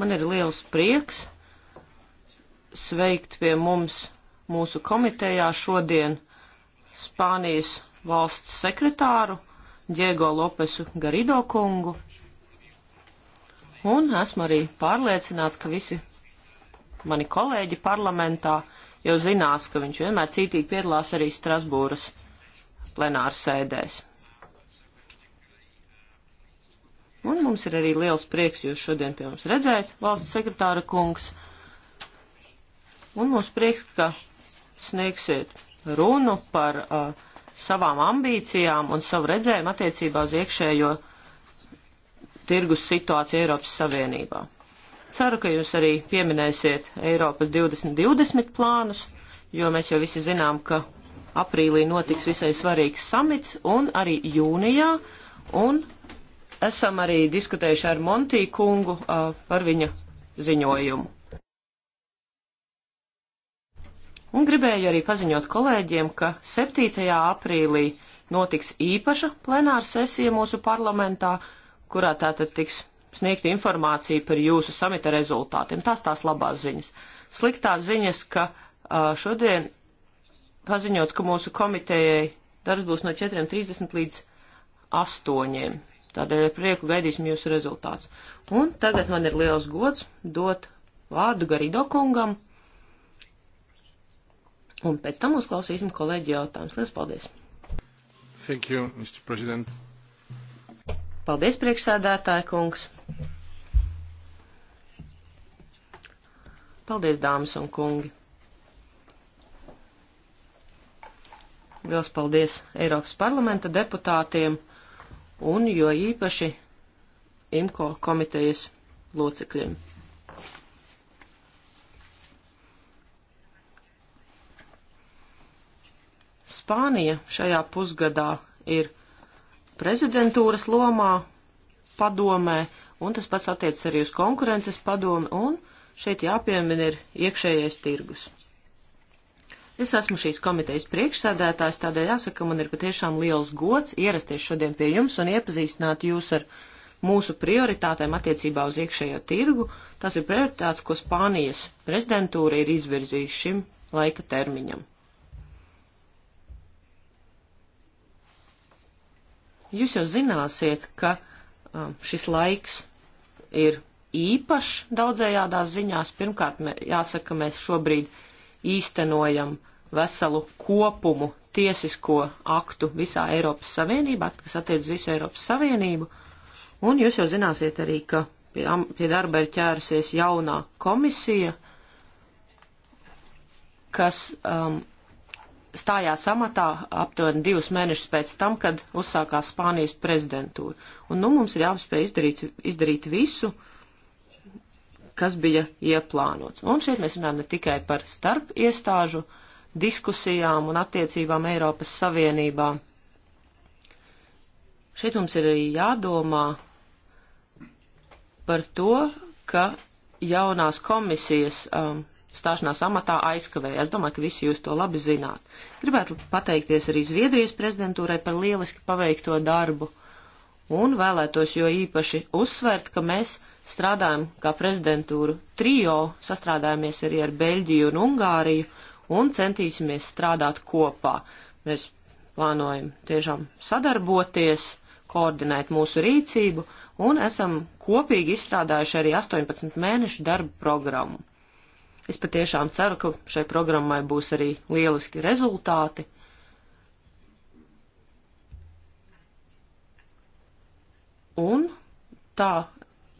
Man ir liels prieks sveikt pie mums mūsu komitejā šodien Spānijas valsts sekretāru Diego Lopesu Garido kungu. Un esmu arī pārliecināts, ka visi mani kolēģi parlamentā jau zinās, ka viņš vienmēr cītīgi piedalās arī Strasbūras plenārsēdēs. Ar Un mums ir arī liels prieks jūs šodien pie mums redzēt, valsts sekretāra kungs. Un mums prieks, ka sniegsiet runu par uh, savām ambīcijām un savu redzējumu attiecībā uz iekšējo tirgus situāciju Eiropas Savienībā. Ceru, ka jūs arī pieminēsiet Eiropas 2020 plānus, jo mēs jau visi zinām, ka aprīlī notiks visai svarīgs samits un arī jūnijā, un esam arī diskutējuši ar Montī kungu uh, par viņa ziņojumu. Un gribēju arī paziņot kolēģiem, ka 7. aprīlī notiks īpaša plenāra sesija mūsu parlamentā, kurā tātad tiks sniegta informācija par jūsu samita rezultātiem. Tās tās labās ziņas. Sliktās ziņas, ka uh, šodien paziņots, ka mūsu komitejai darbs būs no 4.30 līdz 8. Tādēļ ar prieku gaidīsim jūsu rezultāts. Un tagad man ir liels gods dot vārdu Garido kungam. Un pēc tam uzklausīsim kolēģi jautājumus. Lielas paldies! Thank you, Mr. President. Paldies, priekšsēdētāja kungs. Paldies, dāmas un kungi. Liels paldies Eiropas parlamenta deputātiem un jo īpaši IMCO komitejas locekļiem. Spānija šajā pusgadā ir prezidentūras lomā padomē, un tas pats attiec arī uz konkurences padomu, un šeit jāpiemina ir iekšējais tirgus. Es esmu šīs komitejas priekšsēdētājs, tādēļ jāsaka, man ir patiešām liels gods ierasties šodien pie jums un iepazīstināt jūs ar mūsu prioritātēm attiecībā uz iekšējo tirgu. Tas ir prioritāts, ko Spānijas prezidentūra ir izvirzījusi šim laika termiņam. Jūs jau zināsiet, ka um, šis laiks ir īpašs daudzējādās ziņās. Pirmkārt, mē, jāsaka, mēs šobrīd īstenojam veselu kopumu tiesisko aktu visā Eiropas Savienībā, kas attiec uz visu Eiropas Savienību. Un jūs jau zināsiet arī, ka pie, pie darba ir ķērusies jaunā komisija, kas um, stājās amatā aptuveni divus mēnešus pēc tam, kad uzsākās Spānijas prezidentūra. Un nu mums ir jāspēj izdarīt, izdarīt visu, uh, kas bija ieplānots. Un šeit mēs runājam ne tikai par starp iestāžu diskusijām un attiecībām Eiropas Savienībā. Šeit mums ir arī jādomā par to, ka jaunās komisijas um, stāšanās amatā aizkavēja. Es domāju, ka visi jūs to labi zināt. Gribētu pateikties arī Zviedrijas prezidentūrai par lieliski paveikto darbu un vēlētos jo īpaši uzsvērt, ka mēs strādājam kā prezidentūra trijo, sastrādājamies arī ar Beļģiju un Ungāriju un centīsimies strādāt kopā. Mēs plānojam tiešām sadarboties, koordinēt mūsu rīcību un esam kopīgi izstrādājuši arī 18 mēnešu darba programmu. Es patiešām ceru, ka šai programmai būs arī lieliski rezultāti. Un tā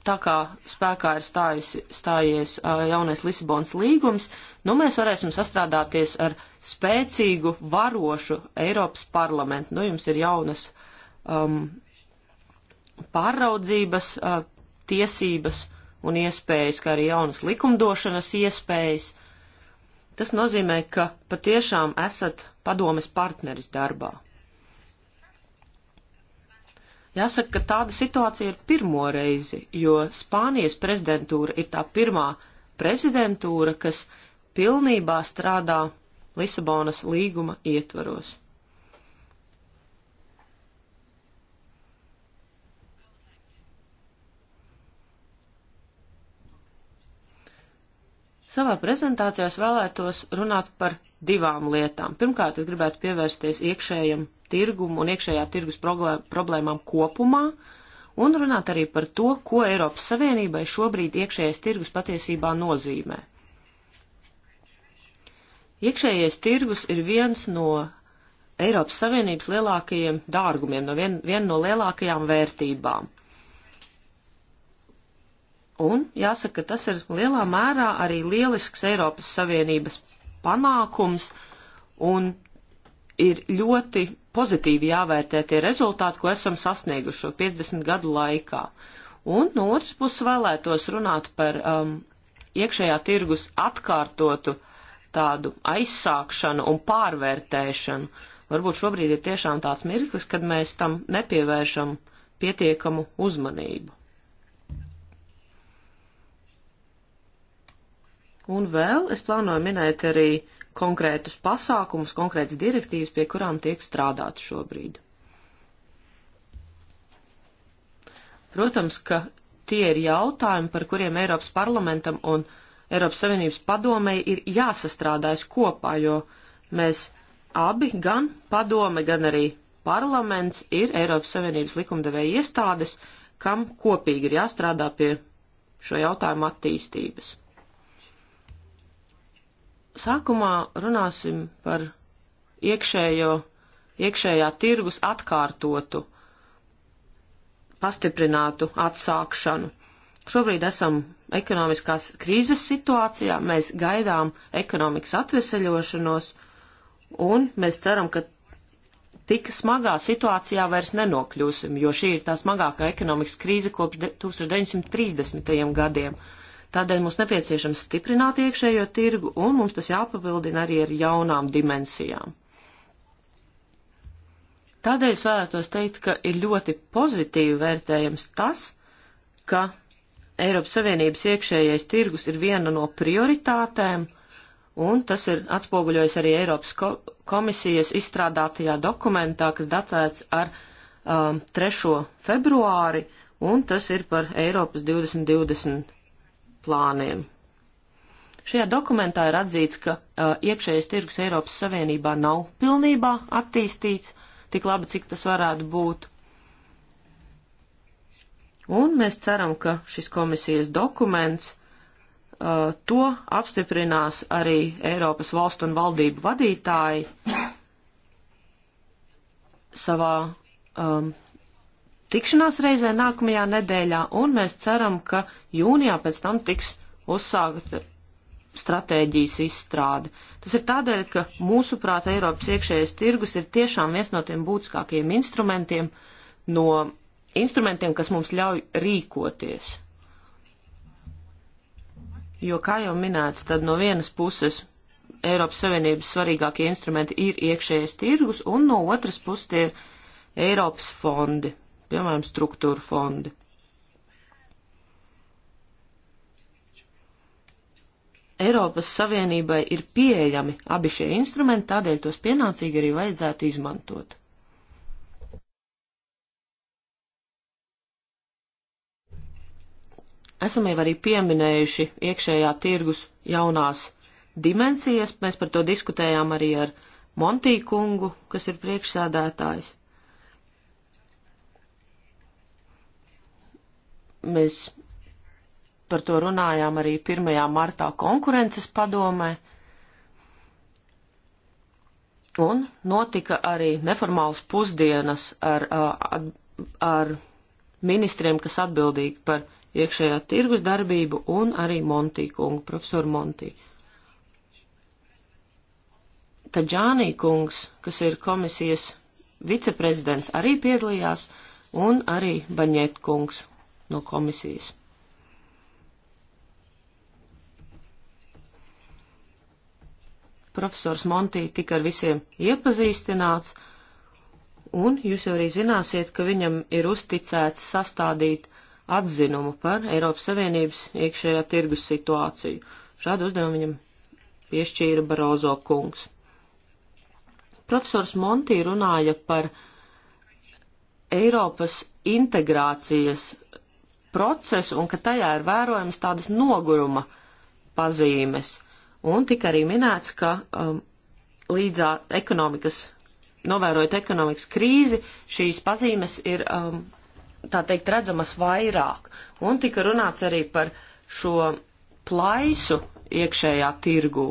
tā kā spēkā ir stājus, stājies uh, jaunais Lisabonas līgums, nu mēs varēsim sastrādāties ar spēcīgu, varošu Eiropas parlamentu. Nu, jums ir jaunas um, pāraudzības uh, tiesības un iespējas, kā arī jaunas likumdošanas iespējas. Tas nozīmē, ka patiešām esat padomes partneris darbā. Jāsaka, ka tāda situācija ir pirmo reizi, jo Spānijas prezidentūra ir tā pirmā prezidentūra, kas pilnībā strādā Lisabonas līguma ietvaros. Savā prezentācijā es vēlētos runāt par divām lietām. Pirmkārt, es gribētu pievērsties iekšējam tirgumu un iekšējā tirgus problēmām kopumā, un runāt arī par to, ko Eiropas Savienībai šobrīd iekšējais tirgus patiesībā nozīmē. Iekšējais tirgus ir viens no Eiropas Savienības lielākajiem dārgumiem, no vien, viena no lielākajām vērtībām. Un jāsaka, tas ir lielā mērā arī lielisks Eiropas Savienības panākums un ir ļoti pozitīvi jāvērtē tie rezultāti, ko esam sasnieguši šo 50 gadu laikā. Un no otras puses vēlētos runāt par um, iekšējā tirgus atkārtotu tādu aizsākšanu un pārvērtēšanu. Varbūt šobrīd ir tiešām tāds mirklis, kad mēs tam nepievēršam pietiekamu uzmanību. Un vēl es plānoju minēt arī konkrētus pasākumus, konkrētas direktīvas, pie kurām tiek strādāts šobrīd. Protams, ka tie ir jautājumi, par kuriem Eiropas parlamentam un Eiropas Savienības padomei ir jāsastrādājas kopā, jo mēs abi, gan padome, gan arī parlaments, ir Eiropas Savienības likumdevēja iestādes, kam kopīgi ir jāstrādā pie šo jautājumu attīstības. Sākumā runāsim par iekšējo, iekšējā tirgus atkārtotu, pastiprinātu atsākšanu. Šobrīd esam ekonomiskās krīzes situācijā, mēs gaidām ekonomikas atveseļošanos, un mēs ceram, ka tik smagā situācijā vairs nenokļūsim, jo šī ir tā smagākā ekonomikas krīze kopš 1930. gadiem. Uh, Tādēļ mums nepieciešams stiprināt iekšējo tirgu, un mums tas jāpapildina arī ar jaunām dimensijām. Tādēļ es vēlētos teikt, ka ir ļoti pozitīvi vērtējams tas, ka Eiropas Savienības iekšējais tirgus ir viena no prioritātēm un tas ir atspoguļojis arī Eiropas ko komisijas izstrādātajā dokumentā, kas datēts ar um, 3. februāri, un tas ir par Eiropas 2020 plāniem. Šajā dokumentā ir atzīts, ka uh, iekšējais tirgus Eiropas Savienībā nav pilnībā attīstīts, tik labi, cik tas varētu būt. Un mēs ceram, ka šis komisijas dokuments uh, to apstiprinās arī Eiropas valstu un valdību vadītāji savā um, tikšanās reizē nākamajā nedēļā, un mēs ceram, ka jūnijā pēc tam tiks uzsākta stratēģijas izstrāde. Tas ir tādēļ, ka mūsuprāt Eiropas iekšējais tirgus ir tiešām viens no tiem būtiskākajiem instrumentiem, no instrumentiem, kas mums ļauj rīkoties. Jo, kā jau minēts, tad no vienas puses Eiropas Savienības svarīgākie instrumenti ir iekšējais tirgus, un no otras puses tie ir Eiropas fondi, piemēram, struktūra fondi. Eiropas Savienībai ir pieejami abi šie instrumenti, tādēļ tos pienācīgi arī vajadzētu izmantot. Esam jau arī pieminējuši iekšējā tirgus jaunās dimensijas, mēs par to diskutējām arī ar Montī kungu, kas ir priekšsēdētājs. Mēs par to runājām arī 1. martā konkurences padomē. Un notika arī neformāls pusdienas ar, ar, ar ministriem, kas atbildīgi par iekšējā tirgus darbību un arī Montī kungu, profesoru Montī. Taģānī kungs, kas ir komisijas viceprezidents, arī piedalījās, un arī Baņēt kungs, no komisijas. Profesors Montī tika ar visiem iepazīstināts, un jūs jau arī zināsiet, ka viņam ir uzticēts sastādīt atzinumu par Eiropas Savienības iekšējā tirgus situāciju. Šādu uzdevumu viņam piešķīra Barozo kungs. Profesors Montī runāja par Eiropas integrācijas procesu un ka tajā ir vērojamas tādas noguruma pazīmes. Un tika arī minēts, ka um, līdzā ekonomikas, novērojot ekonomikas krīzi, šīs pazīmes ir, um, tā teikt, redzamas vairāk. Un tika runāts arī par šo plaisu iekšējā tirgū.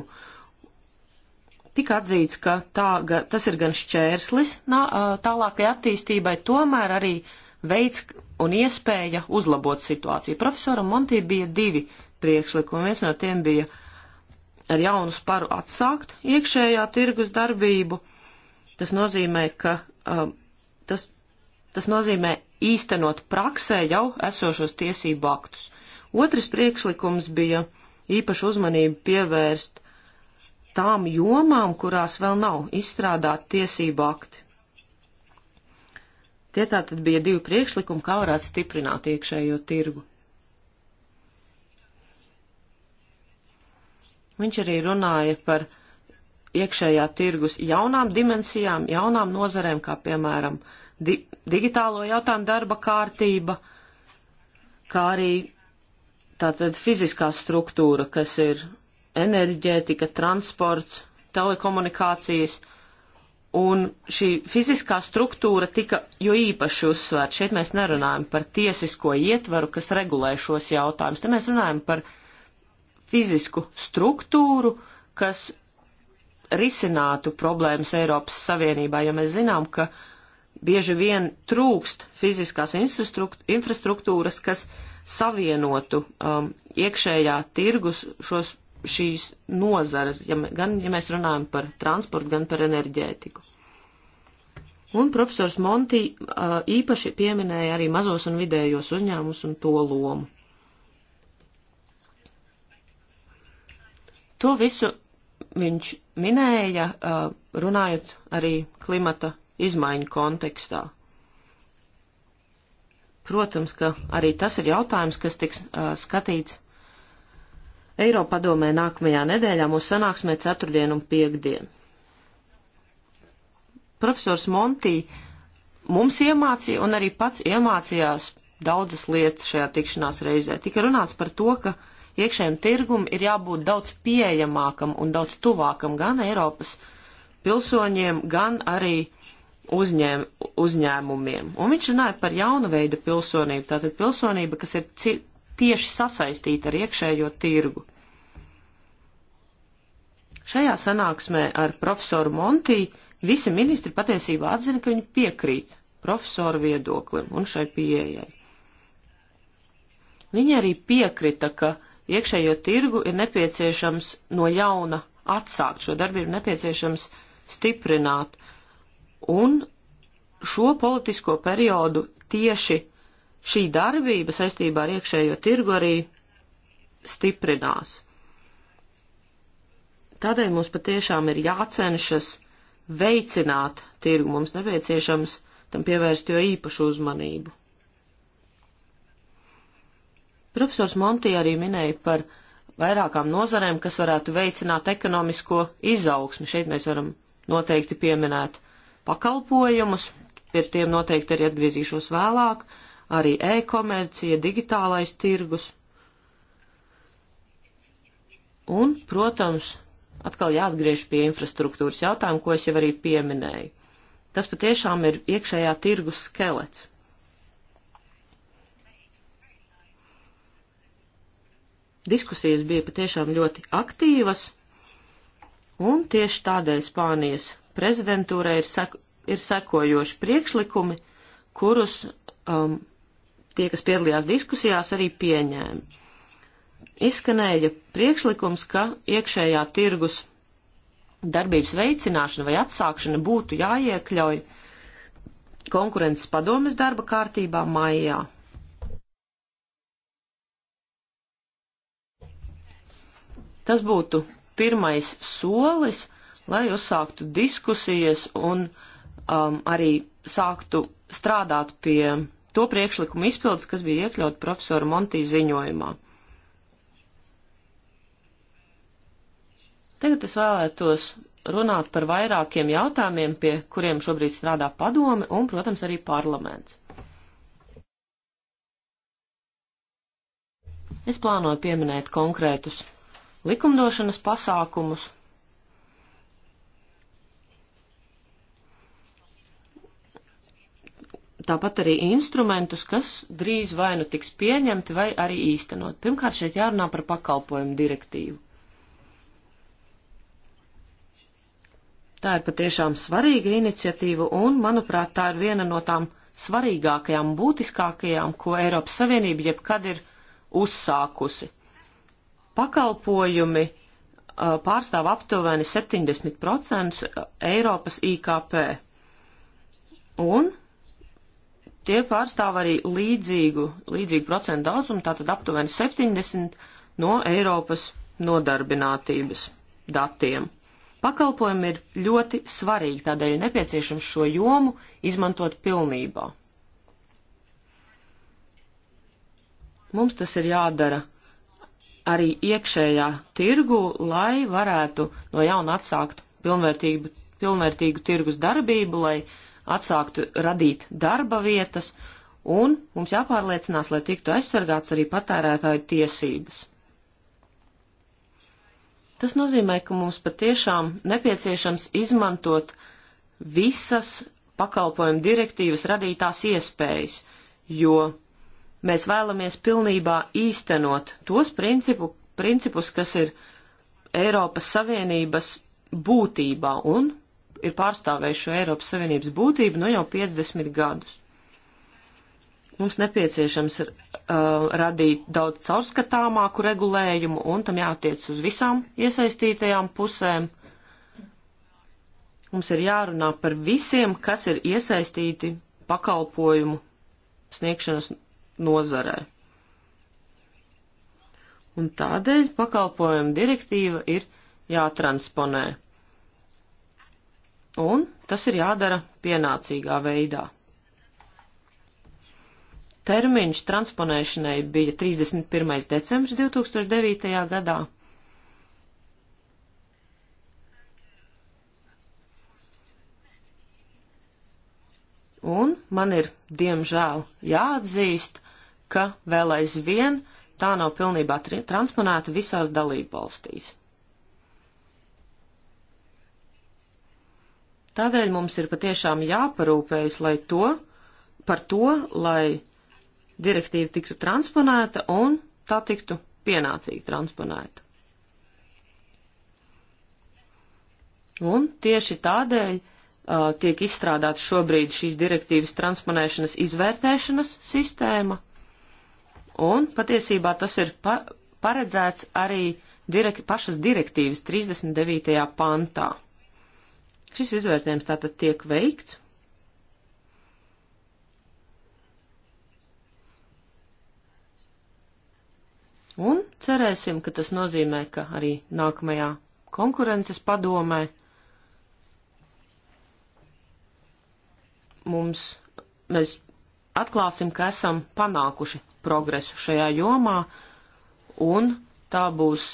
Tika atzīts, ka tā, tas ir gan šķērslis nā, uh, tālākai attīstībai, tomēr arī uh, veids un iespēja uzlabot situāciju. Profesoram Montī bija divi priekšlikumi. Viens no tiem bija ar jaunu sparu atsākt iekšējā tirgus darbību. Tas nozīmē, ka um, tas, tas nozīmē īstenot praksē jau esošos tiesību aktus. Otrs priekšlikums bija īpašu uzmanību pievērst tām jomām, kurās vēl nav izstrādāti tiesību akti. Tie tātad bija divi priekšlikumi, kā varētu stiprināt iekšējo tirgu. Viņš arī runāja par iekšējā tirgus jaunām dimensijām, jaunām nozarēm, kā piemēram di digitālo jautājumu darba kārtība, kā arī tātad fiziskā struktūra, kas ir enerģētika, transports, telekomunikācijas – Un šī fiziskā struktūra tika jo īpaši uzsvērta. Šeit mēs nerunājam par tiesisko ietvaru, kas regulē šos jautājumus. Te mēs runājam par fizisku struktūru, kas risinātu problēmas Eiropas Savienībā, jo mēs zinām, ka bieži vien trūkst fiziskās infrastruktūras, kas savienotu um, iekšējā tirgus šos šīs nozares, ja, gan ja mēs runājam par transportu, gan par enerģētiku. Un profesors Monti uh, īpaši pieminēja arī mazos un vidējos uzņēmumus un to lomu. To visu viņš minēja, uh, runājot arī klimata izmaiņu kontekstā. Protams, ka arī tas ir jautājums, kas tiks uh, skatīts Eiropadomē nākamajā nedēļā mūs sanāksmē ceturtdien un piekdien. Profesors Monti mums iemācīja un arī pats iemācījās daudzas lietas šajā tikšanās reizē. Tika runāts par to, ka iekšējiem tirgum ir jābūt daudz pieejamākam un daudz tuvākam gan Eiropas pilsoņiem, gan arī uzņēm, uzņēmumiem. Un viņš runāja par jaunu veidu pilsonību, tātad pilsonība, kas ir tieši sasaistīta ar iekšējo tirgu. Šajā sanāksmē ar profesoru Monti visi ministri patiesībā atzina, ka viņi piekrīt profesoru viedoklim un šai pieejai. Viņi arī piekrita, ka iekšējo tirgu ir nepieciešams no jauna atsākt, šo darbību nepieciešams stiprināt, un šo politisko periodu tieši šī darbība saistībā ar iekšējo tirgu arī stiprinās. Tādēļ mums patiešām ir jācenšas veicināt tirgu, mums nepieciešams tam pievērst jo īpašu uzmanību. Profesors Monti arī minēja par vairākām nozarēm, kas varētu veicināt ekonomisko izaugsmi. Šeit mēs varam noteikti pieminēt pakalpojumus, pie tiem noteikti arī atgriezīšos vēlāk, uh, arī e-komercija, digitālais tirgus. Un, protams, atkal jāatgriež pie infrastruktūras jautājumu, ko es jau arī pieminēju. Tas patiešām ir iekšējā tirgus skelets. Diskusijas bija patiešām ļoti aktīvas, un tieši tādēļ Spānijas prezidentūrai ir, sek ir sekojoši priekšlikumi, kurus um, tie, kas piedalījās diskusijās, arī pieņēma. Izskanēja priekšlikums, ka iekšējā tirgus darbības veicināšana vai atsākšana būtu jāiekļauj konkurences padomes darba kārtībā maijā. Tas būtu pirmais solis, lai uzsāktu diskusijas un um, arī sāktu strādāt pie to priekšlikumu izpildes, kas bija iekļaut profesora Montī ziņojumā. Tagad es vēlētos runāt par vairākiem jautājumiem, pie kuriem šobrīd strādā padome un, protams, arī parlaments. Es plānoju pieminēt konkrētus likumdošanas pasākumus, tāpat arī instrumentus, kas drīz vai nu tiks pieņemti vai arī īstenot. Pirmkārt, šeit jārunā par pakalpojumu direktīvu. Tā ir patiešām svarīga iniciatīva un, manuprāt, tā ir viena no tām svarīgākajām, būtiskākajām, ko Eiropas Savienība jebkad ir uzsākusi. Pakalpojumi uh, pārstāv aptuveni 70% Eiropas IKP. Un tie pārstāv arī līdzīgu, līdzīgu procentu daudzumu, tātad aptuveni 70 no Eiropas nodarbinātības datiem. Pakalpojumi ir ļoti svarīgi, tādēļ ir nepieciešams šo jomu izmantot pilnībā. Mums tas ir jādara arī iekšējā tirgu, lai varētu no jauna atsākt pilnvērtīgu, pilnvērtīgu tirgus darbību, lai uh, atsāktu radīt darba vietas, un mums jāpārliecinās, lai tiktu aizsargāts arī patērētāju tiesības. Tas nozīmē, ka mums patiešām nepieciešams izmantot visas pakalpojumu direktīvas radītās iespējas, jo mēs vēlamies pilnībā īstenot tos principu, principus, kas ir Eiropas Savienības būtībā un ir pārstāvējuši šo Eiropas Savienības būtību nu jau 50 gadus. Mums nepieciešams uh, radīt daudz caurskatāmāku regulējumu, un tam jātiec uz visām iesaistītajām pusēm. Mums ir jārunā par visiem, kas ir iesaistīti pakalpojumu sniegšanas nozarē. Un tādēļ pakalpojumu direktīva ir jātransponē. Un tas ir jādara pienācīgā veidā. Termiņš transponēšanai bija 31. decembris 2009. gadā. Un man ir, diemžēl, jāatzīst, ka vēl aizvien tā nav pilnībā transponēta visās dalību valstīs. Tādēļ mums ir patiešām jāparūpējas, lai to, par to, lai direktīva tiktu transponēta un tā tiktu pienācīgi transponēta. Un tieši tādēļ uh, tiek izstrādāta šobrīd šīs direktīvas transponēšanas izvērtēšanas sistēma, un patiesībā tas ir pa paredzēts arī direk pašas direktīvas 39. pantā. Šis izvērtējums tātad tiek veikts. Un cerēsim, ka tas nozīmē, ka arī nākamajā konkurences padomē mums, mēs atklāsim, ka esam panākuši progresu šajā jomā, un tā būs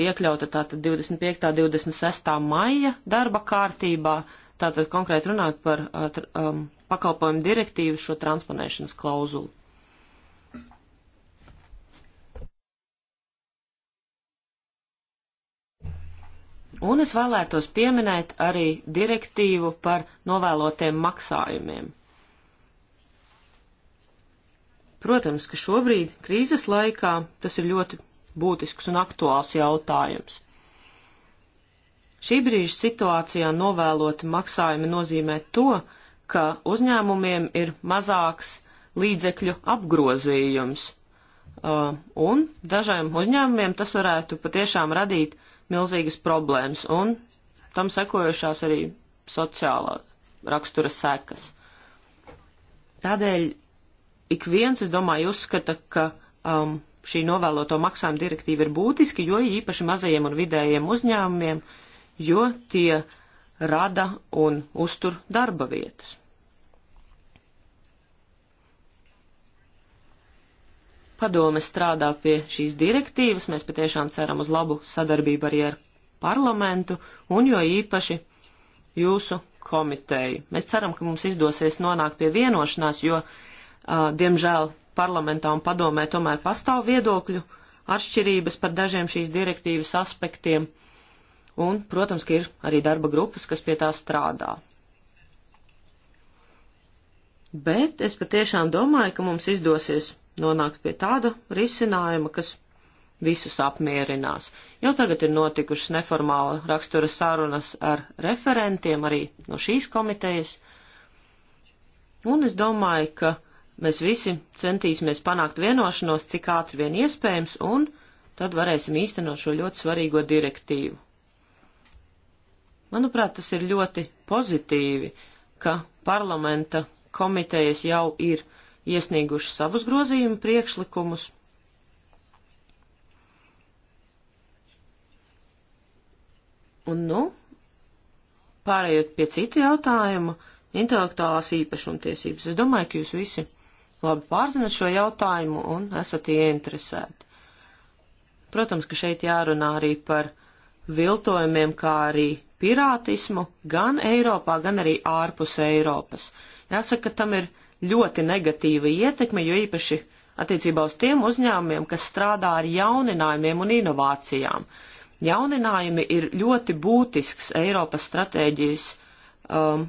iekļauta tātad 25. 26. maija darba kārtībā, tātad konkrēti runāt par uh, um, pakalpojumu direktīvu šo transponēšanas klauzulu. Un es vēlētos pieminēt arī direktīvu par novēlotiem maksājumiem. Protams, ka šobrīd krīzes laikā tas ir ļoti būtisks un aktuāls jautājums. Šī brīža situācijā novēloti maksājumi nozīmē to, ka uzņēmumiem ir mazāks līdzekļu apgrozījums, uh, un dažiem uzņēmumiem tas varētu patiešām radīt milzīgas problēmas, un tam sekojušās arī sociālā rakstura sekas. Tādēļ ik viens, es domāju, uzskata, ka um, šī novēloto maksājumu direktīva ir būtiski, jo īpaši mazajiem un vidējiem uzņēmumiem, jo tie rada un uztur darba vietas. Padome strādā pie šīs direktīvas, mēs patiešām ceram uz labu sadarbību arī ar parlamentu un jo īpaši jūsu komiteju. Mēs ceram, ka mums izdosies nonākt pie vienošanās, jo, uh, diemžēl, parlamentā un padomē tomēr pastāv viedokļu atšķirības par dažiem šīs direktīvas aspektiem, un, protams, ka ir arī darba grupas, kas pie tā strādā. Bet es patiešām domāju, ka mums izdosies nonākt pie tāda risinājuma, kas visus apmierinās. Jau tagad ir notikušas neformāla rakstura sarunas ar referentiem arī no šīs komitejas, un es domāju, ka Mēs visi centīsimies panākt vienošanos, cik ātri vien iespējams, un tad varēsim īstenot šo ļoti svarīgo direktīvu. Manuprāt, tas ir ļoti pozitīvi, ka parlamenta komitejas jau ir iesnieguši savus grozījumu priekšlikumus. Un, nu, pārējot pie citu jautājumu, intelektuālās īpašumtiesības. Es domāju, ka jūs visi labi pārzinat šo jautājumu un esat ieinteresēti. Protams, ka šeit jārunā arī par viltojumiem, kā arī pirātismu gan Eiropā, gan arī ārpus Eiropas. Jāsaka, tam ir ļoti negatīva ietekme, jo īpaši attiecībā uz tiem uzņēmumiem, kas strādā ar jauninājumiem un inovācijām. Jauninājumi ir ļoti būtisks Eiropas stratēģijas um,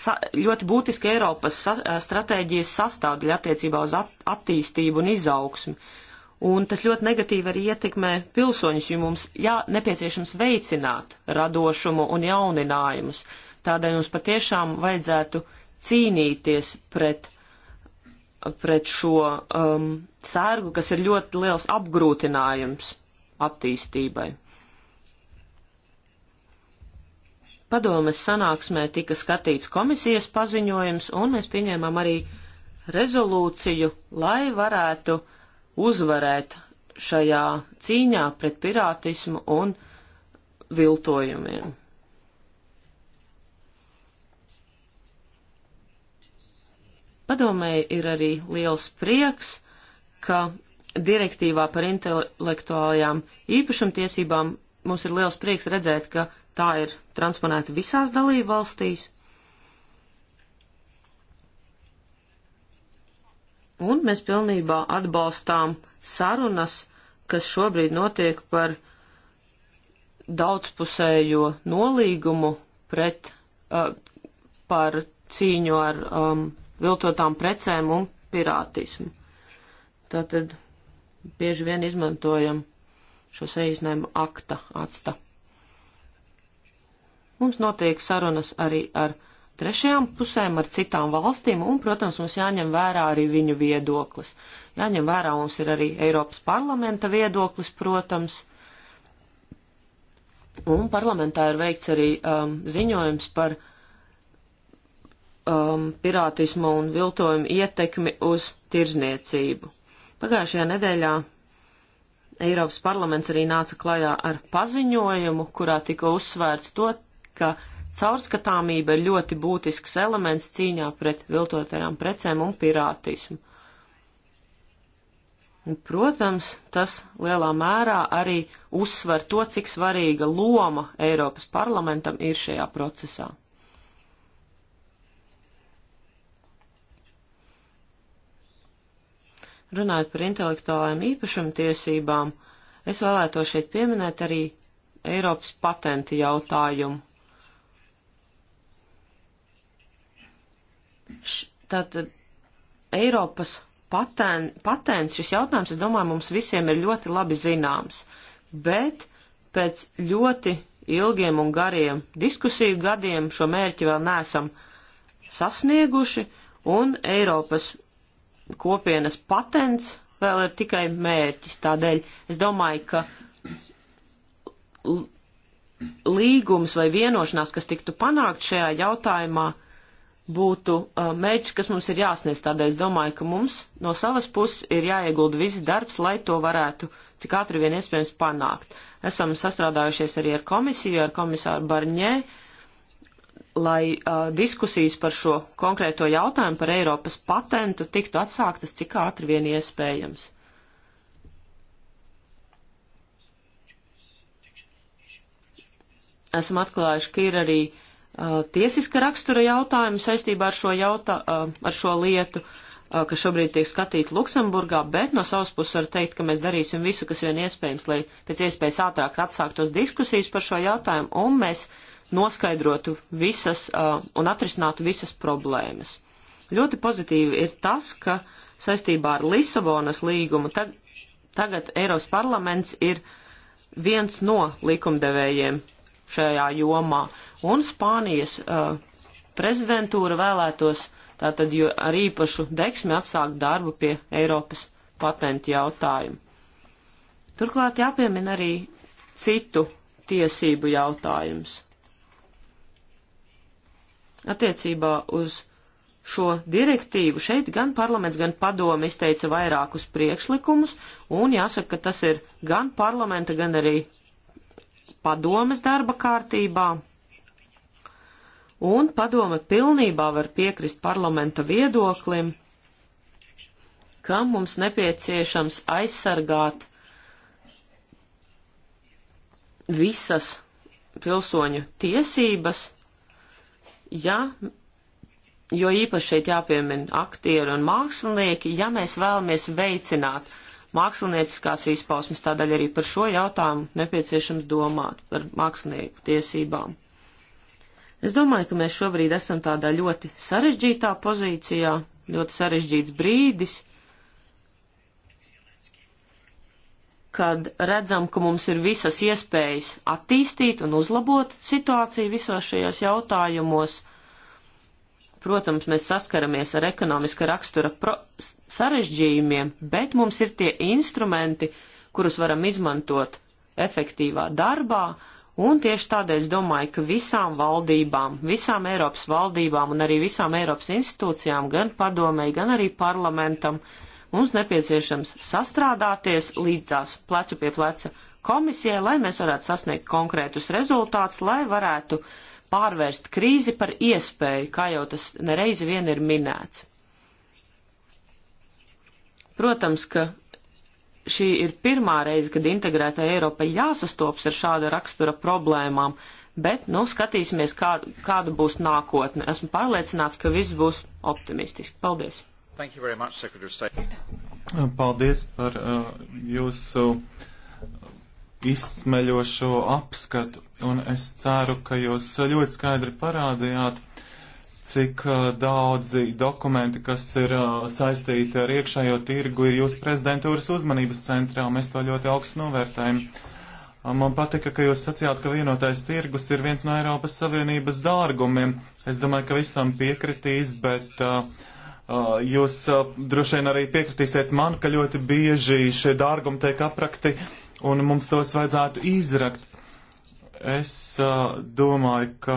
sa, ļoti būtiska Eiropas sa, eh, stratēģijas sastāvdaļa attiecībā uz at, attīstību un izaugsmi. Un tas ļoti negatīvi arī ietekmē pilsoņus, jo mums jā, nepieciešams veicināt radošumu un jauninājumus. Tādēļ mums patiešām vajadzētu cīnīties pret, pret šo um, sērgu, kas ir ļoti liels apgrūtinājums attīstībai. Padomes sanāksmē tika skatīts komisijas paziņojums, un mēs pieņēmām arī rezolūciju, lai varētu uzvarēt šajā cīņā pret pirātismu un viltojumiem. Padomēji ir arī liels prieks, ka direktīvā par intelektuālajām īpašumtiesībām mums ir liels prieks redzēt, ka tā ir transponēta visās dalību valstīs. Un mēs pilnībā atbalstām sarunas, kas šobrīd notiek par daudzpusējo nolīgumu pret, uh, par cīņu ar um, viltotām precēm un pirātismu. Tātad bieži vien izmantojam šo saīsinājumu akta atsta. Mums notiek sarunas arī ar trešajām pusēm, ar citām valstīm, un, protams, mums jāņem vērā arī viņu viedoklis. Jāņem vērā mums ir arī Eiropas parlamenta viedoklis, protams. Un parlamentā ir veikts arī um, ziņojums par um, pirātismu un viltojumu ietekmi uz tirzniecību. Pagājušajā nedēļā Eiropas parlaments arī nāca klajā ar paziņojumu, kurā tika uzsvērts to, ka caurskatāmība ir ļoti būtisks elements cīņā pret viltotajām precēm un pirātismu. Un, protams, tas lielā mērā arī uzsver to, cik svarīga loma Eiropas parlamentam ir šajā procesā. Runājot par intelektuālajām īpašumtiesībām, es vēlētos šeit pieminēt arī Eiropas patenta jautājumu. Tātad Eiropas paten, patents, šis jautājums, es domāju, mums visiem ir ļoti labi zināms, bet pēc ļoti ilgiem un gariem diskusiju gadiem šo mērķi vēl neesam sasnieguši, un Eiropas kopienas patents vēl ir tikai mērķis. Tādēļ es domāju, ka līgums vai vienošanās, kas tiktu panākt šajā jautājumā, būtu uh, mērķis, kas mums ir jāsniedz. Tādēļ es domāju, ka mums no savas puses ir jāiegulda viss darbs, lai to varētu cik ātri vien iespējams panākt. Esam sastrādājušies arī ar komisiju, ar komisāru Barņē, lai uh, diskusijas par šo konkrēto jautājumu par Eiropas patentu tiktu atsāktas cik ātri vien iespējams. Esam atklājuši, ka ir arī uh, Uh, tiesiska rakstura jautājumi saistībā ar šo, jautā, uh, ar šo lietu, uh, kas šobrīd tiek skatīta Luksemburgā, bet no savas puses var teikt, ka mēs darīsim visu, kas vien iespējams, lai pēc iespējas ātrāk atsāktos diskusijas par šo jautājumu, un mēs noskaidrotu visas un atrisinātu visas problēmas. Ļoti pozitīvi ir tas, ka saistībā ar Lisabonas līgumu tagad Eiropas parlaments ir viens no likumdevējiem šajā jomā. Un Spānijas uh, prezidentūra vēlētos tātad ar īpašu deksmi atsākt darbu pie Eiropas patentu jautājumu. Turklāt jāpiemin arī citu tiesību jautājums. Attiecībā uz šo direktīvu šeit gan parlaments, gan padomi izteica vairākus priekšlikumus, un jāsaka, ka tas ir gan parlamenta, gan arī padomes darba kārtībā, un padome pilnībā var piekrist parlamenta viedoklim, ka mums nepieciešams aizsargāt visas pilsoņu tiesības, ja, jo īpaši šeit jāpiemina aktieri un mākslinieki, ja mēs vēlamies veicināt mākslinieciskās izpausmes, tādēļ arī par šo jautājumu nepieciešams domāt par mākslinieku tiesībām. Es domāju, ka mēs šobrīd esam tādā ļoti sarežģītā pozīcijā, ļoti sarežģīts brīdis, kad redzam, ka mums ir visas iespējas attīstīt un uzlabot situāciju visos šajos jautājumos Protams, mēs saskaramies ar ekonomiska rakstura sarežģījumiem, bet mums ir tie instrumenti, kurus varam izmantot efektīvā darbā, un tieši tādēļ es domāju, ka visām valdībām, visām Eiropas valdībām un arī visām Eiropas institūcijām, gan padomēji, gan arī parlamentam, mums nepieciešams sastrādāties līdzās plecu pie pleca komisijai, lai mēs varētu sasniegt konkrētus rezultātus, lai varētu uh, pārvērst krīzi par iespēju, kā jau tas nereizi vien ir minēts. Protams, ka šī ir pirmā reize, kad integrētā Eiropa jāsastops ar šāda rakstura problēmām, bet, nu, skatīsimies, kā, kāda būs nākotne. Esmu pārliecināts, ka viss būs optimistiski. Paldies! Much, Paldies par uh, jūsu izsmeļošo apskatu un es ceru, ka jūs ļoti skaidri parādījāt, cik uh, daudzi dokumenti, kas ir uh, saistīti ar iekšējo tirgu, ir jūsu prezidentūras uzmanības centrā, un mēs to ļoti augstu novērtējam. Uh, man patika, ka jūs sacījāt, ka vienotais tirgus ir viens no Eiropas Savienības dārgumiem. Es domāju, ka visam piekritīs, bet uh, uh, jūs uh, droši vien arī piekritīsiet man, ka ļoti bieži šie dārgumi tiek aprakti un mums tos vajadzētu izrakt. Es uh, domāju, ka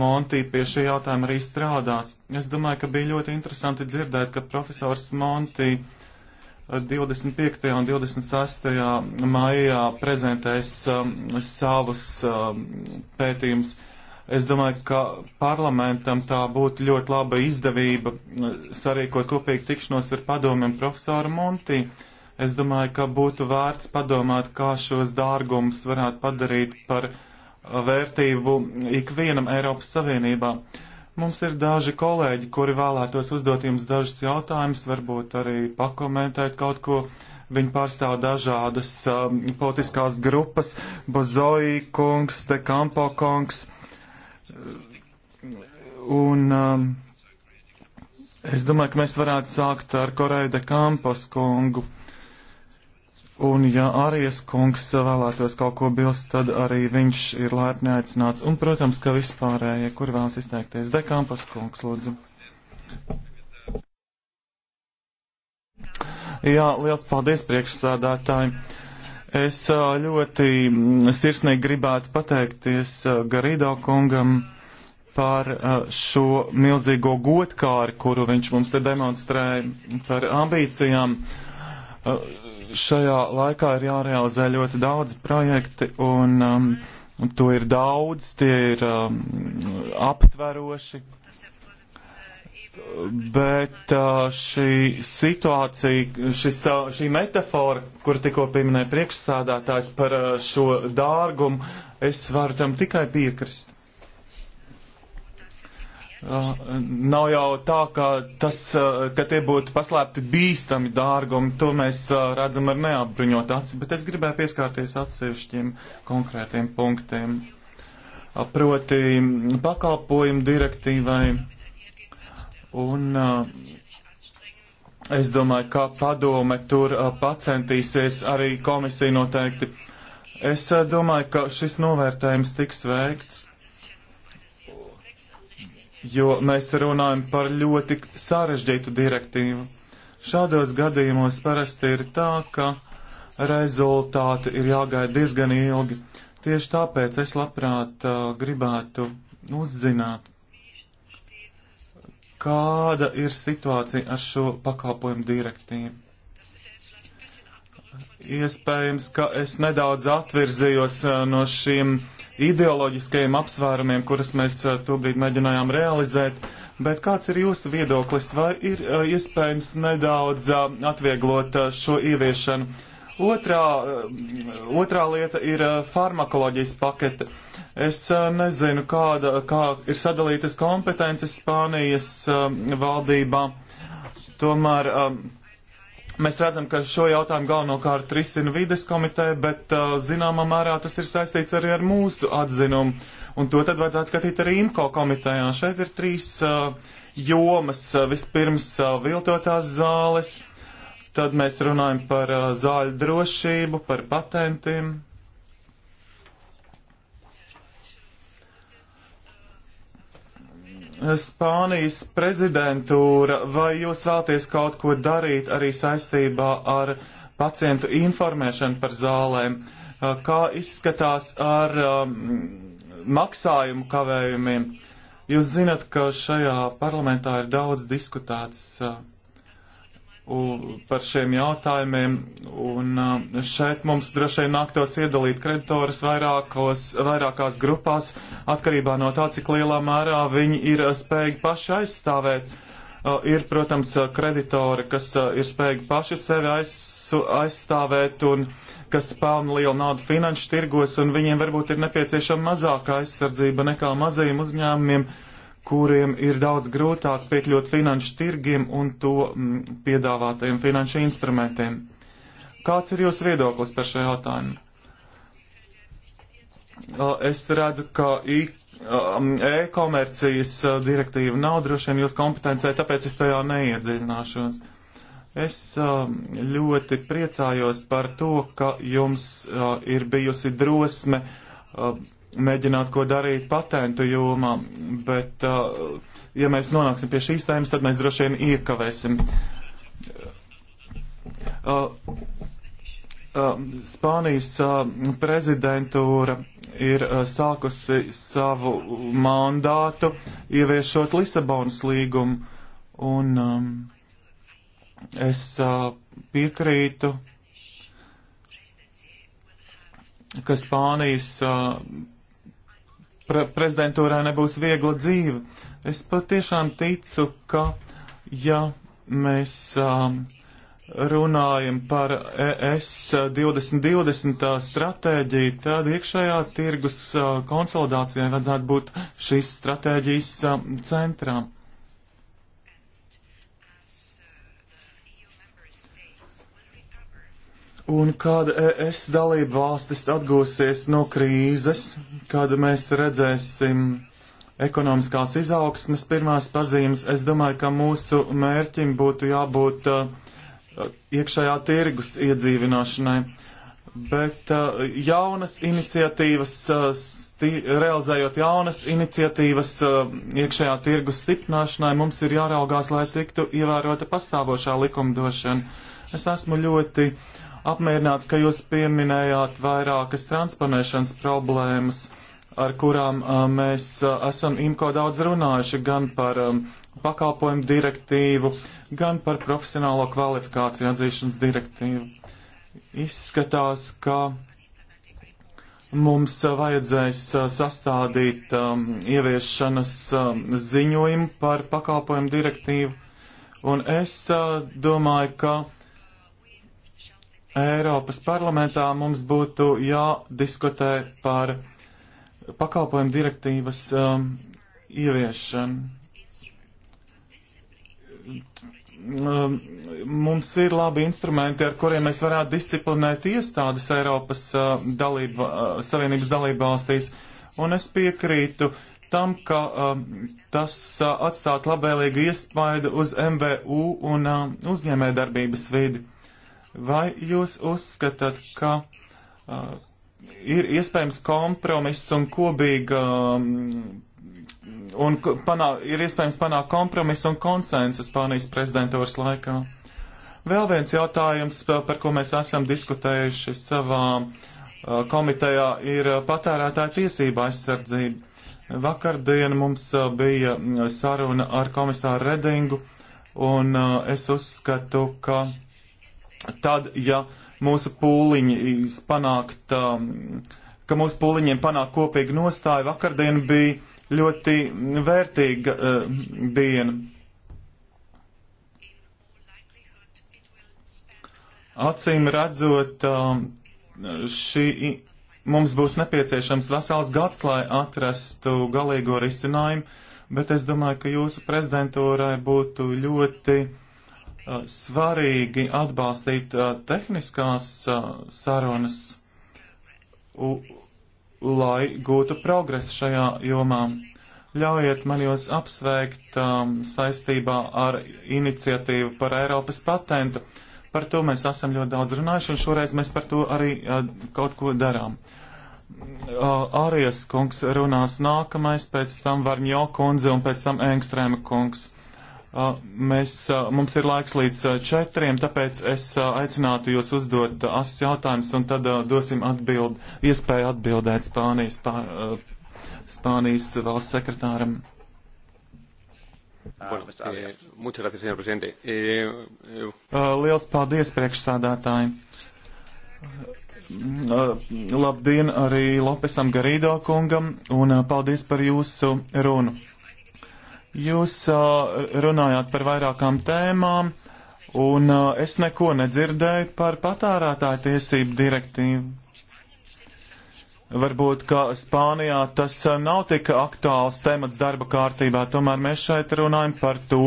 Monti pie šī jautājuma arī strādās. Es domāju, ka bija ļoti interesanti dzirdēt, ka profesors Monti 25. un 26. maijā prezentēs um, savus um, pētījumus. Es domāju, ka parlamentam tā būtu ļoti laba izdevība sarīkot kopīgi tikšanos ar padomiem profesoru Monti. Es domāju, ka būtu vērts padomāt, kā šos dārgumus varētu padarīt par uh, vērtību ikvienam Eiropas Savienībā. Mums ir daži kolēģi, kuri vēlētos uzdot jums dažus jautājumus, varbūt arī pakomentēt kaut ko. Viņi pārstāv dažādas um, politiskās grupas - Bozoī kungs, Te Kampo kungs. Un um, es domāju, ka mēs varētu sākt ar Koreida Kampos kungu. Uh, Un, ja Arijas kungs vēlētos kaut ko bilst, tad arī viņš ir laipni aicināts. Un, protams, ka vispārējie, ja kur vēlas izteikties, dekampas kungs, lūdzu. Jā, liels paldies priekšsādātāji. Es ļoti mm, sirsnīgi gribētu pateikties Garīdo kungam par šo milzīgo godkāri, kuru viņš mums te demonstrēja par ambīcijām Šajā laikā ir jārealizē ļoti daudz projekti un um, to ir daudz, tie ir um, aptveroši. Bet uh, šī situācija, šis, uh, šī metafora, kur tikko pieminēja priekšsādātājs par uh, šo dārgumu, es varu tam tikai piekrist. Nav jau tā, ka, tas, ka tie būtu paslēpti bīstami dārgumi, to mēs redzam ar neapbruņot aci, bet es gribēju pieskārties atsevišķiem konkrētiem punktiem. Proti pakalpojumu direktīvai un es domāju, ka padome tur pacentīsies arī komisija noteikti. Es domāju, ka šis novērtējums tiks veikts jo mēs runājam par ļoti sarežģītu direktīvu. Šādos gadījumos parasti ir tā, ka rezultāti ir jāgaida diezgan ilgi. Tieši tāpēc es labprāt uh, gribētu uzzināt, kāda ir situācija ar šo pakalpojumu direktīvu. Iespējams, ka es nedaudz atvirzījos uh, no šiem uh, ideoloģiskajiem apsvērumiem, kurus mēs eh, tobrīd mēģinājām realizēt, bet kāds ir jūsu viedoklis? Vai ir eh, iespējams nedaudz eh, atvieglot šo ieviešanu? Otrā, otrā lieta ir farmakoloģijas pakete. Es nezinu, kāda kā ir sadalītas kompetences Spānijas valdībā. Tomēr Mēs redzam, ka šo jautājumu galvenokārt risina vides komiteja, bet uh, zināmā mērā tas ir saistīts arī ar mūsu atzinumu. Un to tad vajadzētu skatīt arī IMCO komitejā. Šeit ir trīs uh, jomas. Uh, vispirms uh, viltotās zāles, tad mēs runājam par uh, zāļu drošību, par patentiem Spānijas prezidentūra, vai jūs vēlaties kaut ko darīt arī saistībā ar pacientu informēšanu par zālēm? Kā izskatās ar um, maksājumu kavējumiem? Jūs zinat, ka šajā parlamentā ir daudz diskutēts uh, par šiem jautājumiem, un uh, šeit mums droši vien nāktos iedalīt kreditorus vairākos, vairākās grupās, atkarībā no tā, cik lielā mērā viņi ir uh, spējīgi paši aizstāvēt. Uh, ir, protams, kreditori, kas ir spējīgi paši sevi aiz, aizstāvēt un kas pelna lielu naudu finanšu tirgos, un viņiem varbūt ir nepieciešama mazāka aizsardzība nekā mazajiem uzņēmumiem kuriem ir daudz grūtāk piekļūt finanšu tirgiem un to mm, piedāvātajiem finanšu instrumentiem. Kāds ir jūsu viedoklis par šo jautājumu? Es redzu, ka e-komercijas direktīva nav droši vien jūsu kompetencē, tāpēc es tajā neiedziļināšos. Es ļoti priecājos par to, ka jums ir bijusi drosme mēģināt ko darīt patentu jomā, bet uh, ja mēs nonāksim pie šīs tēmas, tad mēs droši vien iekavēsim. Uh, uh, Spānijas uh, prezidentūra ir uh, sākusi savu mandātu ieviešot Lisabonas līgumu, un um, es uh, piekrītu, ka Spānijas uh, pre prezidentūrai nebūs viegla dzīve. Es patiešām ticu, ka ja mēs um, runājam par e ES 2020 uh, stratēģiju, tad iekšējā tirgus uh, konsolidācijai vajadzētu būt šīs stratēģijas uh, centrām. Un kad es dalību valstis atgūsies no krīzes, kad mēs redzēsim ekonomiskās izaugsmes pirmās pazīmes, es domāju, ka mūsu mērķim būtu jābūt uh, iekšējā tirgus iedzīvināšanai. Bet uh, jaunas iniciatīvas, uh, realizējot jaunas iniciatīvas iekšējā tirgus stiprināšanai, mums ir jāraugās, lai tiktu ievērota pastāvošā likumdošana. Es esmu ļoti uh, apmierināts, ka jūs pieminējāt vairākas transponēšanas problēmas, ar kurām a, uh, mēs a, uh, esam imko daudz runājuši gan par a, um, pakalpojumu direktīvu, gan par profesionālo kvalifikāciju atzīšanas direktīvu. Izskatās, ka mums uh, vajadzēs sastādīt um, ieviešanas um, ziņojumu par pakalpojumu direktīvu, un es uh, domāju, ka Eiropas parlamentā mums būtu jādiskutē par pakalpojumu direktīvas um, ieviešanu. Um, mums ir labi instrumenti, ar kuriem mēs varētu disciplinēt iestādes Eiropas uh, dalība, uh, Savienības dalībvalstīs, un es piekrītu tam, ka um, tas uh, atstātu labvēlīgu iespaidu uz MVU un uh, um, uzņēmē darbības vidi Vai jūs uzskatāt, ka uh, ir iespējams kompromiss un kopīga. Um, Un panā, ir iespējams panākt kompromisu un konsensu Spānijas prezidentūras laikā. Vēl viens jautājums, par ko mēs esam diskutējuši savā uh, komitejā ir uh, patērētāja tiesība aizsardzība. Vakardien mums uh, bija uh, saruna ar komisāru Redingu, un es uzskatu, ka tad, ja mūsu pūliņi panākt, um, ka mūsu pūliņiem panāk kopīga nostāja, vakardien bija ļoti vērtīga uh, diena. Acīm redzot, uh, šī mums būs nepieciešams vesels gads, lai atrastu galīgo risinājumu, bet es domāju, ka jūsu prezidentūrai būtu ļoti Uh, svarīgi atbalstīt uh, tehniskās uh, sarunas, lai gūtu progresu šajā jomā. Ļaujiet man jūs apsveikt um, saistībā ar iniciatīvu par Eiropas patentu. Par to mēs esam ļoti daudz runājuši, un šoreiz mēs par to arī uh, kaut ko darām. Uh, Arijas kungs runās nākamais, pēc tam Varņo kundze un pēc tam Engstrēma kungs. Uh, Mēs, mums ir laiks līdz četriem, tāpēc es aicinātu jūs uzdot asas jautājumus un tad dosim atbild, iespēju atbildēt Spānijas, pā, Spānijas valsts sekretāram. Eh, eh, liels paldies priekšsādātājiem. Labdien arī Lopesam Garīdo kungam un paldies par jūsu runu. Jūs runājāt par vairākām tēmām, un es neko nedzirdēju par patārētāju tiesību direktīvu. Varbūt, ka Spānijā tas nav tik aktuāls temats darba kārtībā, tomēr mēs šeit runājam par to,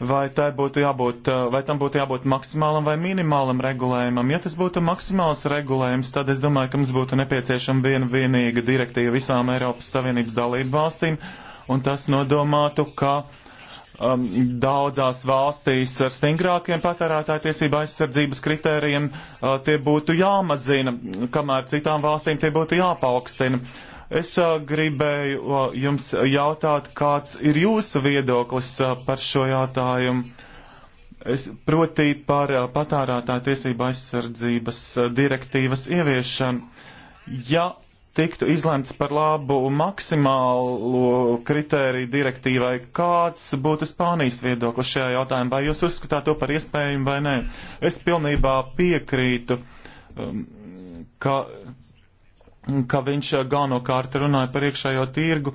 vai, būtu jābūt, vai tam būtu jābūt maksimālam vai minimālam regulējumam. Ja tas būtu maksimāls regulējums, tad es domāju, ka mums būtu nepieciešama viena vienīga direktīva visām Eiropas Savienības dalību valstīm, un tas nodomātu, ka um, daudzās valstīs ar stingrākiem patērētāju tiesību aizsardzības kritērijiem uh, tie būtu jāmazina, kamēr citām valstīm tie būtu jāpaukstina. Es uh, gribēju uh, jums jautāt, kāds ir jūsu viedoklis uh, par šo jautājumu. Es proti par uh, patērētāju tiesību aizsardzības uh, direktīvas ieviešanu. Ja tiktu izlemts par labu maksimālo kritēriju direktīvai. Kāds būtu Spānijas viedoklis šajā jautājumā? Vai jūs uzskatāt to par iespējumu vai nē? Es pilnībā piekrītu, um, ka ka viņš eh, galvenokārt runāja par iekšējo tirgu,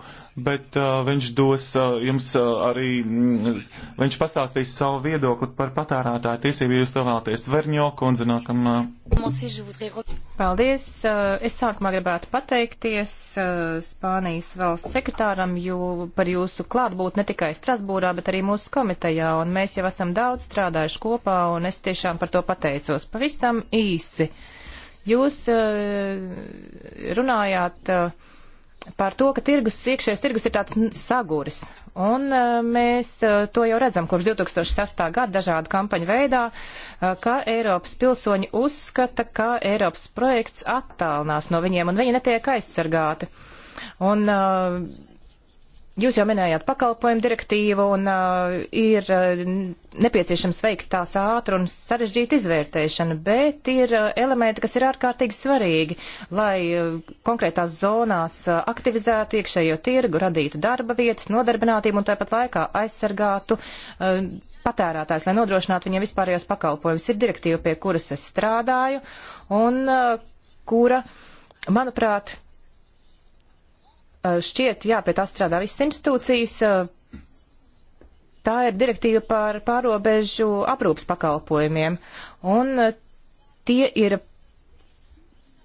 bet uh, viņš dos uh, jums uh, arī, mm, viņš pastāstīs savu viedokli par patērētāju tiesību, jūs to vēlaties. Verņo kundze nākamā. Paldies. Es sākumā gribētu pateikties Spānijas valsts sekretāram jū, par jūsu klātbūtni ne tikai Strasbūrā, bet arī mūsu komitejā, un mēs jau esam daudz strādājuši kopā, un es tiešām par to pateicos. Pavisam īsi. Uh, Jūs eh, runājāt eh, par to, ka tirgus, iekšējais tirgus ir tāds saguris. Un eh, mēs to jau redzam kopš 2008. gada dažādu kampaņu veidā, ka Eiropas pilsoņi uzskata, ka Eiropas projekts attālinās no viņiem un viņi netiek aizsargāti. Un jūs jau minējāt pakalpojumu direktīvu un ir nepieciešams veikt tās ātru un sarežģītu izvērtēšanu, bet ir uh, elementi, kas ir ārkārtīgi svarīgi, lai uh, konkrētās zonās uh, aktivizētu iekšējo tirgu, radītu darba vietas, nodarbinātību un tāpat laikā aizsargātu uh, patērētājs, lai nodrošinātu viņiem vispārējos pakalpojumus. Ir direktīva, pie kuras es strādāju un uh, kura, manuprāt, uh, šķiet, jā, pie tā strādā visas institūcijas Tā ir direktīva par pārobežu aprūpas pakalpojumiem, un eh, tie ir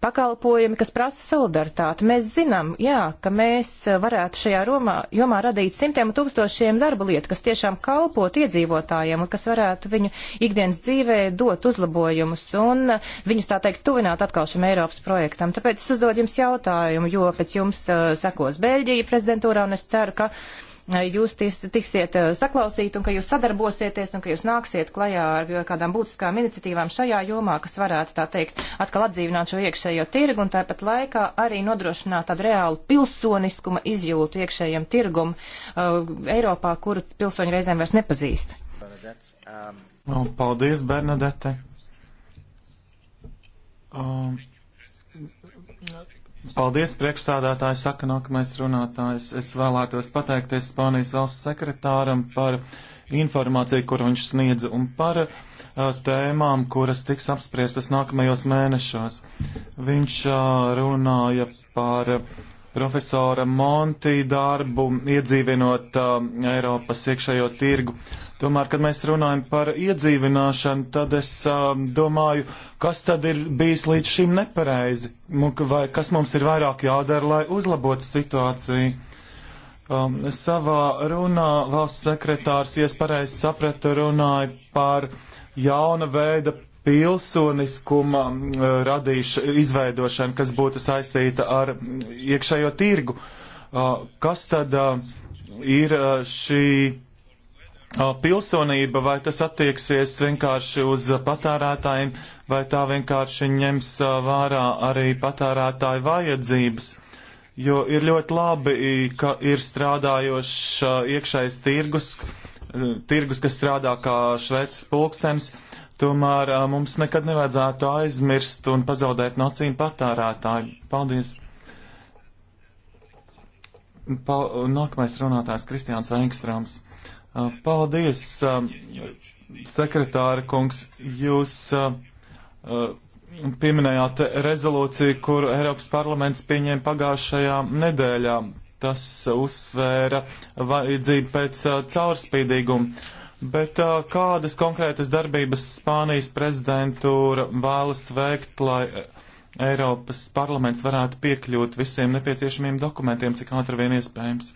pakalpojumi, kas prasa solidaritāti. Mēs zinām, jā, ka mēs eh, varētu šajā romā, jomā radīt simtiem tūkstošiem darba vietu, kas tiešām kalpot iedzīvotājiem un kas varētu viņu ikdienas dzīvē dot uzlabojumus un eh, viņus tā teikt tuvināt atkal šim Eiropas projektam. Tāpēc es uzdodu jums jautājumu, jo pēc jums uh, sekos Beļģija prezidentūrā un es ceru, ka. Uh, jūs tis, tiksiet eh, saklausīt un ka jūs sadarbosieties un ka jūs nāksiet klajā ar kādām būtiskām iniciatīvām šajā jomā, kas varētu tā teikt atkal atdzīvināt šo iekšējo tirgu un tāpat laikā arī nodrošināt tādu reālu pilsoniskuma izjūtu iekšējiem tirgumu uh, eh, Eiropā, kuru pilsoņi reizēm vairs nepazīst. Nu, paldies, Bernadete. Um, Paldies, priekšsādātāji, saka nākamais runātājs. Es vēlētos pateikties Spānijas valsts sekretāram par informāciju, kur viņš sniedza, un par uh, tēmām, kuras tiks apspriestas nākamajos mēnešos. Viņš uh, runāja par uh, profesora Monti darbu, iedzīvinot uh, Eiropas iekšējo tirgu. Tomēr, kad mēs runājam par iedzīvināšanu, tad es uh, domāju, kas tad ir bijis līdz šim nepareizi, vai kas mums ir vairāk jādara, lai uzlabotu situāciju. Um, savā runā valsts sekretārs, ja es pareizi sapratu, runāja par jauna veida pilsoniskuma eh, radīša, izveidošana, kas būtu saistīta ar iekšējo tirgu. Eh, kas tad eh, ir šī pilsonība, vai tas attieksies vienkārši uz patērētājiem, vai tā vienkārši ņems vērā arī patērētāju vajadzības? Jo ir ļoti labi, ka ir strādājošs iekšējs tirgus, tirgus, kas strādā kā šveicis pulkstenis, uh, Tomēr mums nekad nevajadzētu aizmirst un pazaudēt no acīm patārētāju. Paldies! Pa, nākamais runātājs Kristiāns Engstrāms. Paldies, sekretāra kungs, jūs pieminējāt rezolūciju, kuru Eiropas parlaments pieņēma pagājušajā nedēļā. Tas uzsvēra vajadzību pēc caurspīdīguma. Bet kādas konkrētas darbības Spānijas prezidentūra vēlas veikt, lai Eiropas parlaments varētu piekļūt visiem nepieciešamiem dokumentiem, cik ātri vien iespējams?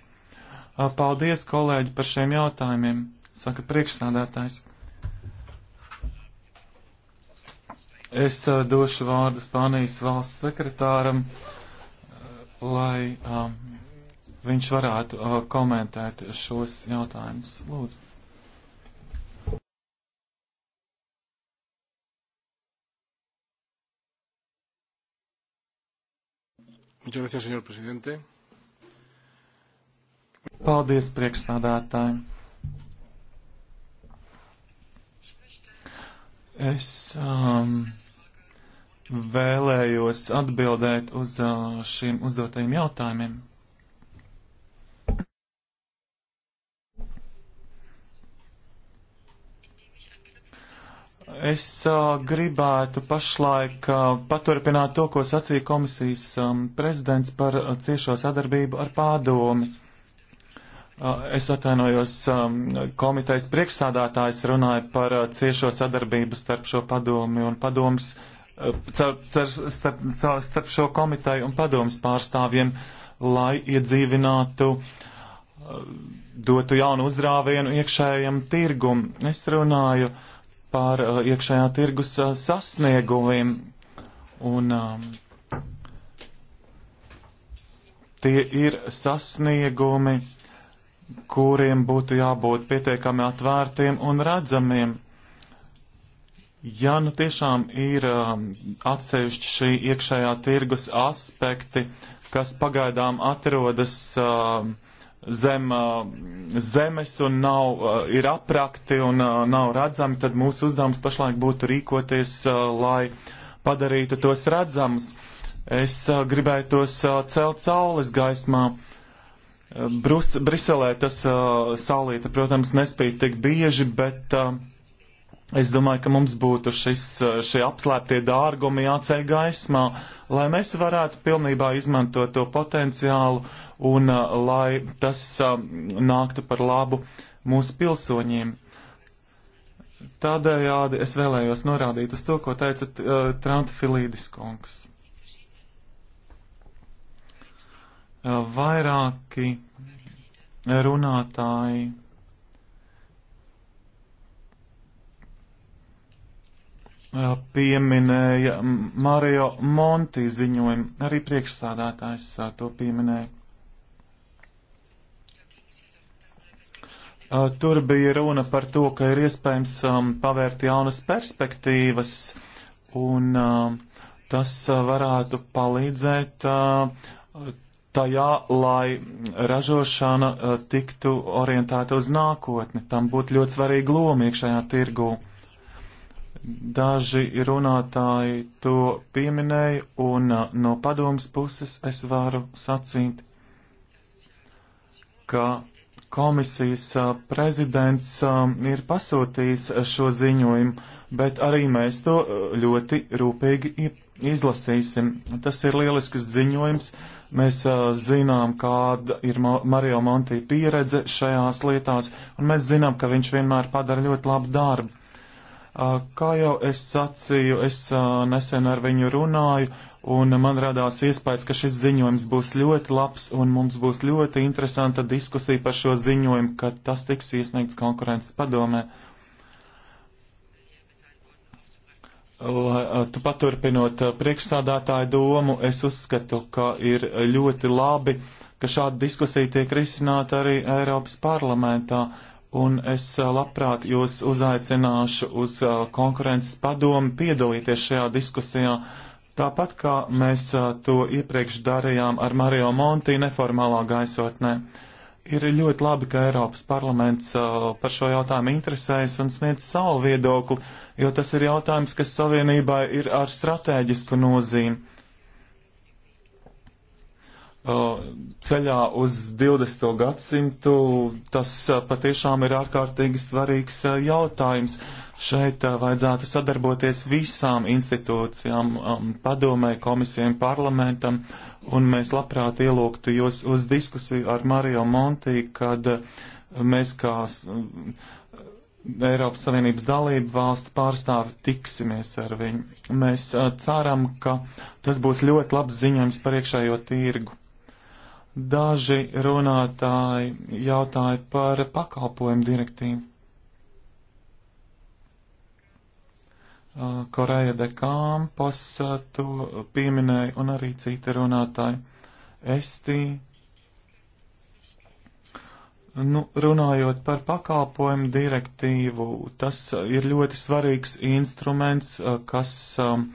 Paldies, kolēģi, par šiem jautājumiem, saka priekšstādātājs. Es uh, došu vārdu Spānijas valsts sekretāram, uh, lai uh, viņš varētu komentēt šos jautājumus. Lūdzu. Muchas gracias, señor presidente. Paldies, priekšsādātāji. Es um, vēlējos atbildēt uz uh, šiem uzdotajiem jautājumiem. Es uh, gribētu pašlaik uh, paturpināt to, ko sacīja komisijas um, prezidents par uh, ciešo sadarbību ar pādomi. Uh, es atvainojos, um, komitejas priekšsādātājs runāja par uh, ciešo sadarbību starp šo padomi un padoms, uh, cer, cer, starp, cer, starp šo komiteju un padomas pārstāvjiem, lai iedzīvinātu uh, dotu jaunu uzdrāvienu iekšējam tirgum. Es runāju uh, par uh, iekšējā tirgus uh, sasniegumiem. Un, um, tie ir sasniegumi, kuriem būtu jābūt pietiekami atvērtiem un redzamiem. Ja nu tiešām ir um, atsevišķi šī iekšējā tirgus aspekti, kas pagaidām atrodas um, zem uh, zemes un nav, uh, ir aprakti un uh, nav redzami, tad mūsu uzdevums pašlaik būtu rīkoties, lai padarītu tos redzamus. Es gribēju tos celt saules gaismā. Brus, Briselē tas saulīta, protams, nespīd tik bieži, bet uh, Es domāju, ka mums būtu šis, šie apslēptie dārgumi jāceļ gaismā, lai mēs varētu pilnībā izmantot to potenciālu un uh, lai tas uh, nāktu par labu mūsu pilsoņiem. Tādējādi es vēlējos norādīt uz to, ko teica uh, Trantafilīdis kungs. Uh, vairāki runātāji pieminēja Mario Monti ziņojumu, arī priekšsādātājs to pieminēja. Tur bija runa par to, ka ir iespējams um, pavērt jaunas perspektīvas, un uh, tas varētu palīdzēt uh, tajā, lai ražošana uh, tiktu orientēta uz nākotni. Tam būtu ļoti svarīga loma iekšējā tirgū. Daži runātāji to pieminēja, un uh, no padomas puses es varu sacīt, ka komisijas uh, prezidents um, ir pasūtījis šo ziņojumu, bet arī mēs to uh, ļoti rūpīgi izlasīsim. Tas ir lielisks ziņojums. Mēs zinām, kāda ir Mario Monti pieredze šajās lietās, un mēs zinām, ka viņš vienmēr padara ļoti labu darbu Kā jau es sacīju, es nesen ar viņu runāju, un man radās iespējas, ka šis ziņojums būs ļoti labs, un mums būs ļoti interesanta diskusija par šo ziņojumu, kad tas tiks iesniegts konkurences padomē. Lai, tu paturpinot priekšsādātāju domu, es uzskatu, ka ir ļoti labi, ka šāda diskusija tiek risināta arī Eiropas parlamentā, un es labprāt jūs uzaicināšu uz konkurences padomu piedalīties šajā diskusijā. Tāpat kā mēs to iepriekš darījām ar Mario Monti neformālā gaisotnē. Ir ļoti labi, ka Eiropas parlaments par šo jautājumu interesējas un sniedz savu viedokli, jo tas ir jautājums, kas savienībai ir ar strateģisku nozīmi ceļā uz 20. gadsimtu, tas patiešām ir ārkārtīgi svarīgs jautājums. Šeit vajadzētu sadarboties visām institūcijām, padomē, komisijām, parlamentam, un mēs labprāt ielūgtu jūs uz diskusiju ar Mario Monti, kad mēs kā Eiropas Savienības dalību valstu pārstāvi tiksimies ar viņu. Mēs ceram, ka tas būs ļoti labs ziņojums par iekšējo tirgu Daži runātāji jautāja par pakalpojumu direktīvu. Koreja de Kampos to pieminēja un arī citi runātāji. Estī. Nu, runājot par pakalpojumu direktīvu, tas ir ļoti svarīgs instruments, kas um,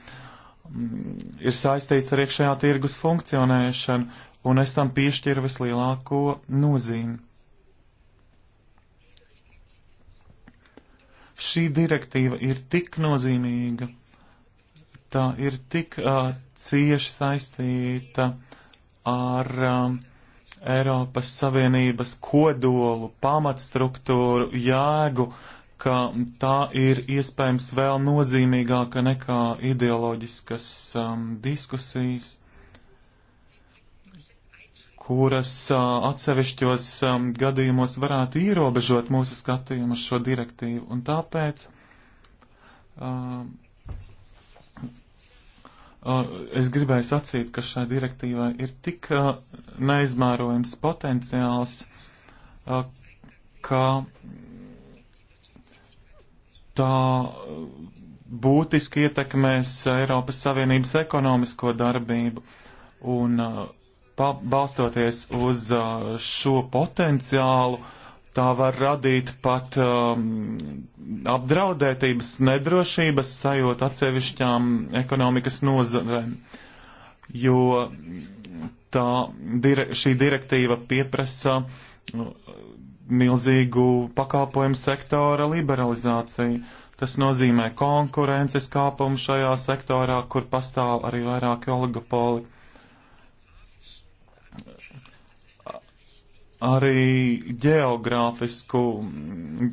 ir saistīts ar iekšējā tirgus funkcionēšanu un es tam piešķiru vislielāko nozīmi. Šī direktīva ir tik nozīmīga, tā ir tik uh, cieši saistīta ar um, Eiropas Savienības kodolu, pamatstruktūru, jēgu, ka tā ir iespējams vēl nozīmīgāka nekā ideoloģiskas um, diskusijas kuras atsevišķos gadījumos varētu ierobežot mūsu skatījumu uz šo direktīvu. Un tāpēc es gribēju sacīt, ka šai direktīvai ir tik neizmērojams potenciāls, ka tā būtiski ietekmēs Eiropas Savienības ekonomisko darbību. Un uh, balstoties uz uh, šo potenciālu, tā var radīt pat um, apdraudētības, nedrošības sajūtu atsevišķām ekonomikas nozarēm, jo tā, dire, šī direktīva pieprasa nu, milzīgu pakalpojumu sektora liberalizāciju. Tas nozīmē konkurences kāpumu šajā sektorā, kur pastāv arī vairāki oligopoli. arī geogrāfisku mm,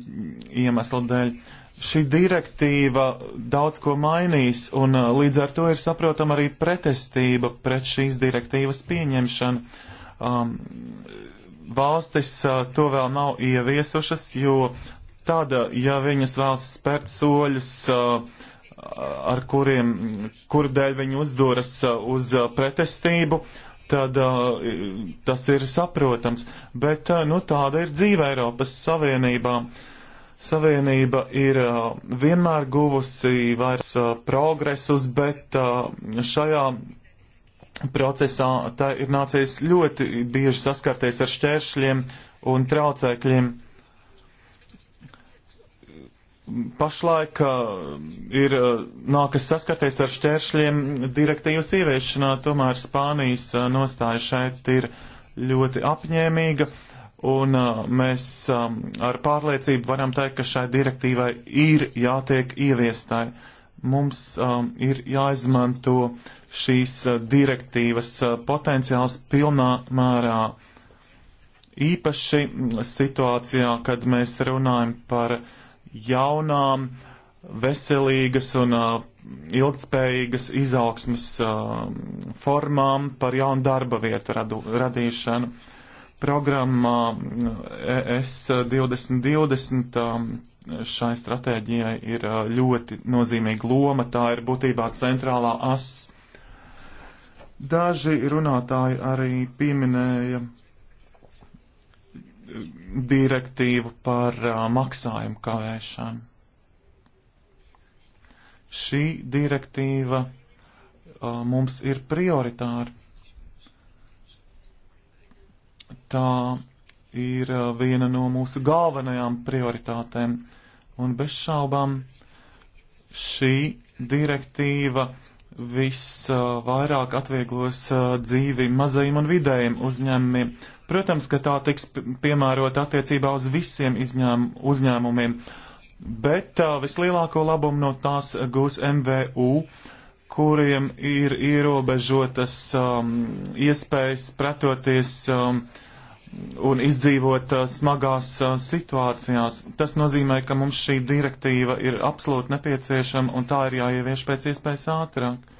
iemeslu dēļ. Šī direktīva daudz ko mainīs, un līdz ar to ir saprotama arī pretestība pret šīs direktīvas pieņemšanu. Um, valstis uh, to vēl nav ieviesušas, jo tad, ja viņas vēlas spērt soļus, uh, ar kuriem, kuru dēļ viņi uzduras uz pretestību, uh, tad uh, tas ir saprotams. Bet uh, nu, tāda ir dzīve Eiropas Savienībā. Savienība ir uh, vienmēr guvusi vairs uh, progresus, bet uh, šajā procesā tā ir nācies ļoti bieži saskarties ar šķēršļiem un traucēkļiem. Uh, pašlaik ir nākas saskarties ar šķēršļiem direktīvas ieviešanā, tomēr Spānijas nostāja šeit ir ļoti apņēmīga, un mēs ar pārliecību varam teikt, ka šai direktīvai ir jātiek ieviestai. Mums ir jāizmanto šīs direktīvas potenciāls pilnā mērā īpaši situācijā, kad mēs runājam par uh, jaunām, veselīgas un uh, ilgspējīgas izaugsmas uh, formām, par jaunu darba vietu radu, radīšanu. Programmā ES 2020 um, šai stratēģijai ir uh, ļoti nozīmīga loma, tā ir būtībā centrālā asa. Daži runātāji arī pieminēja uh, direktīvu par uh, maksājumu kavēšanu. Šī direktīva uh, mums ir prioritāra. Tā ir uh, viena no mūsu galvenajām prioritātēm, un bez šaubām šī direktīva visvairāk atvieglos dzīvi mazajiem un vidējiem uzņēmumiem, Protams, ka tā tiks piemērota attiecībā uz visiem izņēm, uzņēmumiem, bet uh, vislielāko labumu no tās gūs MVU, kuriem ir ierobežotas um, iespējas pretoties um, un izdzīvot uh, smagās uh, situācijās. Tas nozīmē, ka mums šī direktīva ir absolūti nepieciešama un tā ir jāievieš pēc iespējas ātrāk.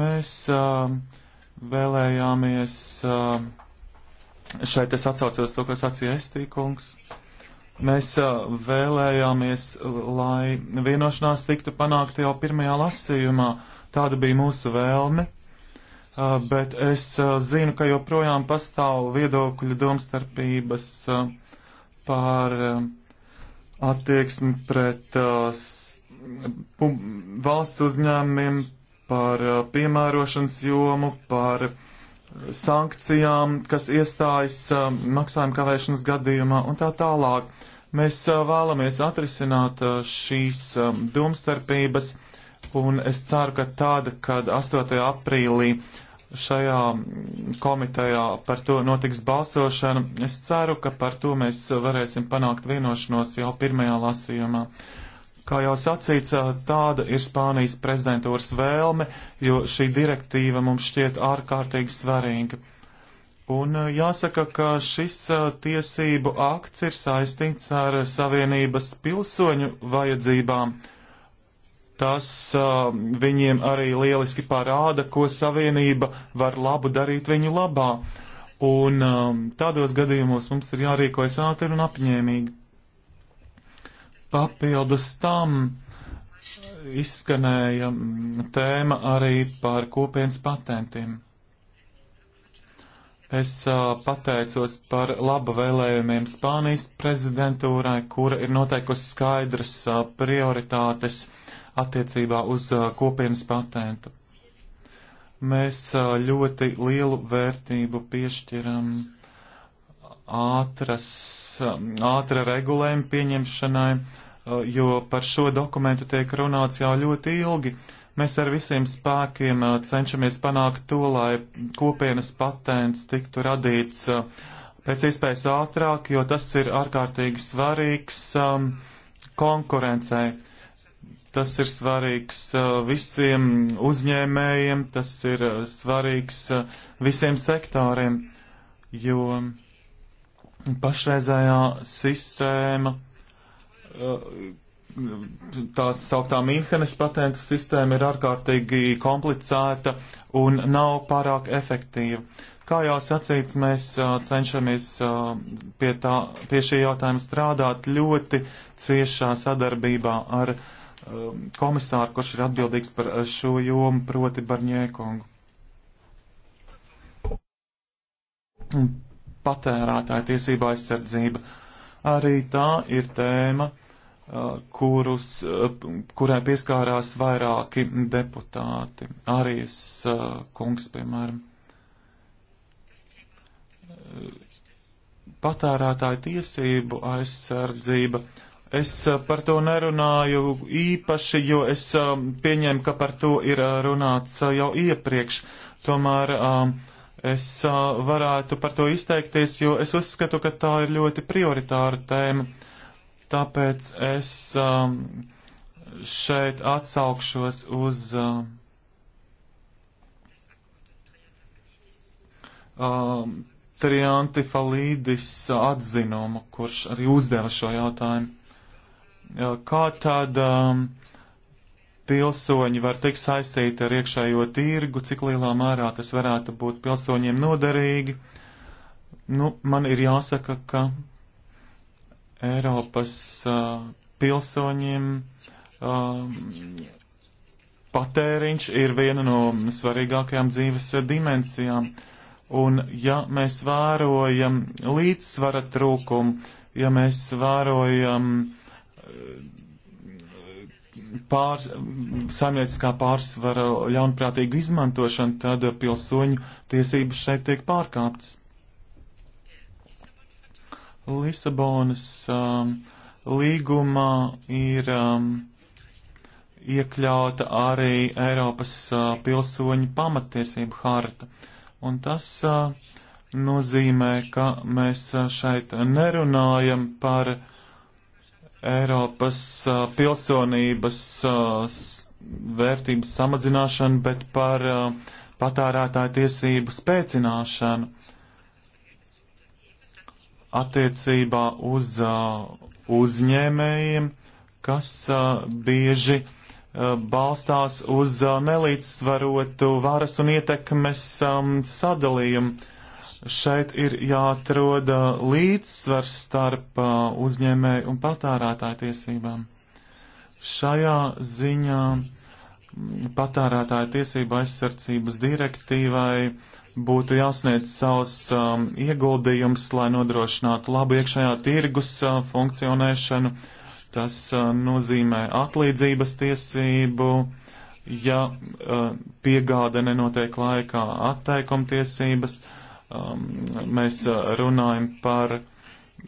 Mēs uh, vēlējāmies uh, Šeit es atsaucos to, kas sacīja Estīkungs. Mēs vēlējāmies, lai vienošanās tiktu panākta jau pirmajā lasījumā. Tāda bija mūsu vēlme. Bet es zinu, ka joprojām pastāv viedokļu domstarpības par attieksmi pret valsts uzņēmumiem, par piemērošanas jomu, par sankcijām, kas iestājas um, maksājuma kavēšanas gadījumā un tā tālāk. Mēs uh, vēlamies atrisināt uh, šīs um, domstarpības, un es ceru, ka tāda, kad 8. aprīlī šajā um, komitejā par to notiks balsošana, es ceru, ka par to mēs uh, varēsim panākt vienošanos jau pirmajā lasījumā. Uh, Kā jau sacīts, tāda ir Spānijas prezidentūras vēlme, jo šī direktīva mums šķiet ārkārtīgi svarīga. Un jāsaka, ka šis tiesību akts ir saistīts ar Savienības pilsoņu vajadzībām. Tas viņiem arī lieliski parāda, ko Savienība var labu darīt viņu labā. Un tādos gadījumos mums ir jārīkojas ātri un apņēmīgi. Papildus tam izskanēja tēma arī par kopienas patentiem. Es uh, pateicos par laba vēlējumiem Spānijas prezidentūrai, kura ir noteikusi skaidras uh, prioritātes attiecībā uz uh, kopienas patentu. Mēs uh, ļoti lielu vērtību piešķiram ātras, uh, ātra regulējuma pieņemšanai, uh, Eh, jo par šo dokumentu tiek runāts jau ļoti ilgi. Mēs ar visiem spēkiem eh, cenšamies panākt to, lai kopienas patents tiktu radīts eh, pēc iespējas ātrāk, jo tas ir ārkārtīgi svarīgs um, ehm, konkurencei. Tas ir svarīgs uh, visiem uzņēmējiem, tas ir uh, svarīgs uh, visiem sektoriem, jo pašreizējā sistēma tās sauktā Mīnhenes patentu sistēma ir ārkārtīgi komplicēta un nav pārāk efektīva. Kā jau sacīts, mēs cenšamies pie, tā, pie šī jautājuma strādāt ļoti ciešā sadarbībā ar komisāru, kurš ir atbildīgs par šo jomu, proti Barņēkungu. Patērētāja tiesība aizsardzība. Arī tā ir tēma kurus, kurai pieskārās vairāki deputāti. Arijas kungs, piemēram. Patērētāju tiesību aizsardzība. Es par to nerunāju īpaši, jo es pieņēmu, ka par to ir runāts jau iepriekš. Tomēr es varētu par to izteikties, jo es uzskatu, ka tā ir ļoti prioritāra tēma Tāpēc es um, šeit atsaukšos uz um, um, Trianti Falīdis atzinumu, kurš arī uzdeva šo jautājumu. Kā tad um, pilsoņi var tikt saistīti ar iekšējo tirgu, cik lielā mērā tas varētu būt pilsoņiem noderīgi? Nu, man ir jāsaka, ka Eiropas uh, pilsoņiem uh, patēriņš ir viena no svarīgākajām dzīves dimensijām. Un ja mēs vērojam līdzsvara trūkumu, ja mēs vērojam pār, saimnieciskā pārsvara ļaunprātīgu izmantošanu, tad pilsoņu tiesības šeit tiek pārkāptas. Lisabonas um, līgumā ir um, iekļauta arī Eiropas uh, pilsoņu pamatiesību harta. Un tas uh, nozīmē, ka mēs uh, šeit nerunājam par Eiropas uh, pilsonības uh, vērtības samazināšanu, bet par uh, patērētāju tiesību spēcināšanu attiecībā uz uh, uzņēmējiem, kas uh, bieži uh, balstās uz nelīdzsvarotu varas un ietekmes um, sadalījumu šeit ir jāatrod līdzsvars starp uzņēmēju un patērētāju tiesībām. Šajā ziņā mm, patērētāju tiesību aizsardzības direktīvai būtu jāsniedz savs um, ieguldījums, lai nodrošinātu labu iekšējā tirgus uh, funkcionēšanu. Tas uh, nozīmē atlīdzības tiesību, ja uh, piegāde nenotiek laikā atteikuma tiesības. Um, mēs uh, runājam par uh,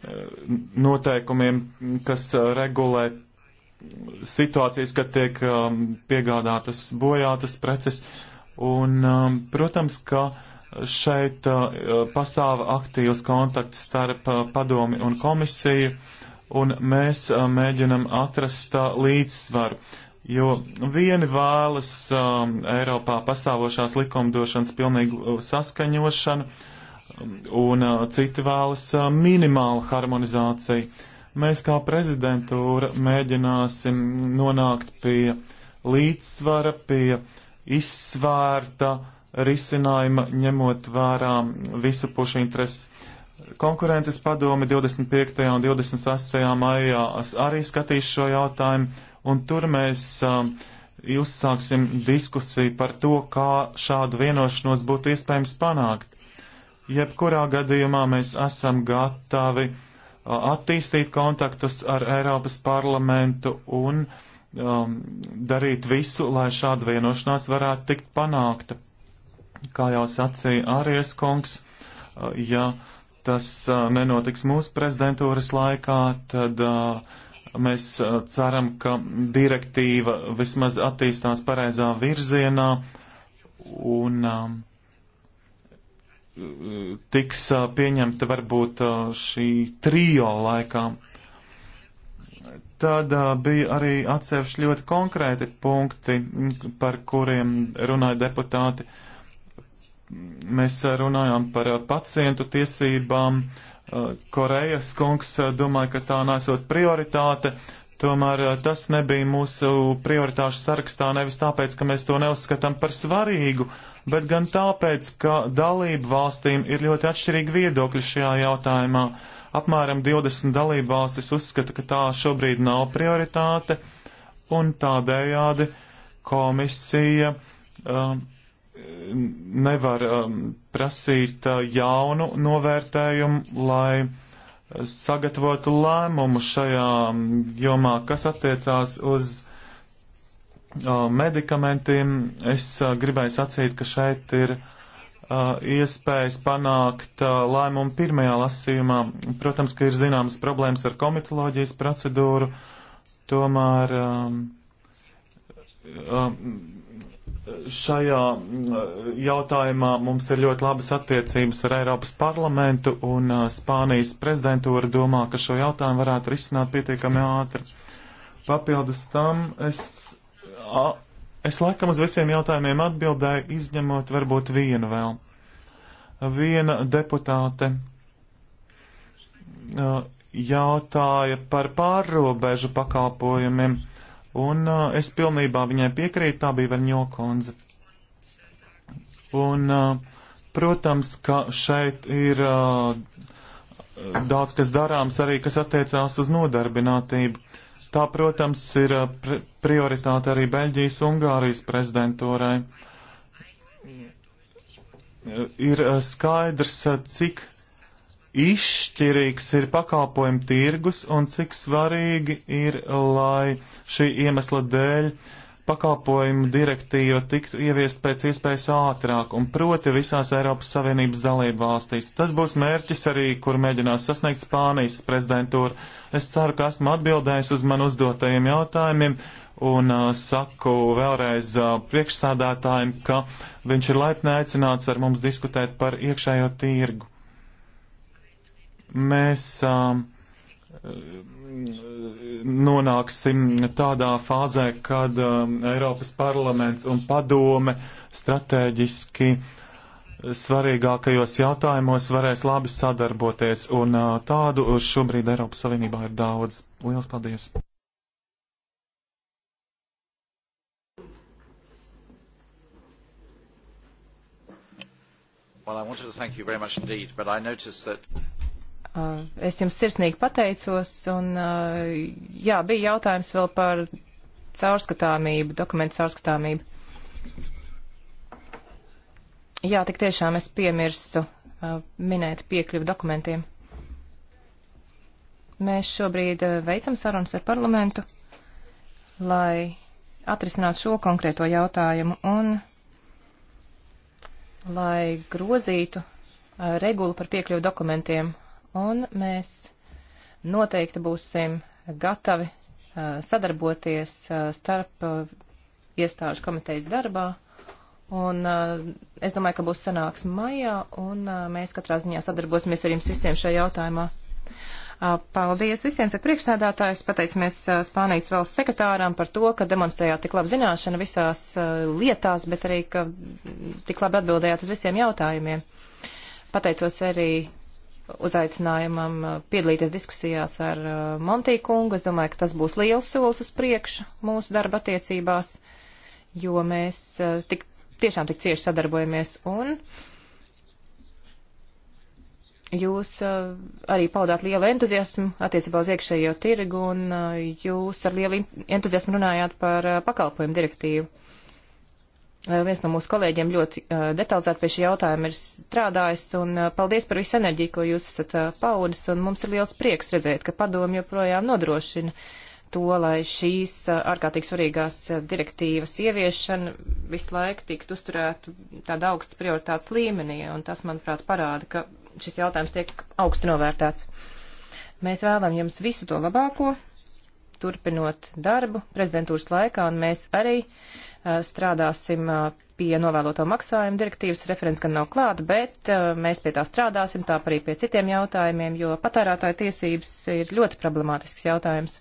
noteikumiem, kas uh, regulē situācijas, kad tiek um, piegādātas bojātas preces. Un, um, protams, ka uh, Šeit uh, pastāv aktīvs kontakts starp uh, padomi un komisiju, un mēs uh, mēģinam atrast līdzsvaru. Jo vieni vēlas um, Eiropā pastāvošās likumdošanas pilnīgu saskaņošanu, um, un uh, citi vēlas uh, minimālu harmonizāciju. Mēs kā prezidentūra mēģināsim nonākt pie līdzsvara, pie izsvērta uh, risinājuma, ņemot vērā visu pušu intereses. Konkurences padome 25. un 28. maijā arī skatīs šo jautājumu, un tur mēs uh, uzsāksim diskusiju par to, kā šādu vienošanos būtu iespējams panākt. Jebkurā gadījumā mēs esam gatavi uh, attīstīt kontaktus ar Eiropas parlamentu un um, darīt visu, lai šāda vienošanās varētu tikt panākta Kā jau sacīja Ārijas kungs, uh, ja tas uh, nenotiks mūsu prezidentūras laikā, tad uh, mēs ceram, ka direktīva vismaz attīstās pareizā virzienā un um, tiks pieņemta varbūt šī trijo laikā. Tad bija arī atsevišķi ļoti konkrēti punkti, par kuriem runāja deputāti. Uh, mēs runājām par pacientu tiesībām. Korejas kungs domāja, ka tā nesot prioritāte, tomēr tas nebija mūsu prioritāšu sarakstā nevis tāpēc, ka mēs to neuzskatām par svarīgu, bet gan tāpēc, ka dalību valstīm ir ļoti atšķirīgi viedokļi šajā jautājumā. Apmēram 20 dalību valstis uzskata, ka tā šobrīd nav prioritāte, un tādējādi komisija. Uh, nevar um, prasīt uh, jaunu novērtējumu, lai sagatavotu lēmumu šajā um, jomā, kas attiecās uz uh, medikamentiem. Es uh, gribēju sacīt, ka šeit ir uh, iespējas panākt uh, lēmumu pirmajā lasījumā. Protams, ka ir zināmas problēmas ar komitoloģijas procedūru, tomēr. Um, um, šajā mm, jautājumā mums ir ļoti labas attiecības ar Eiropas parlamentu, un uh, Spānijas prezidentūra domā, ka šo jautājumu varētu risināt pietiekami ātri. Papildus tam es, a, es laikam uz visiem jautājumiem atbildēju, izņemot varbūt vienu vēl. Viena deputāte a, uh, jautāja par pārrobežu pakalpojumiem. Uh, Un uh, es pilnībā viņai piekrītu, tā bija Verņo kundze. Un, uh, protams, ka šeit ir uh, daudz kas darāms arī, kas attiecās uz nodarbinātību. Tā, protams, ir uh, pr prioritāte arī Beļģijas Ungārijas prezidentūrai. Ir uh, skaidrs, uh, cik izšķirīgs ir pakalpojumu tirgus un cik svarīgi ir, lai šī iemesla dēļ pakalpojumu direktīva tiktu ieviest pēc iespējas ātrāk un proti visās Eiropas Savienības dalību valstīs. Tas būs mērķis arī, kur mēģinās sasniegt Spānijas prezidentūra. Es ceru, ka esmu atbildējis uz man uzdotajiem jautājumiem un uh, saku vēlreiz uh, priekšsādātājiem, ka viņš ir laipni aicināts ar mums diskutēt par iekšējo tirgu mēs um, nonāksim tādā fāzē, kad um, Eiropas parlaments un padome strateģiski svarīgākajos jautājumos varēs labi sadarboties, un uh, tādu šobrīd Eiropas Savienībā ir daudz. Lielas paldies! Well, I wanted to thank you very much indeed, but I noticed that Eh, es jums sirsnīgi pateicos, un eh, jā, bija jautājums vēl par caurskatāmību, dokumentu caurskatāmību. Jā, tik tiešām es piemirstu eh, minēt piekļuvu dokumentiem. Mēs šobrīd veicam sarunas ar parlamentu, lai atrisinātu šo konkrēto jautājumu un lai grozītu regulu par piekļuvu dokumentiem un mēs noteikti būsim gatavi uh, sadarboties uh, starp uh, iestāžu komitejas darbā. Un es domāju, ka būs sanāksme maijā, un mēs katrā ziņā sadarbosimies ar jums visiem šajā jautājumā. Paldies visiem, saka priekšsēdātājs. Pateicamies Spānijas valsts sekretāram par to, ka demonstrējāt tik labu zināšanu visās lietās, bet arī, ka tik labi atbildējāt uz visiem jautājumiem. Pateicos arī uzaicinājumam eh, piedalīties diskusijās ar eh, Montiju kungu. Es domāju, ka tas būs liels solis uz priekšu mūsu darba attiecībās, jo mēs eh, tik, tiešām tik cieši sadarbojamies un jūs arī paudāt lielu entuziasmu attiecībā uz iekšējo tirgu un jūs ar lielu entuziasmu runājāt par pakalpojumu direktīvu. Eh, viens no mūsu kolēģiem ļoti uh, detalizēti pie šī jautājuma ir strādājis, un uh, paldies par visu enerģiju, ko jūs esat uh, paudis, un mums ir liels prieks redzēt, ka padomu joprojām nodrošina to, lai šīs ārkārtīgi svarīgās direktīvas ieviešana visu laiku tiktu uzturētu tādā augsta prioritātes līmenī, un tas, manuprāt, parāda, ka šis jautājums tiek augstu novērtēts. Mēs vēlam jums visu to labāko, turpinot darbu prezidentūras laikā, un mēs arī uh, Eh, strādāsim eh, pie novēloto maksājumu direktīvas. Referents gan nav klāt, bet eh, mēs pie tā strādāsim, tā arī pie citiem jautājumiem, jo patērētāja tiesības ir ļoti problemātisks jautājums.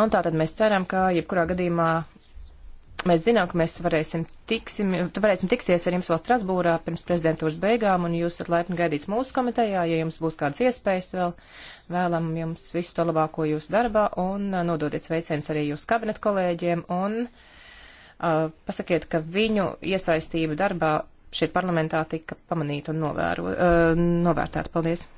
Un tā tad mēs ceram, ka jebkurā gadījumā Mēs zinām, ka mēs varēsim, tiksim, varēsim tiksties ar jums vēl Strasbūrā pirms prezidentūras beigām, un jūs esat laipni gaidīts mūsu komitejā, ja jums būs kādas iespējas vēl. Vēlam jums visu to labāko jūsu darbā, un nododiet sveicienus arī jūsu kabinetu kolēģiem, un uh, pasakiet, ka viņu iesaistība darbā šeit parlamentā tika pamanīta un novēro, uh, novērtēta. Paldies!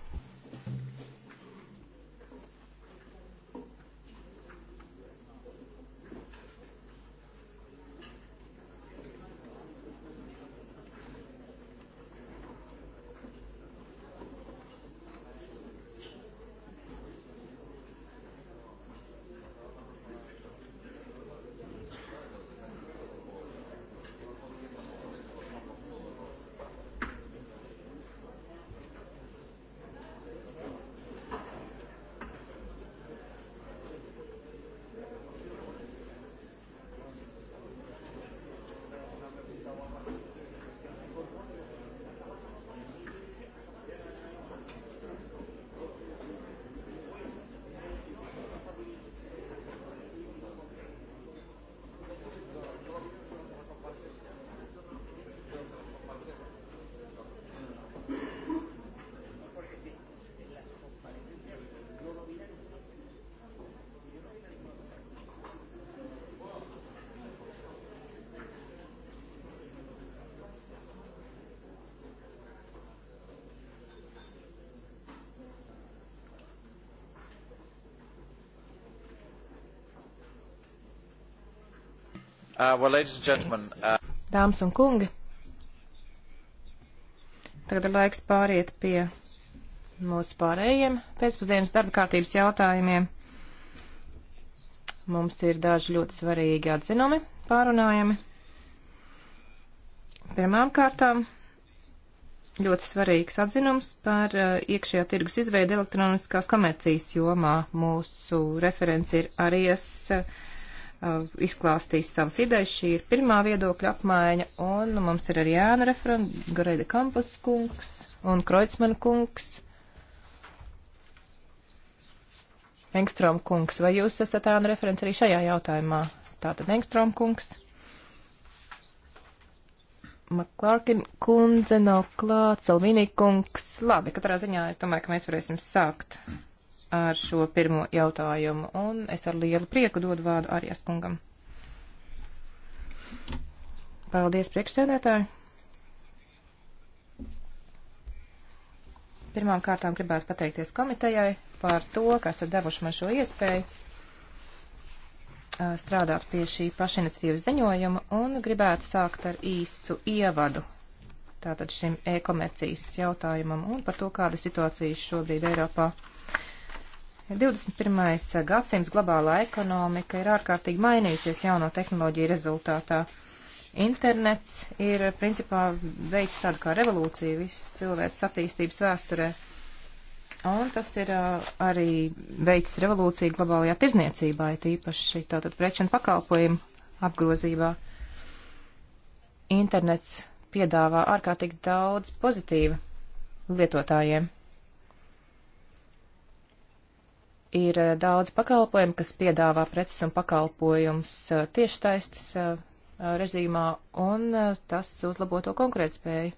Uh, well, uh... Dāmas un kungi, tagad ir laiks pāriet pie mūsu pārējiem pēcpusdienas darba kārtības jautājumiem. Mums ir daži ļoti svarīgi atzinumi pārunājami. Pirmām kārtām ļoti svarīgs atzinums par uh, iekšējā tirgus izveidu elektroniskās komercijas jomā. Mūsu referents ir Arijas uh, Uh, izklāstīs savas idejas. Šī ir pirmā viedokļa apmaiņa, un nu, mums ir arī Jāna referenta, Gareida Kampus kungs un Kreutzmann kungs. Engstrom kungs, vai jūs esat ēnu referents arī šajā jautājumā? Tātad Engstrom kungs. Maklārkin kundze nav klāt, Salvīnī kungs. Labi, katrā ziņā es domāju, ka mēs varēsim sākt ar šo pirmo jautājumu, un es ar lielu prieku dodu vārdu Arijas kungam. Paldies, priekšsēdētāji! Pirmām kārtām gribētu pateikties komitejai par to, ka esat devuši man šo iespēju strādāt pie šī pašiniciatīvas ziņojuma un gribētu sākt ar īsu ievadu tātad šim e-komercijas jautājumam un par to, kāda situācija šobrīd Eiropā ir. 21. Eh, gadsimts globālā ekonomika ir ārkārtīgi mainījusies jauno tehnoloģiju rezultātā. Internets ir eh, principā veids tādu kā revolūciju visas cilvēks attīstības vēsturē. Un tas ir eh, arī veids revolūciju globālajā tirzniecībā, it īpaši tātad preču un pakalpojumu apgrozībā. Internets piedāvā ārkārtīgi daudz pozitīvu lietotājiem. ir eh, daudz pakalpojumu, kas piedāvā preces un pakalpojumus eh, tiešsaistes eh, režīmā, un tas uzlabo to konkurētspēju.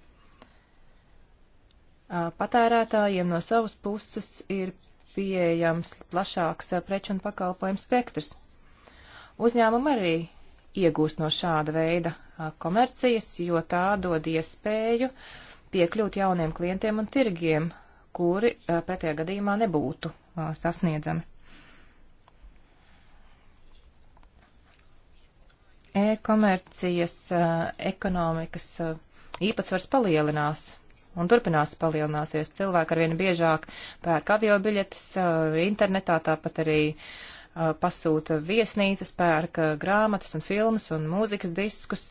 Patērētājiem no savas puses ir pieejams plašāks preču un pakalpojumu spektrs. Uzņēmumi arī iegūst no šāda veida komercijas, jo tā dod iespēju piekļūt jauniem klientiem un tirgiem, kuri pretējā gadījumā nebūtu Uh, sasniedzami. E-komercijas uh, ekonomikas uh, īpatsvars palielinās un turpinās palielināsies. Cilvēki arvien biežāk pērk avio biļetes internetā, tāpat arī pasūta viesnīcas, pērk grāmatas un filmas un mūzikas diskus.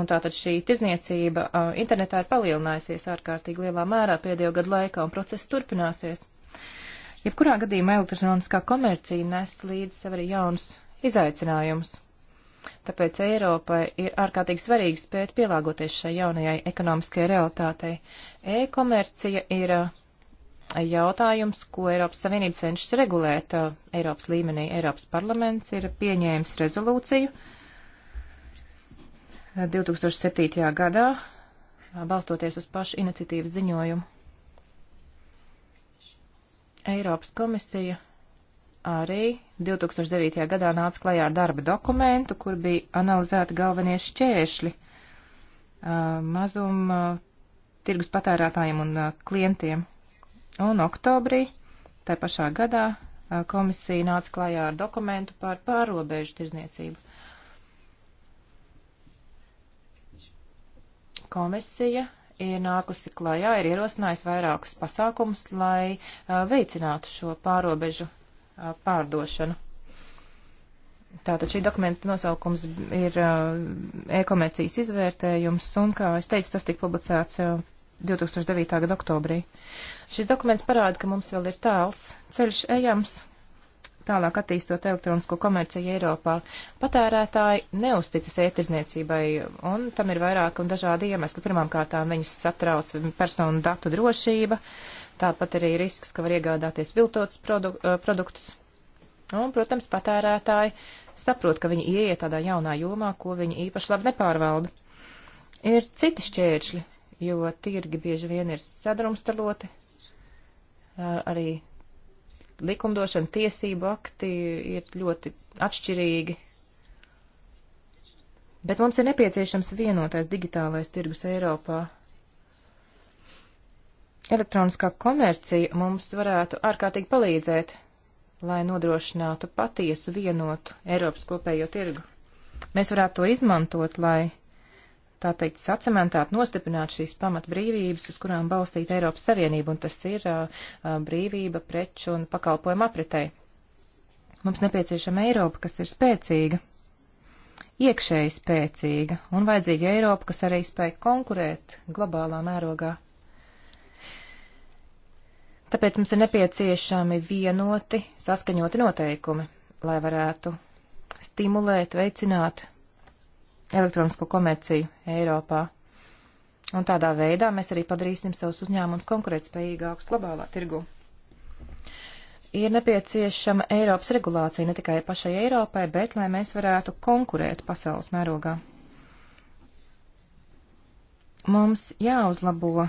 Un tātad šī tirzniecība internetā ir palielinājusies ārkārtīgi lielā mērā pēdējo gadu laikā, un process turpināsies. Jebkurā gadījumā elektroniskā komercija nes līdz sev arī jaunus izaicinājumus. Tāpēc Eiropai ir ārkārtīgi svarīgi spēt pielāgoties šai jaunajai ekonomiskajai realitātei. E-komercija ir eh, jautājums, ko Eiropas Savienība cenšas regulēt eh, Eiropas līmenī. Eiropas parlaments ir pieņēmis rezolūciju 2007. Eh, gadā, balstoties uz pašu iniciatīvas ziņojumu. Eiropas komisija arī 2009. gadā nāca klajā ar darba dokumentu, kur bija analizēti galvenie šķēršļi mazuma tirgus patērētājiem un klientiem. Un oktobrī tā pašā gadā komisija nāca klajā ar dokumentu par pārobežu tirzniecību. Komisija ir nākusi klajā, ir ierosinājusi vairākus pasākumus, lai uh, veicinātu šo pārobežu uh, pārdošanu. Tātad šī dokumenta nosaukums ir uh, e-komercijas izvērtējums, un, kā es teicu, tas tika publicēts 2009. gada oktobrī. Šis dokuments parāda, ka mums vēl ir tāls ceļš ejams, tālāk attīstot elektronisko komerciju Eiropā. Patērētāji neusticas e-tirzniecībai, un tam ir vairāk un dažādi iemesli. Pirmkārt, viņus satrauc personu datu drošība, tāpat arī risks, ka var iegādāties viltotus produ eh, produktus. Un, protams, patērētāji saprot, ka viņi ieiet tādā jaunā jomā, ko viņi īpaši labi nepārvalda. Ir citi šķēršļi, jo tirgi bieži vien ir sadrumstaloti, eh, arī likumdošana, tiesību akti ir ļoti atšķirīgi. Bet mums ir nepieciešams vienotais digitālais tirgus Eiropā. Elektroniskā komercija mums varētu ārkārtīgi palīdzēt, lai nodrošinātu patiesu vienotu Eiropas kopējo tirgu. Mēs varētu to izmantot, lai tā teikt, sacementēt, nostiprināt šīs pamatbrīvības, uz kurām balstīt Eiropas Savienību, un tas ir uh, brīvība preču un pakalpojumu apritei. Mums nepieciešama Eiropa, kas ir spēcīga, iekšēji spēcīga, un vajadzīga Eiropa, kas arī spēj konkurēt globālā mērogā. Tāpēc mums ir nepieciešami vienoti, saskaņoti noteikumi, lai varētu stimulēt, veicināt elektronisko komerciju Eiropā. Un tādā veidā mēs arī padarīsim savus uzņēmumus konkurētspējīgākus globālā tirgu. Ir nepieciešama Eiropas regulācija ne tikai pašai Eiropai, bet lai mēs varētu konkurēt pasaules mērogā. Mums jāuzlabo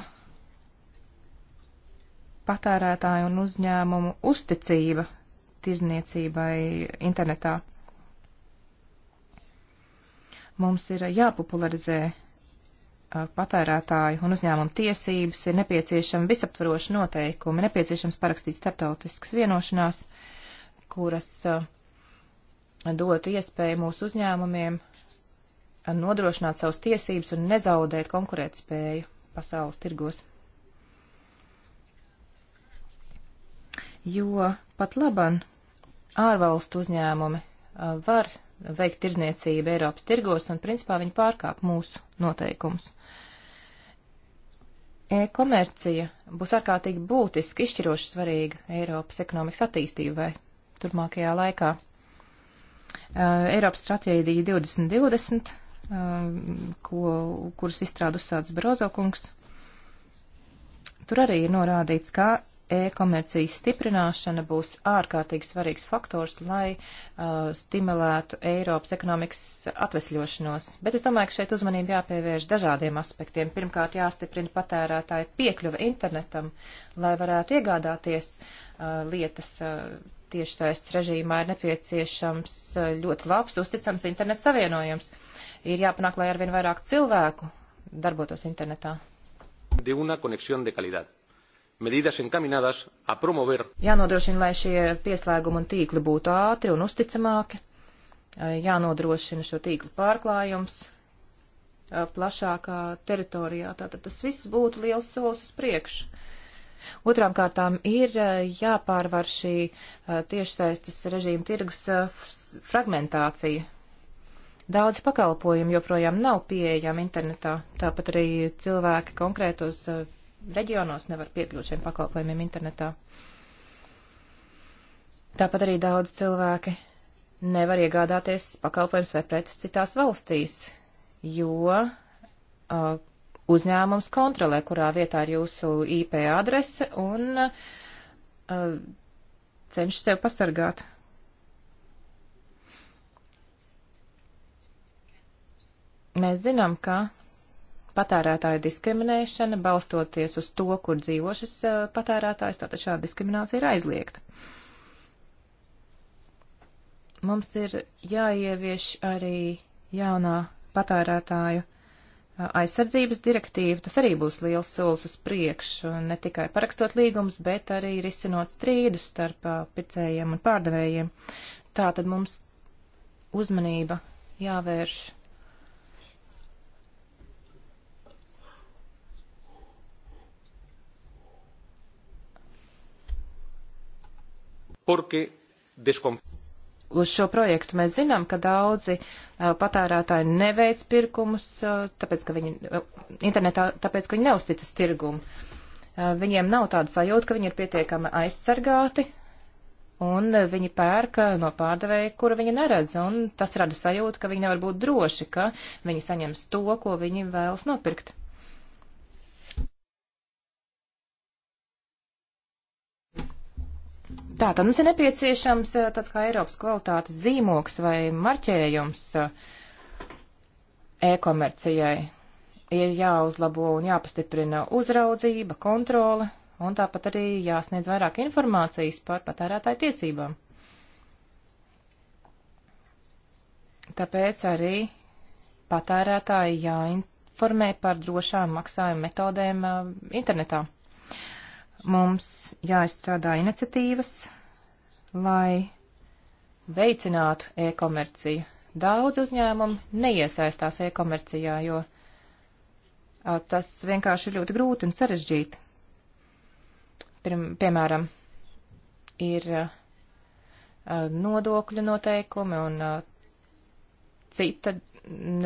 patērētāju un uzņēmumu uzticība tirzniecībai internetā. Mums ir jāpopularizē patērētāju un uzņēmumu tiesības, ir nepieciešami visaptvaroši noteikumi, nepieciešams parakstīt starptautiskas vienošanās, kuras dotu iespēju mūsu uzņēmumiem nodrošināt savus tiesības un nezaudēt konkurētspēju pasaules tirgos. Jo pat laban ārvalstu uzņēmumi var veikt tirzniecību Eiropas tirgos, un principā viņi pārkāp mūsu noteikumus. E-komercija būs ārkārtīgi būtiski izšķiroši svarīga Eiropas ekonomikas attīstībai turpmākajā laikā. Uh, Eiropas stratēģija 2020, uh, ko, kuras izstrādu uzsācis Barozo kungs, tur arī ir norādīts, ka e-komercijas stiprināšana būs ārkārtīgi svarīgs faktors, lai uh, stimulētu Eiropas ekonomikas atvesļošanos. Bet es domāju, ka šeit uzmanība jāpievērš dažādiem aspektiem. Pirmkārt, jāstiprina patērētāja piekļuve internetam, lai varētu iegādāties uh, lietas. Uh, Tiešsaistes režīmā ir nepieciešams uh, ļoti labs, uzticams internets savienojums. Ir jāpanāk, lai arvien vairāk cilvēku darbotos internetā. De una conexión de calidad medidas encaminadas a promover. Jānodrošina, lai šie pieslēgumi un tīkli būtu ātri un uzticamāki. Jānodrošina šo tīklu pārklājums plašākā teritorijā. Tātad tas viss būtu liels solis uz priekšu. Otrām kārtām ir jāpārvar šī tiešsaistes režīma tirgus fragmentācija. Daudz pakalpojumu joprojām nav pieejami internetā, tāpat arī cilvēki konkrētos reģionos nevar piekļūt šiem pakalpojumiem internetā. Tāpat arī daudz cilvēki nevar iegādāties pakalpojums vai preces citās valstīs, jo uh, uzņēmums kontrolē, kurā vietā ir jūsu IP adrese un uh, cenšas sev pasargāt. Mēs zinām, ka patērētāju diskriminēšana, balstoties uz to, kur dzīvo šis patērētājs, tātad šāda diskriminācija ir aizliegta. Mums ir jāievieš arī jaunā patērētāju aizsardzības direktīva, tas arī būs liels solis uz priekšu, ne tikai parakstot līgumus, bet arī risinot strīdus starp pircējiem un pārdevējiem. Tā tad mums uzmanība jāvērš porque desconfía uz šo projektu. Mēs zinām, ka daudzi uh, patērētāji neveic pirkumus, uh, tāpēc, ka viņi uh, internetā, tāpēc, ka viņi neusticas tirgumu. Uh, viņiem nav tāda sajūta, ka viņi ir pietiekami aizsargāti, un uh, viņi pērka no pārdevēja, kura viņi neredz, un tas rada sajūtu, ka viņi nevar būt droši, ka viņi saņems to, ko viņi vēlas nopirkt. Tā tad mums ir nepieciešams eh, tāds kā Eiropas kvalitātes zīmoks vai marķējums eh, e-komercijai. Ir jāuzlabo un jāpastiprina uzraudzība, kontrole un tāpat arī jāsniedz vairāk informācijas par patērētāju tiesībām. Tāpēc arī patērētāji jāinformē par drošām maksājuma metodēm eh, internetā. Mums jāizstrādā iniciatīvas, lai veicinātu e-komerciju. Daudz uzņēmumu neiesaistās e-komercijā, jo a, tas vienkārši ir ļoti grūti un sarežģīti. Pirm, piemēram, ir a, nodokļu noteikumi un a, cita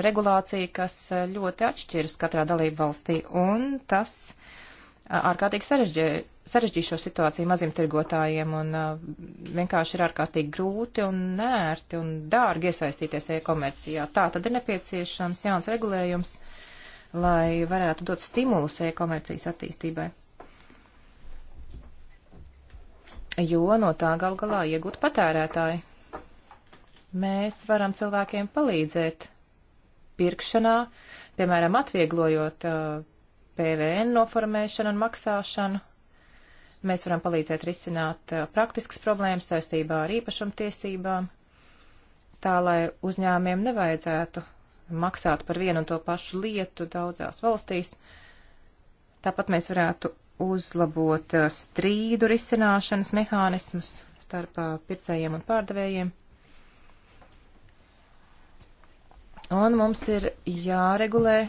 regulācija, kas ļoti atšķiras katrā dalību valstī, un tas ārkārtīgi sarežģīja šo situāciju mazimtirgotājiem un uh, vienkārši ir ārkārtīgi grūti un nērti un dārgi iesaistīties e-komercijā. Tā tad ir nepieciešams jauns regulējums, lai varētu dot stimulus e-komercijas attīstībai. Jo no tā gal galā iegūt patērētāji. Mēs varam cilvēkiem palīdzēt pirkšanā, piemēram, atvieglojot uh, PVN noformēšanu un maksāšanu. Mēs varam palīdzēt risināt praktiskas problēmas saistībā ar īpašumtiesībām, tā lai uzņēmiem nevajadzētu maksāt par vienu un to pašu lietu daudzās valstīs. Tāpat mēs varētu uzlabot strīdu risināšanas mehānismus starp pircējiem un pārdevējiem. Un mums ir jāregulē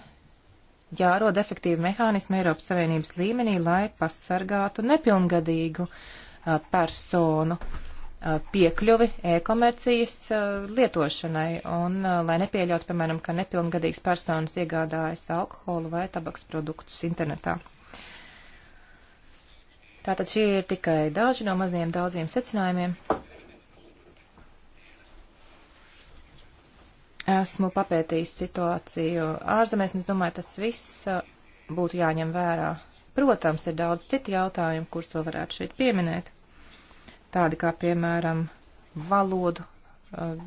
jārod efektīvi mehānismi Eiropas Savienības līmenī, lai pasargātu nepilngadīgu a, uh, personu a, uh, piekļuvi e-komercijas uh, lietošanai un a, lai nepieļautu, piemēram, ka nepilngadīgs personas iegādājas alkoholu vai tabaks produktus internetā. Tātad šie ir tikai daži no maziem daudziem secinājumiem. esmu papētījis situāciju ārzemēs, un es domāju, tas viss uh, būtu jāņem vērā. Protams, ir daudz citu jautājumu, kurus vēl varētu šeit pieminēt. Tādi kā, piemēram, valodu uh,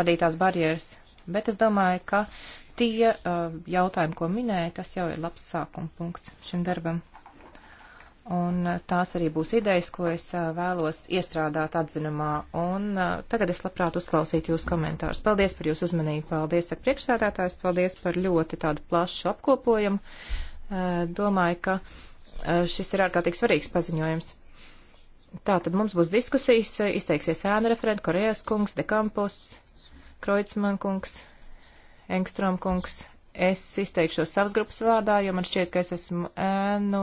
radītās barjeras, bet es domāju, ka tie uh, jautājumi, ko minēja, tas jau ir labs sākuma punkts šim darbam. Un eh, tās arī būs idejas, ko es eh, vēlos iestrādāt atzinumā. Un eh, tagad es labprāt uzklausītu jūsu komentārus. Paldies par jūsu uzmanību. Paldies, ar priekšsēdētājs. Paldies par ļoti tādu plašu apkopojumu. Domāju, ka šis ir ārkārtīgi svarīgs paziņojums. Tā tad mums būs diskusijas. Izteiksies ēnu referenti Korejas kungs, Dekampos, Kreutzmann kungs, Engstrom kungs, Es izteikšos savas grupas vārdā, jo man šķiet, ka es esmu ēnu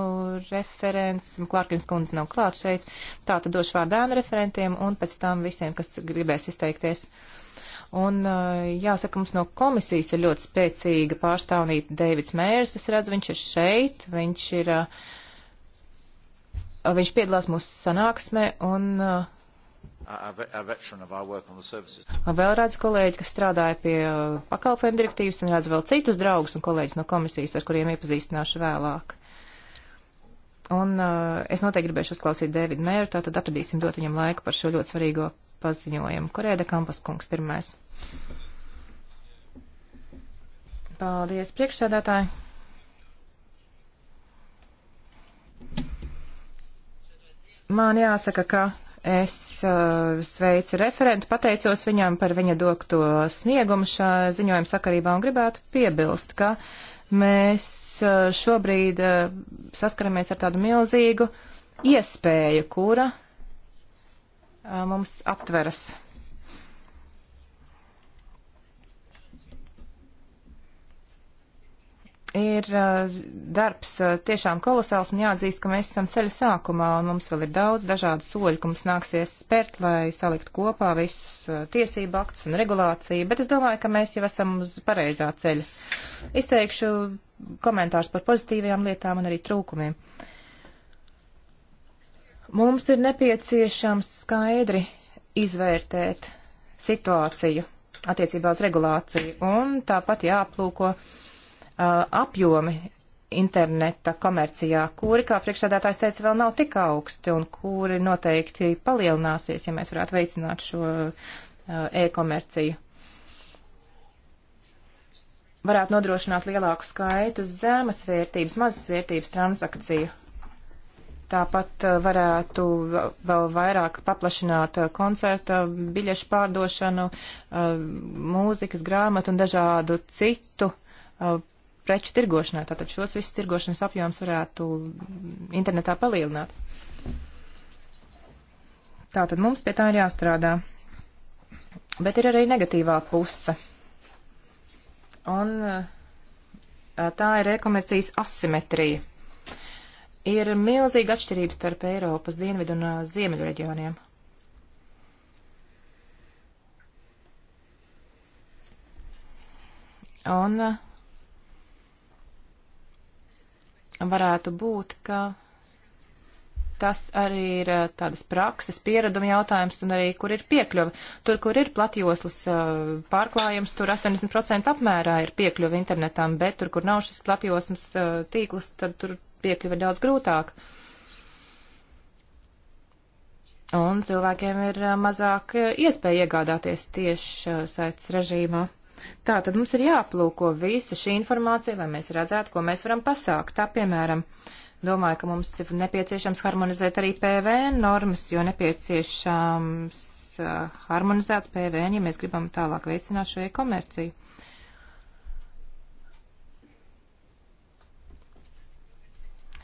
referents, Klārkins kundze nav klāt šeit, tā tad došu vārdu ēnu referentiem un pēc tam visiem, kas gribēs izteikties. Un jāsaka, mums no komisijas ir ļoti spēcīga pārstāvnība Deivids Mērs, es redzu, viņš ir šeit, viņš ir, viņš piedalās mūsu sanāksmē un uh, Vēl redzu kolēģi, kas strādāja pie uh, pakalpojumu direktīvas, un redzu vēl citus draugus un kolēģis no komisijas, ar kuriem iepazīstināšu vēlāk. Un uh, es noteikti gribēšu uzklausīt Dēvidu Mēru, tātad atradīsim dot viņam laiku par šo ļoti svarīgo paziņojumu. Korēda Kampas kungs pirmais. Paldies, priekšsēdētāji! Man jāsaka, ka Es uh, sveicu referentu, pateicos viņam par viņa dokto sniegumu šā ziņojuma sakarībā un gribētu piebilst, ka mēs uh, šobrīd uh, saskaramies ar tādu milzīgu iespēju, kura uh, mums atveras. ir darbs tiešām kolosāls un jāatzīst, ka mēs esam ceļa sākumā un mums vēl ir daudz dažādu soļu, ka mums nāksies spērt, lai saliktu kopā visus tiesību aktus un regulāciju, bet es domāju, ka mēs jau esam uz pareizā ceļa. Izteikšu komentārus par pozitīvajām lietām un arī trūkumiem. Mums ir nepieciešams skaidri izvērtēt situāciju attiecībā uz regulāciju un tāpat jāaplūko. Uh, Uh, apjomi interneta komercijā, kuri, kā priekšsādātājs teica, vēl nav tik augsti un kuri noteikti palielināsies, ja mēs varētu veicināt šo uh, e-komerciju. Varētu nodrošināt lielāku skaitu zemes vērtības, mazas vērtības transakciju. Tāpat uh, varētu vēl vairāk paplašināt uh, koncerta, biļešu pārdošanu, uh, mūzikas, grāmatu un dažādu citu uh, preču tirgošanā. Tātad šos visus tirgošanas apjoms varētu internetā palielināt. Tātad mums pie tā ir jāstrādā. Bet ir arī negatīvā puse. Un tā ir e-komercijas asimetrija. Ir milzīga atšķirība starp Eiropas dienvidu un ziemeļu reģioniem. Un uh, varētu būt, ka tas arī ir eh, tādas prakses pieredumi jautājums un arī, kur ir piekļuva. Tur, kur ir platjoslas eh, pārklājums, tur 80% apmērā ir piekļuva internetam, bet tur, kur nav šis platjoslas eh, tīkls, tad tur piekļuva ir daudz grūtāk. Un cilvēkiem ir mazāk iespēja iegādāties tieši saistas režīmā. Tā tad mums ir jāplūko visa šī informācija, lai mēs redzētu, ko mēs varam pasākt. Tā piemēram, domāju, ka mums ir nepieciešams harmonizēt arī PVN normas, jo nepieciešams uh, harmonizēt PVN, ja mēs gribam tālāk veicināt šo e-komerciju.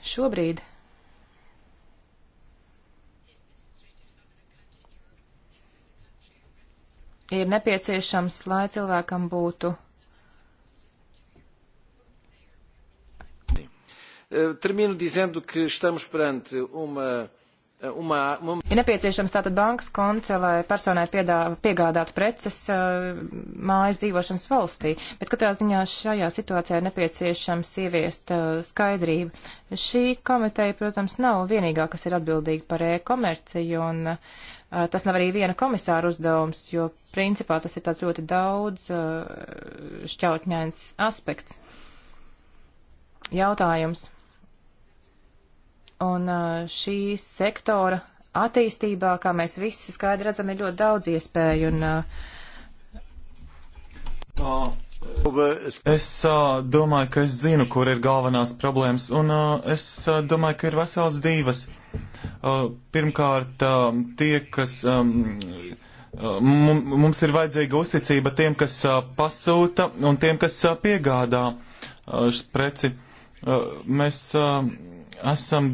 Šobrīd ir nepieciešams, lai cilvēkam būtu. Eh, Terminu dizendo que estamos perante uma, eh, uma, uma... Ir nepieciešams tātad bankas konts, lai personai piedā, piegādātu preces eh, mājas dzīvošanas valstī, bet katrā ziņā šajā situācijā ir nepieciešams ieviest skaidrību. Šī komiteja, protams, nav vienīgā, kas ir atbildīga par e-komerciju un uh, Uh, tas nav arī viena komisāra uzdevums, jo principā tas ir tāds ļoti daudz uh, šķautņains aspekts. Jautājums. Un uh, šī sektora attīstībā, kā mēs visi skaidri redzam, ir ļoti daudz iespēju. Un, Tā. Es uh, domāju, ka es zinu, kur ir galvenās problēmas, un uh, es uh, domāju, ka ir vesels divas. Uh, Uh, pirmkārt, um, tie, kas. Um, uh, mums ir vajadzīga uzticība tiem, kas uh, pasūta un tiem, kas piegādā preci. Mēs um, esam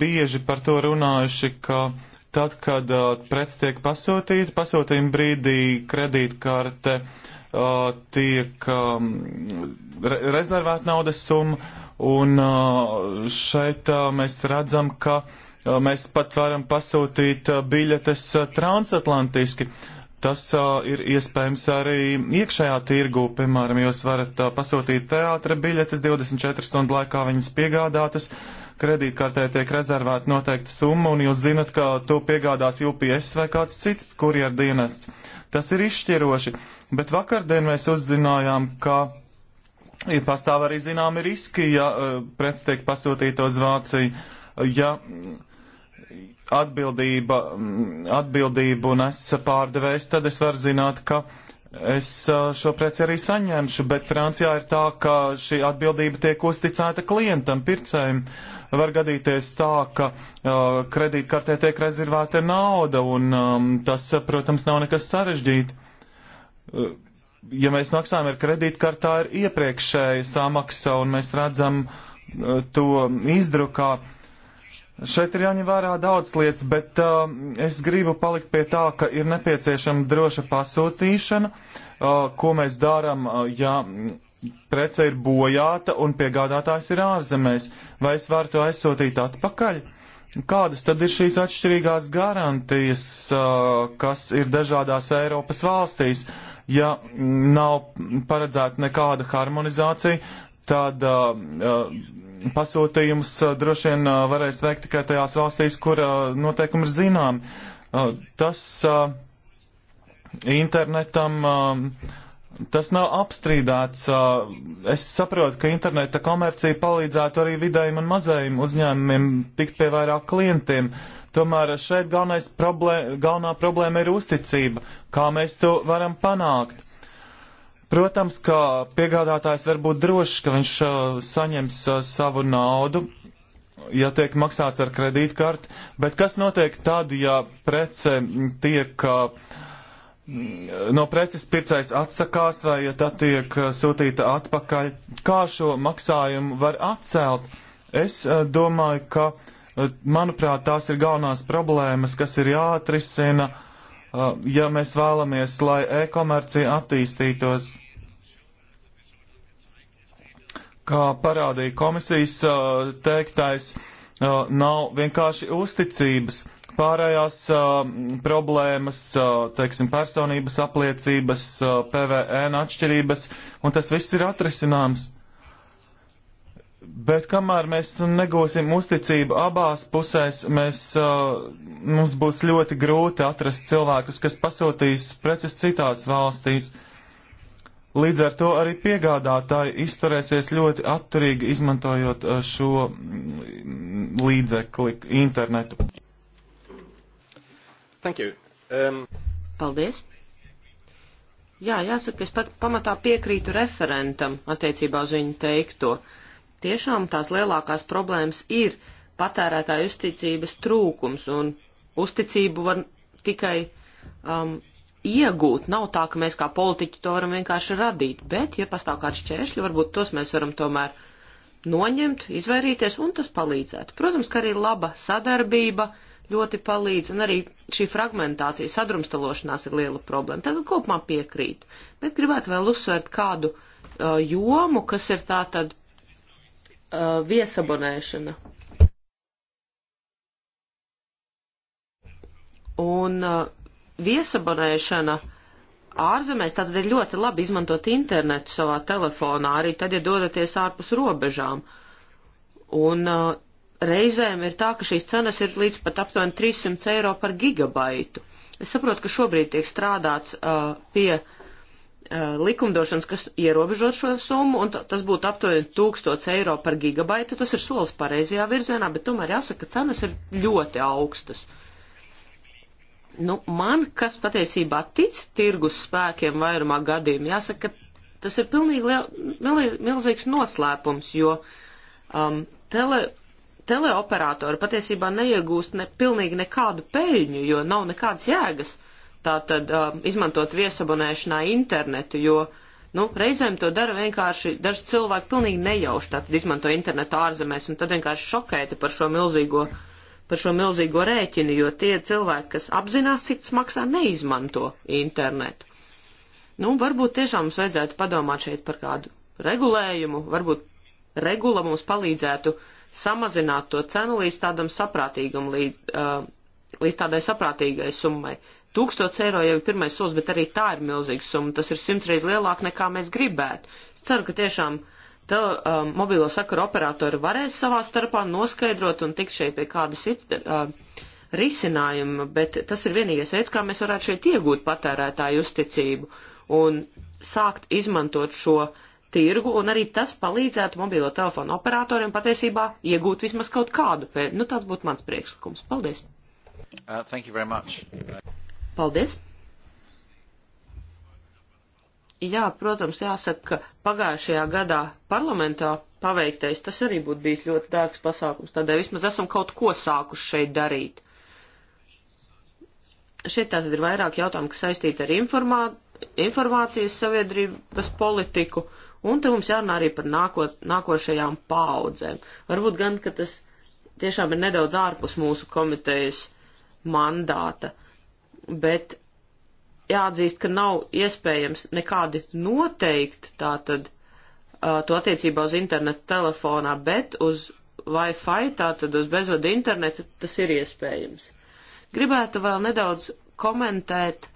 bieži par to runājuši, ka tad, kad preci tiek pasūtīta, pasūtījuma brīdī kredītkarte tiek re rezervēta naudas summa, un šeit mēs redzam, ka uh, Mēs pat varam pasūtīt biļetes transatlantiski. Tas uh, ir iespējams arī iekšējā tirgū. Piemēram, jūs varat uh, pasūtīt teātra biļetes 24 stundu laikā viņas piegādātas. Kredītkartē tiek rezervēta noteikta summa, un jūs zinat, ka to piegādās UPS vai kāds cits kurjer dienests. Tas ir izšķiroši. Bet vakardien mēs uzzinājām, ka ir pastāv arī zināmi riski, ja uh, prets tiek pasūtīta uz Vāciju. Ja, uh, atbildība, mm, atbildību nes pārdevējs, tad es varu zināt, ka es šo preci arī saņemšu, bet Francijā ir tā, ka šī atbildība tiek uzticēta klientam, pircējiem. Var gadīties tā, ka uh, kredītkartē tiek rezervēta nauda, un um, tas, protams, nav nekas sarežģīti. Uh, ja mēs maksājam ar kredītkartā, ir iepriekšēja samaksa, un mēs redzam uh, to izdrukā. Uh, Šeit ir jāņem vērā daudz lietas, bet uh, es gribu palikt pie tā, ka ir nepieciešama droša pasūtīšana, uh, ko mēs darām, uh, ja prece ir bojāta un piegādātājs ir ārzemēs. Vai es varu to aizsūtīt atpakaļ? Kādas tad ir šīs atšķirīgās garantijas, uh, kas ir dažādās Eiropas valstīs? Ja nav paredzēta nekāda harmonizācija, tad. Uh, uh, pasūtījumus droši vien varēs veikt tikai tajās valstīs, kur noteikumi ir zinām. Tas internetam. Tas nav apstrīdēts. Es saprotu, ka interneta komercija palīdzētu arī vidējiem un mazajiem uzņēmumiem tikt pie vairāk klientiem. Tomēr šeit galvenais problēma, galvenā problēma ir uzticība. Kā mēs to varam panākt? Protams, ka piegādātājs var būt drošs, ka viņš uh, saņems uh, savu naudu, ja tiek maksāts ar kredītkarti, bet kas notiek tad, ja prece tiek. Uh, No preces pircais atsakās vai ja tā tiek uh, sūtīta atpakaļ. Kā šo maksājumu var atcelt? Es uh, domāju, ka, uh, manuprāt, tās ir galvenās problēmas, kas ir jāatrisina uh, Uh, ja mēs vēlamies, lai e-komercija attīstītos, kā parādīja komisijas uh, teiktais, uh, nav vienkārši uzticības. Pārējās uh, problēmas, uh, teiksim, personības apliecības, uh, PVN atšķirības, un tas viss ir atrisināms. Bet kamēr mēs negūsim uzticību abās pusēs, mēs, uh, mums būs ļoti grūti atrast cilvēkus, kas pasūtīs preces citās valstīs. Līdz ar to arī piegādātāji izturēsies ļoti atturīgi izmantojot uh, šo mm, līdzekli internetu. Thank you. Um... Paldies. Jā, jāsaka, es pat pamatā piekrītu referentam attiecībā uz viņu teikto. Uh, tiešām tās lielākās problēmas ir patērētāju uzticības trūkums, un uzticību var tikai um, iegūt. Nav tā, ka mēs kā politiķi to varam vienkārši radīt, bet, ja pastāv kāds šķēršļi, varbūt tos mēs varam tomēr noņemt, izvairīties, un tas palīdzētu. Protams, ka arī laba sadarbība ļoti palīdz, un arī šī fragmentācija, sadrumstalošanās ir liela problēma. Tad kopumā piekrītu, bet gribētu vēl uzsvērt kādu uh, jomu, kas ir tā tad uh, viesabonēšana. Un uh, viesabonēšana ārzemēs tātad ir ļoti labi izmantot internetu savā telefonā, arī tad, ja dodaties ārpus robežām. Un uh, reizēm ir tā, ka šīs cenas ir līdz pat aptuveni 300 eiro par gigabaitu. Es saprotu, ka šobrīd tiek strādāts uh, pie uh, Eh, likumdošanas, kas ierobežo šo summu, un tas būtu aptuveni 1000 eiro par gigabaitu. Tas ir solis pareizajā virzienā, bet tomēr jāsaka, cenas ir ļoti augstas. Nu, man, kas patiesībā tic tirgus spēkiem vairumā gadījumā, jāsaka, tas ir pilnīgi liel, mil, milzīgs noslēpums, jo um, tele, teleoperatori patiesībā neiegūst ne pilnīgi nekādu peļņu, jo nav nekādas jēgas uh, tātad um, izmantot viesabonēšanā internetu, jo nu, reizēm to dara vienkārši daži cilvēki pilnīgi nejauši, tātad izmanto internetu ārzemēs un tad vienkārši šokēti par šo milzīgo, par šo milzīgo rēķinu, jo tie cilvēki, kas apzinās, cik tas maksā, neizmanto internetu. Nu, varbūt tiešām mums vajadzētu padomāt šeit par kādu regulējumu, varbūt regula mums palīdzētu samazināt to cenu līdz tādam saprātīgam līdz, uh, līdz tādai saprātīgai summai. Tūkstots eiro jau ir pirmais solis, bet arī tā ir milzīga summa. Tas ir simtreiz lielāk nekā mēs gribētu. Es ceru, ka tiešām te, um, mobilo sakaru operatori varēs savā starpā noskaidrot un tikt šeit pie kādas uh, risinājuma, bet tas ir vienīgais veids, kā mēs varētu šeit iegūt patērētāju uzticību un sākt izmantot šo tirgu, un arī tas palīdzētu mobilo telefonu operatoriem patiesībā iegūt vismaz kaut kādu pēdu. Nu, tāds būtu mans priekšlikums. Paldies! Uh, thank you very much. Paldies. Jā, protams, jāsaka, ka pagājušajā gadā parlamentā paveiktais tas arī būtu bijis ļoti dārgs pasākums, tādēļ vismaz esam kaut ko sākuši šeit darīt. Šeit tātad ir vairāk jautājumu, kas saistīti ar informā, informācijas saviedrības politiku, un te mums jārunā arī par nāko, nākošajām paudzēm. Varbūt gan, ka tas tiešām ir nedaudz ārpus mūsu komitejas mandāta, bet jāatzīst, ka nav iespējams nekādi noteikti tātad uh, to attiecībā uz internetu telefonā, bet uz Wi-Fi, tātad uz bezvadu internetu, tas ir iespējams. Gribētu vēl nedaudz komentēt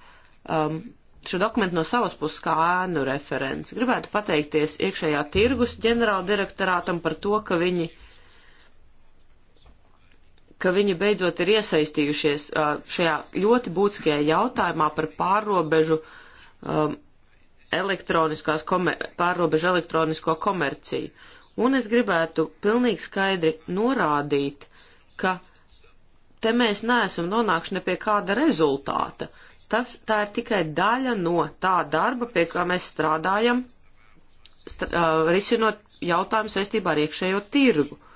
um, šo dokumentu no savas puses kā ēnu referents. Gribētu pateikties iekšējā tirgus ģenerāldirektorātam par to, ka viņi uh, ka viņi beidzot ir iesaistījušies šajā ļoti būtiskajā jautājumā par pārrobežu um, elektroniskās komer pārrobežu elektronisko komerciju. Un es gribētu pilnīgi skaidri norādīt, ka te mēs neesam nonākuši ne pie kāda rezultāta. Tas, tā ir tikai daļa no tā darba, pie kā mēs strādājam, st uh, risinot jautājumu saistībā ar iekšējo tirgu. Uh,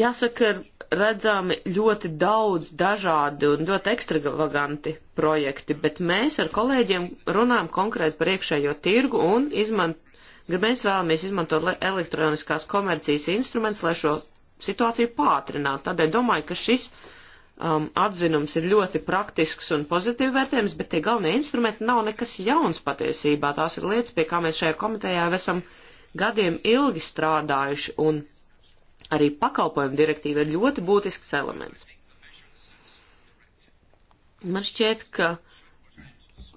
jāsaka, ir redzami ļoti daudz dažādi un ļoti ekstravaganti projekti, bet mēs ar kolēģiem runājam konkrēti par iekšējo tirgu un izman, mēs vēlamies izmantot elektroniskās komercijas instruments, lai šo situāciju pātrinātu. Tādēļ domāju, ka šis um, atzinums ir ļoti praktisks un pozitīvi vērtējums, bet tie galvenie instrumenti nav nekas jauns patiesībā. Tās ir lietas, pie kā mēs šajā komitejā esam gadiem ilgi strādājuši un Arī pakalpojumu direktīva ir ļoti būtisks elements. Man šķiet, ka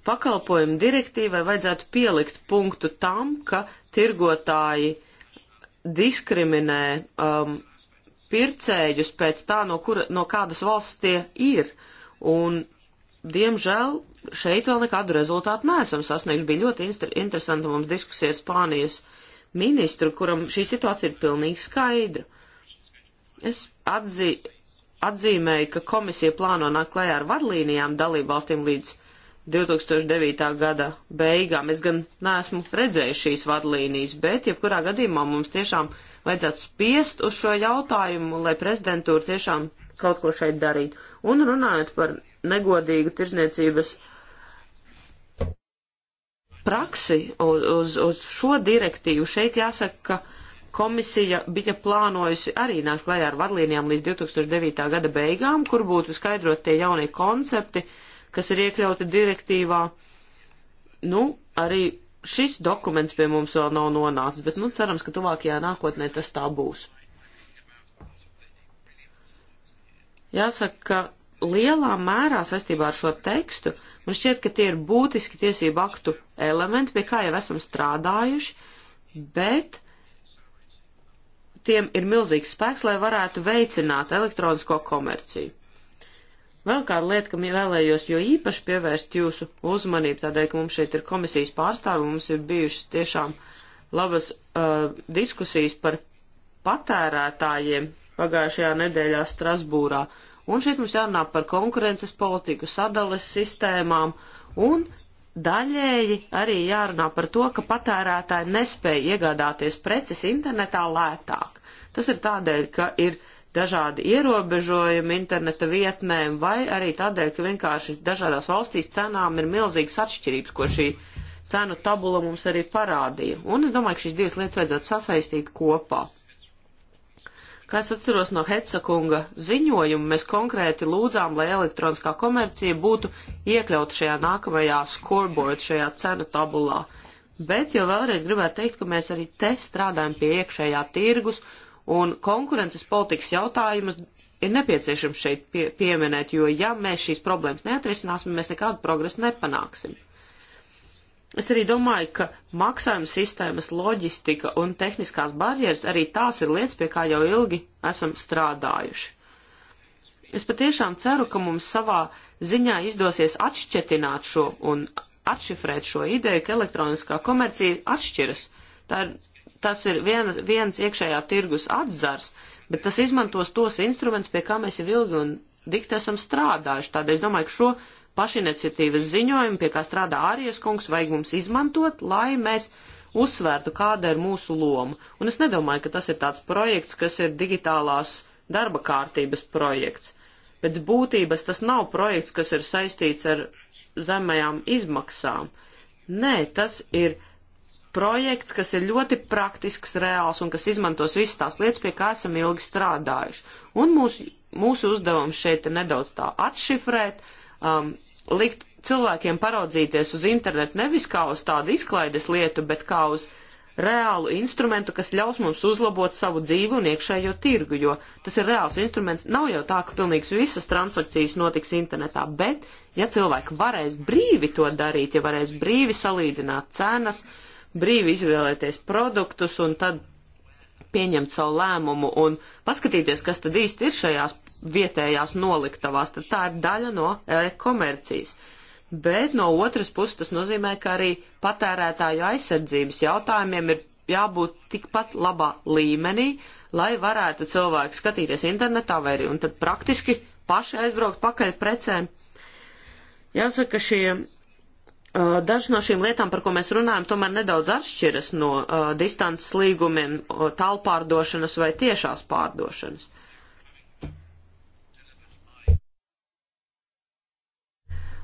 pakalpojumu direktīvai vajadzētu pielikt punktu tam, ka tirgotāji diskriminē um, pircējus pēc tā, no, kura, no kādas valsts tie ir. Un, diemžēl, šeit vēl nekādu rezultātu neesam sasniegti. Bija ļoti interesanta mums diskusija Spānijas ministru, kuram šī situācija ir pilnīgi skaidra. Es atzī, atzīmēju, ka komisija plāno nākt klajā ar vadlīnijām dalībvalstīm līdz 2009. gada beigām. Es gan neesmu redzējis šīs vadlīnijas, bet jebkurā gadījumā mums tiešām vajadzētu spiest uz šo jautājumu, lai prezidentūra tiešām kaut ko šeit darītu. Un runājot par negodīgu tirzniecības praksi uz, uz, uz šo direktīvu, šeit jāsaka, ka komisija bija plānojusi arī nākt klajā ar vadlīnijām līdz 2009. gada beigām, kur būtu skaidrot tie jaunie koncepti, kas ir iekļauti direktīvā. Nu, arī šis dokuments pie mums vēl nav nonācis, bet, nu, cerams, ka tuvākajā nākotnē tas tā būs. Jāsaka, ka lielā mērā saistībā ar šo tekstu man šķiet, ka tie ir būtiski tiesību aktu elementi, pie kā jau esam strādājuši, bet tiem ir milzīgs spēks, lai varētu veicināt elektronisko komerciju. Vēl kāda lieta, kam vēlējos jo īpaši pievērst jūsu uzmanību, tādēļ, ka mums šeit ir komisijas pārstāvi, mums ir bijušas tiešām labas uh, diskusijas par patērētājiem pagājušajā nedēļā Strasbūrā. Un šeit mums jārunā par konkurences politiku, sadales sistēmām un daļēji arī jārunā par to, ka patērētāji nespēja iegādāties preces internetā lētāk. Tas ir tādēļ, ka ir dažādi ierobežojumi interneta vietnēm, vai arī tādēļ, ka vienkārši dažādās valstīs cenām ir milzīgas atšķirības, ko šī cenu tabula mums arī parādīja. Un es domāju, ka šīs divas lietas vajadzētu sasaistīt kopā. Kā es atceros no Hetsakunga ziņojuma, mēs konkrēti lūdzām, lai elektroniskā komercija būtu iekļauta šajā nākamajā scoreboard, šajā cenu tabulā. Bet jau vēlreiz gribētu teikt, ka mēs arī te strādājam pie iekšējā tirgus un konkurences politikas jautājumus ir nepieciešams šeit pie, pieminēt, jo ja mēs šīs problēmas neatrisināsim, mēs nekādu progresu nepanāksim. Es arī domāju, ka maksājuma sistēmas loģistika un tehniskās barjeras arī tās ir lietas, pie kā jau ilgi esam strādājuši. Es patiešām ceru, ka mums savā ziņā izdosies atšķetināt šo un atšifrēt šo ideju, ka elektroniskā komercija atšķiras. Tā ir, tas ir viena, viens iekšējā tirgus atzars, bet tas izmantos tos instruments, pie kā mēs jau ilgi un dikti esam strādājuši. Tādēļ es domāju, ka šo pašiniciatīvas ziņojumu, pie kā strādā Ārijas kungs, vajag mums izmantot, lai mēs uzsvērtu, kāda ir mūsu loma. Un es nedomāju, ka tas ir tāds projekts, kas ir digitālās darba kārtības projekts. Pēc būtības tas nav projekts, kas ir saistīts ar zemajām izmaksām. Nē, tas ir projekts, kas ir ļoti praktisks, reāls un kas izmantos visas tās lietas, pie kā esam ilgi strādājuši. Un mūsu, mūsu uzdevums šeit ir nedaudz tā atšifrēt, uh, um, likt cilvēkiem paraudzīties uz internetu nevis kā uz tādu izklaides lietu, bet kā uz reālu instrumentu, kas ļaus mums uzlabot savu dzīvi un iekšējo tirgu, jo tas ir reāls instruments. Nav jau tā, ka pilnīgs visas transakcijas notiks internetā, bet ja cilvēki varēs brīvi to darīt, ja varēs brīvi salīdzināt cenas, brīvi izvēlēties produktus un tad pieņemt savu lēmumu un paskatīties, kas tad īsti ir šajās vietējās noliktavās, tad tā ir daļa no e, komercijas. Bet no otras puses tas nozīmē, ka arī patērētāju aizsardzības jautājumiem ir jābūt tikpat labā līmenī, lai varētu cilvēki skatīties internetā vai arī un tad praktiski paši aizbraukt pakaļ precēm. Jāsaka, šie e, Dažas no šīm lietām, par ko mēs runājam, tomēr nedaudz atšķiras no uh, distances līgumiem, uh, tālpārdošanas vai tiešās pārdošanas. Uh,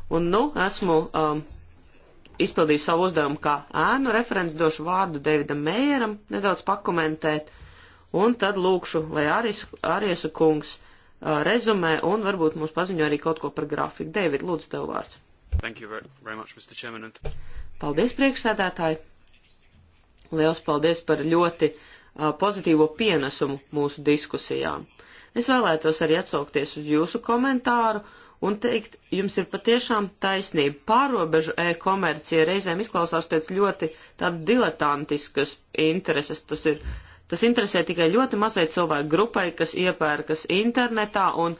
Un, nu, esmu um, izpildījis savu uzdevumu kā ēnu referents, došu vārdu Davidam Mējeram nedaudz pakomentēt, un tad lūkšu, lai Aris, Ariesu kungs uh, rezumē un varbūt mums paziņo arī kaut ko par grafiku. David, lūdzu, tev vārds. Thank you very much, Mr. Chairman. Paldies, priekšsēdētāji. Liels paldies par ļoti uh, pozitīvo pienesumu mūsu diskusijām. Es vēlētos arī atsaukties uz jūsu komentāru un teikt, jums ir patiešām taisnība. Pārobežu e-komercija reizēm izklausās pēc ļoti tādas diletantiskas intereses. Tas, ir, tas interesē tikai ļoti mazai cilvēku grupai, kas iepērkas internetā, un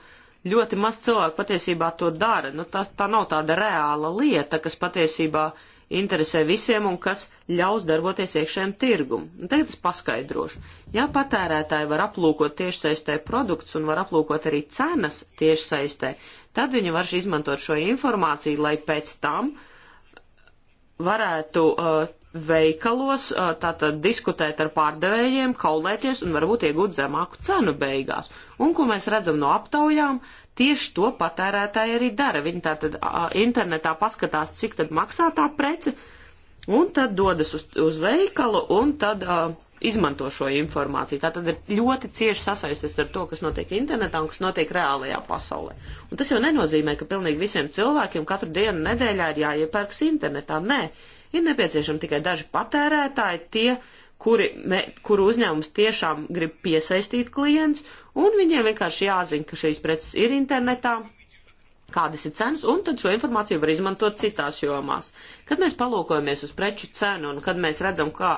ļoti maz cilvēku patiesībā to dara. Nu, tā, tā nav tāda reāla lieta, kas patiesībā interesē visiem un kas ļaus darboties iekšējiem tirgum. Un tagad es paskaidrošu. Ja patērētāji var aplūkot tiešsaistē produkts un var aplūkot arī cenas tiešsaistē, tad viņi var izmantot šo informāciju, lai pēc tam varētu uh, veikalos uh, tātad diskutēt ar pārdevējiem, kaulēties un varbūt iegūt zemāku cenu beigās. Un ko mēs redzam no aptaujām, tieši to patērētāji arī dara. Viņi tātad uh, internetā paskatās, cik tad maksā tā prece, un tad dodas uz, uz veikalu un tad uh, izmanto šo informāciju. Tā tad ir ļoti cieši sasaistīts ar to, kas notiek internetā un kas notiek reālajā pasaulē. Un tas jau nenozīmē, ka pilnīgi visiem cilvēkiem katru dienu nedēļā ir jāiepērks internetā. Nē, ir nepieciešami tikai daži patērētāji, tie, kuri, me, kuru uzņēmums tiešām grib piesaistīt klients, un viņiem vienkārši jāzina, ka šīs preces ir internetā, kādas ir cenas, un tad šo informāciju var izmantot citās jomās. Kad mēs palūkojamies uz preču cenu un kad mēs redzam, kā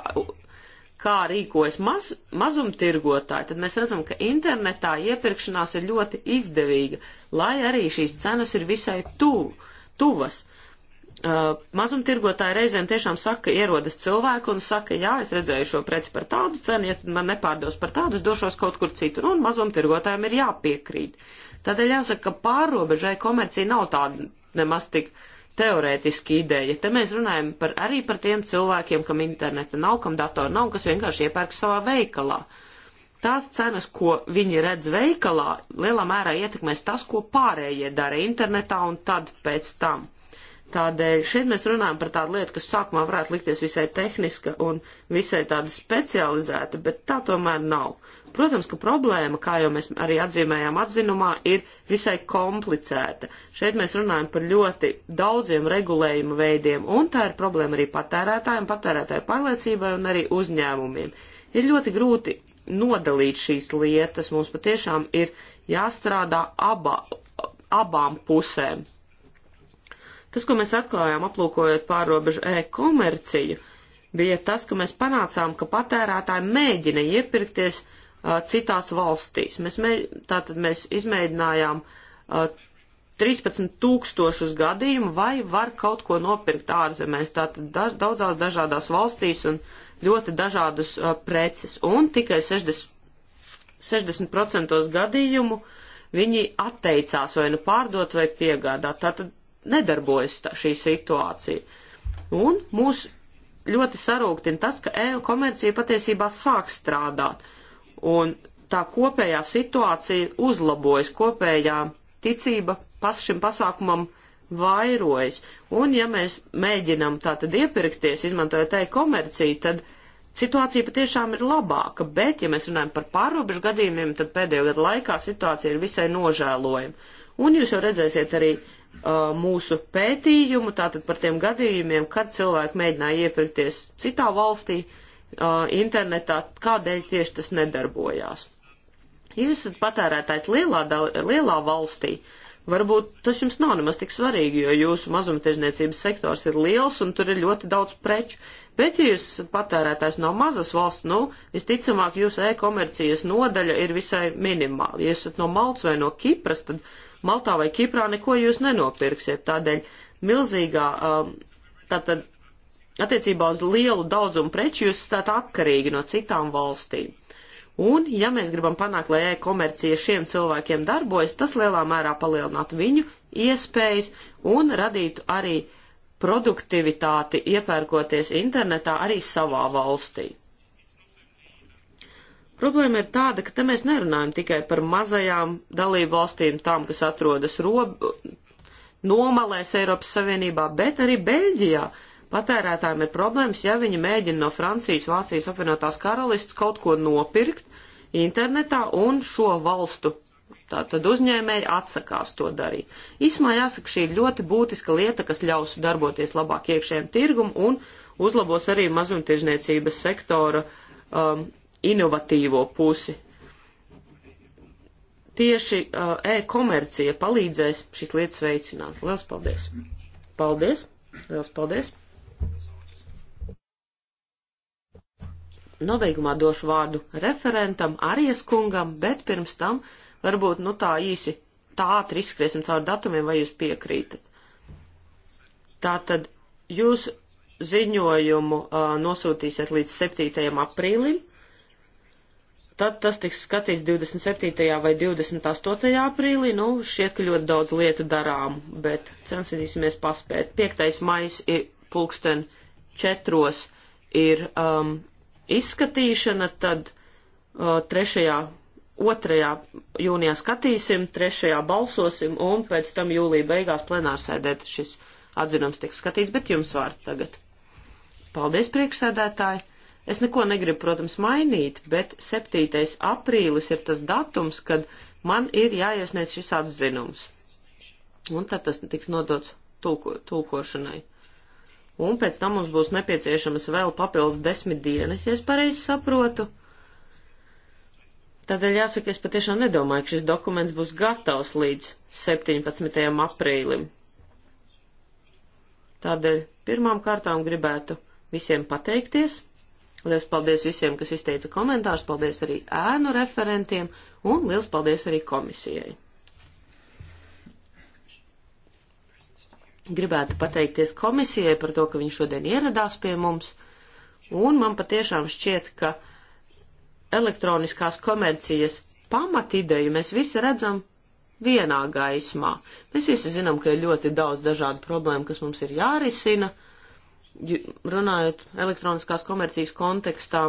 kā rīkojas maz, mazumtirgotāji, tad mēs redzam, ka internetā iepirkšanās ir ļoti izdevīga, lai arī šīs cenas ir visai tuv, tuvas. Uh, mazumtirgotāji reizēm tiešām saka, ierodas cilvēku un saka, jā, es redzēju šo preci par tādu cenu, ja man nepārdos par tādu, es došos kaut kur citur, un mazumtirgotājiem ir jāpiekrīt. Tādēļ jāsaka, ka pārrobežai komercija nav tāda nemaz tik uh, teorētiska ideja. Te mēs runājam par, arī par tiem cilvēkiem, kam interneta nav, kam datora nav, kas vienkārši iepērk savā veikalā. Tās cenas, ko viņi redz veikalā, lielā mērā ietekmēs tas, ko pārējie dara internetā un tad pēc tam. Tādēļ šeit mēs runājam par tādu lietu, kas sākumā varētu likties visai tehniska un visai tāda specializēta, bet tā tomēr nav. Protams, ka problēma, kā jau mēs arī atzīmējām atzinumā, ir visai komplicēta. Šeit mēs runājam par ļoti daudziem regulējuma veidiem, un tā ir problēma arī patērētājiem, patērētāju pārliecībai un arī uzņēmumiem. Ir ļoti grūti nodalīt šīs lietas, mums patiešām ir jāstrādā aba, abām pusēm. Tas, ko mēs atklājām aplūkojot pārobežu e-komerciju, bija tas, ka mēs panācām, ka patērētāji mēģina iepirkties uh, citās valstīs. Mēs, mē, tātad mēs izmēģinājām uh, 13 tūkstošus gadījumu, vai var kaut ko nopirkt ārzemēs, tātad daž, daudzās dažādās valstīs un ļoti dažādas uh, preces. Un tikai 60, 60% gadījumu viņi atteicās vai nu pārdot vai piegādāt. Tātad nedarbojas tā, šī situācija. Un mūs ļoti sarūktina tas, ka e-komercija patiesībā sāk strādāt. Uh, Un tā kopējā situācija uzlabojas, kopējā ticība pas šim pasākumam vairojas. Un ja mēs mēģinam tātad iepirkties, izmantojot e-komerciju, tad situācija patiešām ir labāka, bet, ja mēs runājam par pārobežu gadījumiem, tad pēdējo gadu laikā situācija ir visai nožēlojama. Un jūs jau redzēsiet arī uh, mūsu pētījumu, tātad par tiem gadījumiem, kad cilvēki mēģināja iepirkties citā valstī, uh, uh, internetā, kādēļ tieši tas nedarbojās. Ja jūs esat patērētājs lielā, lielā valstī, varbūt tas jums nav nemaz tik svarīgi, jo jūsu mazumtirdzniecības sektors ir liels un tur ir ļoti daudz preču. Bet, ja jūs esat patērētājs no mazas valsts, nu, visticamāk, jūsu e-komercijas nodaļa ir visai minimāla. Ja esat no Maltas vai no Kipras, tad Maltā vai Kiprā neko jūs nenopirksiet. Tādēļ milzīgā um, tātad attiecībā uz lielu daudzumu preču jūs esat atkarīgi no citām valstīm. Un, ja mēs gribam panākt, lai e-komercija šiem cilvēkiem darbojas, tas lielā mērā palielinātu viņu iespējas un radītu arī produktivitāti, iepērkoties internetā arī savā valstī. Problēma ir tāda, ka te mēs nerunājam tikai par mazajām dalību valstīm, tām, kas atrodas rob... nomalēs Eiropas Savienībā, bet arī Beļģijā Patērētājiem ir problēmas, ja viņi mēģina no Francijas, Vācijas apvienotās karalists kaut ko nopirkt internetā un šo valstu. Tātad uzņēmēji atsakās to darīt. Īsumā jāsaka, šī ir ļoti būtiska lieta, kas ļaus darboties labāk iekšējiem tirgum un uzlabos arī mazumtirdzniecības sektora um, inovatīvo pusi. Tieši uh, e-komercija palīdzēs šīs lietas veicināt. Lielas paldies! Paldies! Lielas paldies! Nobeigumā došu vārdu referentam, Arijas kungam, bet pirms tam varbūt nu tā īsi tā ātri izskriesim caur datumiem, vai jūs piekrītat. Tātad jūs ziņojumu uh, nosūtīsiet līdz 7. aprīlim, tad tas tiks skatīts 27. vai 28. aprīlī, nu, šķiet, ka ļoti daudz lietu darām, bet censīsimies paspēt. 5. mais ir pulksten četros ir um, izskatīšana, tad uh, trešajā, otrajā jūnijā skatīsim, trešajā balsosim un pēc tam jūlija beigās plenārsēdē šis atzinums tiks skatīts, bet jums vārds tagad. Paldies, priekšsēdētāji! Es neko negribu, protams, mainīt, bet 7. aprīlis ir tas datums, kad man ir jāiesniedz šis atzinums. Un tad tas tiks nodots tulko, tulkošanai un pēc tam mums būs nepieciešamas vēl papildus desmit dienas, ja es pareizi saprotu. Tādēļ jāsaka, es patiešām nedomāju, ka šis dokuments būs gatavs līdz 17. aprīlim. Tādēļ pirmām kārtām gribētu visiem pateikties. Lielas paldies visiem, kas izteica komentārus, paldies arī ēnu referentiem un liels paldies arī komisijai. Gribētu pateikties komisijai par to, ka viņi šodien ieradās pie mums, un man patiešām šķiet, ka elektroniskās komercijas pamatideju mēs visi redzam vienā gaismā. Mēs visi zinām, ka ir ļoti daudz dažādu problēmu, kas mums ir jārisina, runājot elektroniskās komercijas kontekstā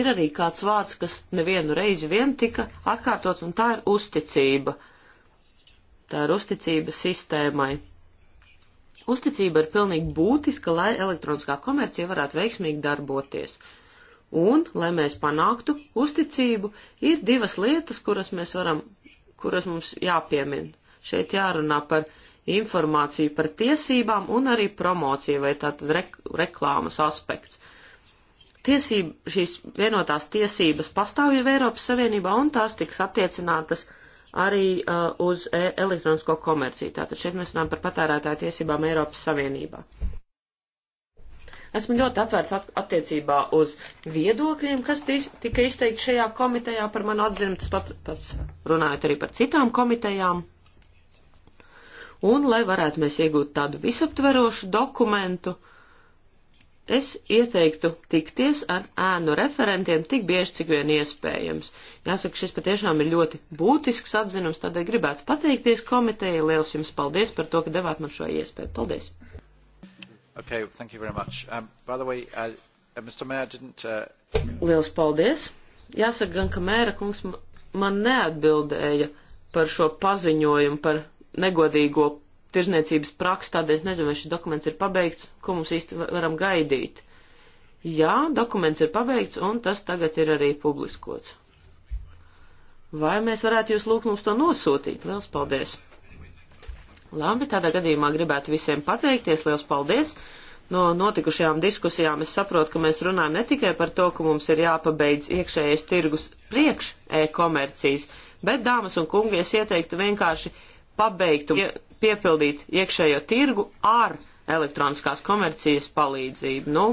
Ir arī kāds vārds, kas nevienu reizi vien tika atkārtots, un tā ir uzticība. Tā ir uzticība sistēmai. Uzticība ir pilnīgi būtiska, lai elektroniskā komercija varētu veiksmīgi darboties. Un, lai mēs panāktu uzticību, ir divas lietas, kuras mēs varam, kuras mums jāpiemin. Šeit jārunā par informāciju par tiesībām un arī promociju vai tātad rek reklāmas aspekts tiesība, šīs vienotās tiesības pastāv jau Eiropas Savienībā un tās tiks attiecinātas arī uh, uz e elektronisko komerciju. Tātad šeit mēs runājam par patērētāju tiesībām Eiropas Savienībā. Esmu ļoti atvērts at attiecībā uz viedokļiem, kas tika izteikti šajā komitejā par manu atzinumu. Tas pat, pats runājot arī par citām komitejām. Un, lai varētu mēs iegūt tādu visaptverošu dokumentu, uh, Es ieteiktu tikties ar ēnu referentiem tik bieži, cik vien iespējams. Jāsaka, šis patiešām ir ļoti būtisks atzinums, tādēļ gribētu pateikties komiteja. Liels jums paldies par to, ka devāt man šo iespēju. Paldies! Okay, thank you very much. Um, by the way, uh, uh Mr. Mayor didn't... Uh... Liels paldies! Jāsaka gan, ka mēra kungs man neatbildēja par šo paziņojumu par negodīgo tirzniecības praksa, tādēļ es nezinu, vai šis dokuments ir pabeigts, ko mums īsti varam gaidīt. Jā, dokuments ir pabeigts, un tas tagad ir arī publiskots. Vai mēs varētu jūs lūgt mums to nosūtīt? Liels paldies! Labi, tādā gadījumā gribētu visiem pateikties, liels paldies! No notikušajām diskusijām es saprotu, ka mēs runājam ne tikai par to, ka mums ir jāpabeidz iekšējais tirgus priekš e-komercijas, bet, dāmas un kungi, es ieteiktu vienkārši pabeigt un piepildīt iekšējo tirgu ar elektroniskās komercijas palīdzību. Nu,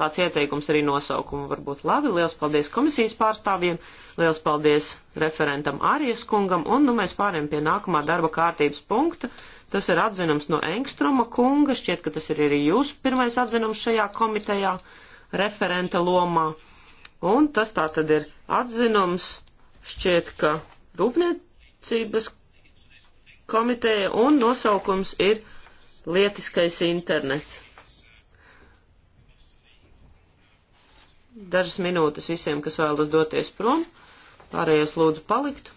tāds ieteikums arī nosaukumu varbūt labi. Liels paldies komisijas pārstāvjiem, liels paldies referentam Arijas kungam, un nu mēs pāriem pie nākamā darba kārtības punkta. Tas ir atzinums no Engstroma kunga, šķiet, ka tas ir arī jūsu pirmais atzinums šajā komitejā referenta lomā. Un tas tā tad ir atzinums, šķiet, ka rūpniecības komiteja un nosaukums ir lietiskais internets. Dažas minūtes visiem, kas vēlas doties prom, pārējos lūdzu palikt.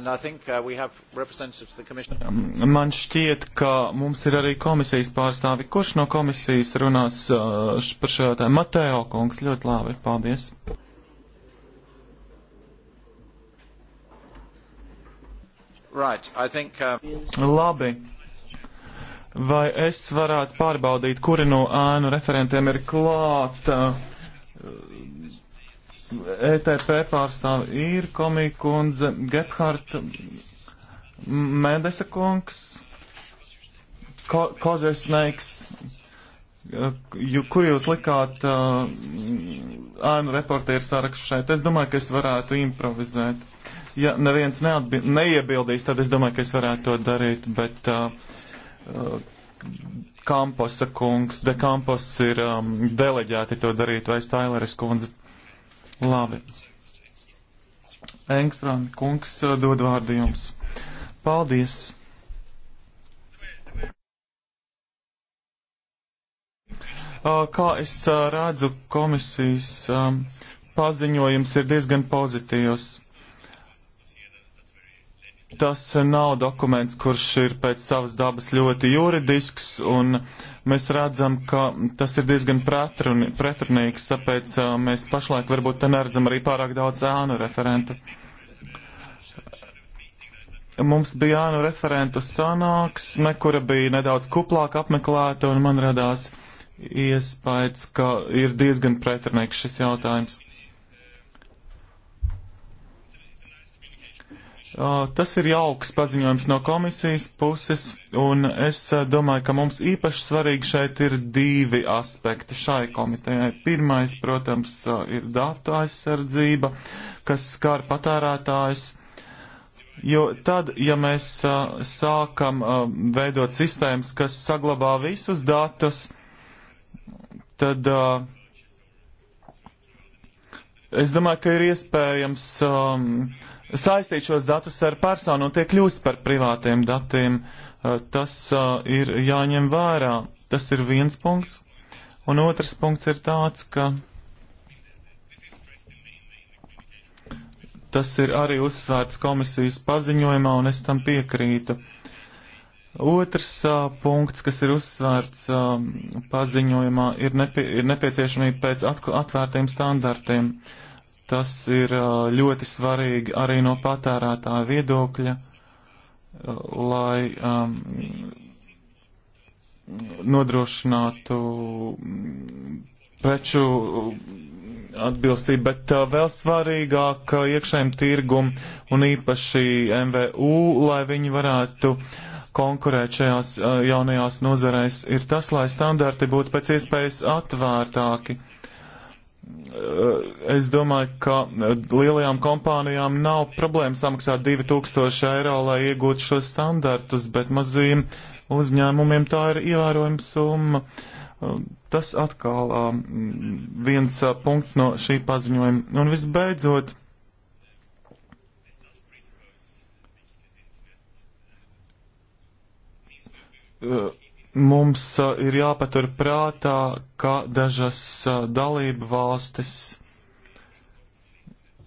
Think, uh, um, Man šķiet, ka mums ir arī komisijas pārstāvi. Kurš no komisijas runās uh, par šo jautājumu? Mateo kungs, ļoti labi, paldies. Right, I think, uh... Labi. Vai es varētu pārbaudīt, kuri no ēnu referentiem ir klāta? Uh, ETP pārstāvi ir komija kundze Gebhardt Mendesa kungs, ko, Kozers Snakes, kur jūs likāt uh, ēnu reportieru sarakstu šeit? Es domāju, ka es varētu improvizēt. Ja neviens neiebildīs, tad es domāju, ka es varētu to darīt, bet uh, uh Kamposa kungs, De Kampos ir um, deleģēti to darīt, vai Staileres kundze Labi. Engstrāna kungs eh, dod vārdu jums. Paldies! Eh, kā es eh, redzu, komisijas paziņojums ir diezgan pozitīvs. Tas nav dokuments, kurš ir pēc savas dabas ļoti juridisks, un mēs redzam, ka tas ir diezgan pretrun, pretrunīgs, tāpēc uh, mēs pašlaik varbūt te neredzam arī pārāk daudz ēnu referentu. Mums bija ēnu referentu sanāksme, kura bija nedaudz kuplāk apmeklēta, un man radās iespējas, ka ir diezgan pretrunīgs šis jautājums. Tas ir jauks paziņojums no komisijas puses, un es domāju, ka mums īpaši svarīgi šeit ir divi aspekti šai komitejai. Pirmais, protams, ir datu aizsardzība, kas skar patērētājs. Jo tad, ja mēs sākam veidot sistēmas, kas saglabā visus datus, tad es domāju, ka ir iespējams saistīt šos datus ar personu un tie kļūst par privātiem datiem. Eh, tas eh, ir jāņem vērā. Tas ir viens punkts. Un otrs punkts ir tāds, ka tas ir arī uzsvērts komisijas paziņojumā, un es tam piekrītu. Otrs uh, punkts, kas ir uzsvērts uh, paziņojumā, ir, nepie, ir nepieciešamība pēc atkl, atvērtiem standartiem. Uh, Tas ir ļoti svarīgi arī no patērētāja viedokļa, lai um, nodrošinātu preču atbilstību, bet uh, vēl svarīgāk iekšējiem tirgum un īpaši MVU, lai viņi varētu konkurēt šajās uh, jaunajās nozarēs, ir tas, lai standarti būtu pēc iespējas atvērtāki. Uh, es domāju, ka lielajām kompānijām nav problēma samaksāt 2000 eiro, lai iegūtu šos standartus, bet mazajiem uzņēmumiem tā ir ievērojama summa. Tas atkal viens punkts no šī paziņojuma. Un visbeidzot. Uh, Mums uh, ir jāpatur prātā, ka dažas uh, dalību valstis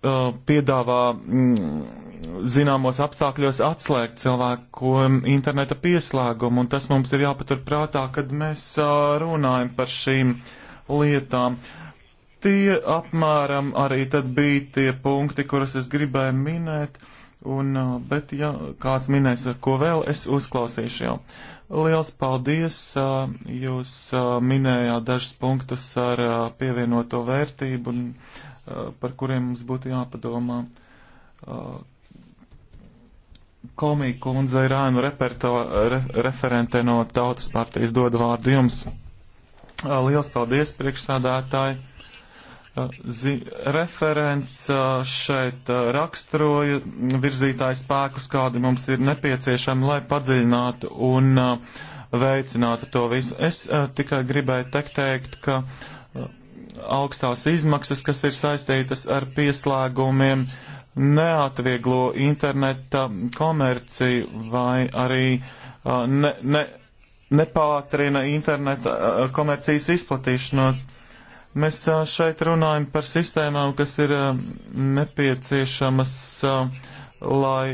uh, piedāvā mm, zināmos apstākļos atslēgt cilvēkiem interneta pieslēgumu, un tas mums ir jāpatur prātā, kad mēs runājam par šīm lietām. Tie apmēram arī tad bija tie punkti, kurus es gribēju minēt, un, bet ja kāds minēs, ko vēl, es uzklausīšu jau. Uh, Liels paldies! Jūs minējāt dažus punktus ar pievienoto vērtību, un, par kuriem mums būtu jāpadomā. Komija kundze ir ēnu re, referente no Tautas partijas dodu vārdu jums. Liels paldies, priekšstādātāji! Zi, referents šeit raksturoja virzītāju spēkus, kādi mums ir nepieciešami, lai padziļinātu un veicinātu to visu. Es tikai gribēju teikt, teikt ka augstās izmaksas, kas ir saistītas ar pieslēgumiem, neatvieglo interneta komerciju vai arī ne, ne, nepātrina interneta komercijas izplatīšanos. Mēs šeit runājam par sistēmām, kas ir nepieciešamas, lai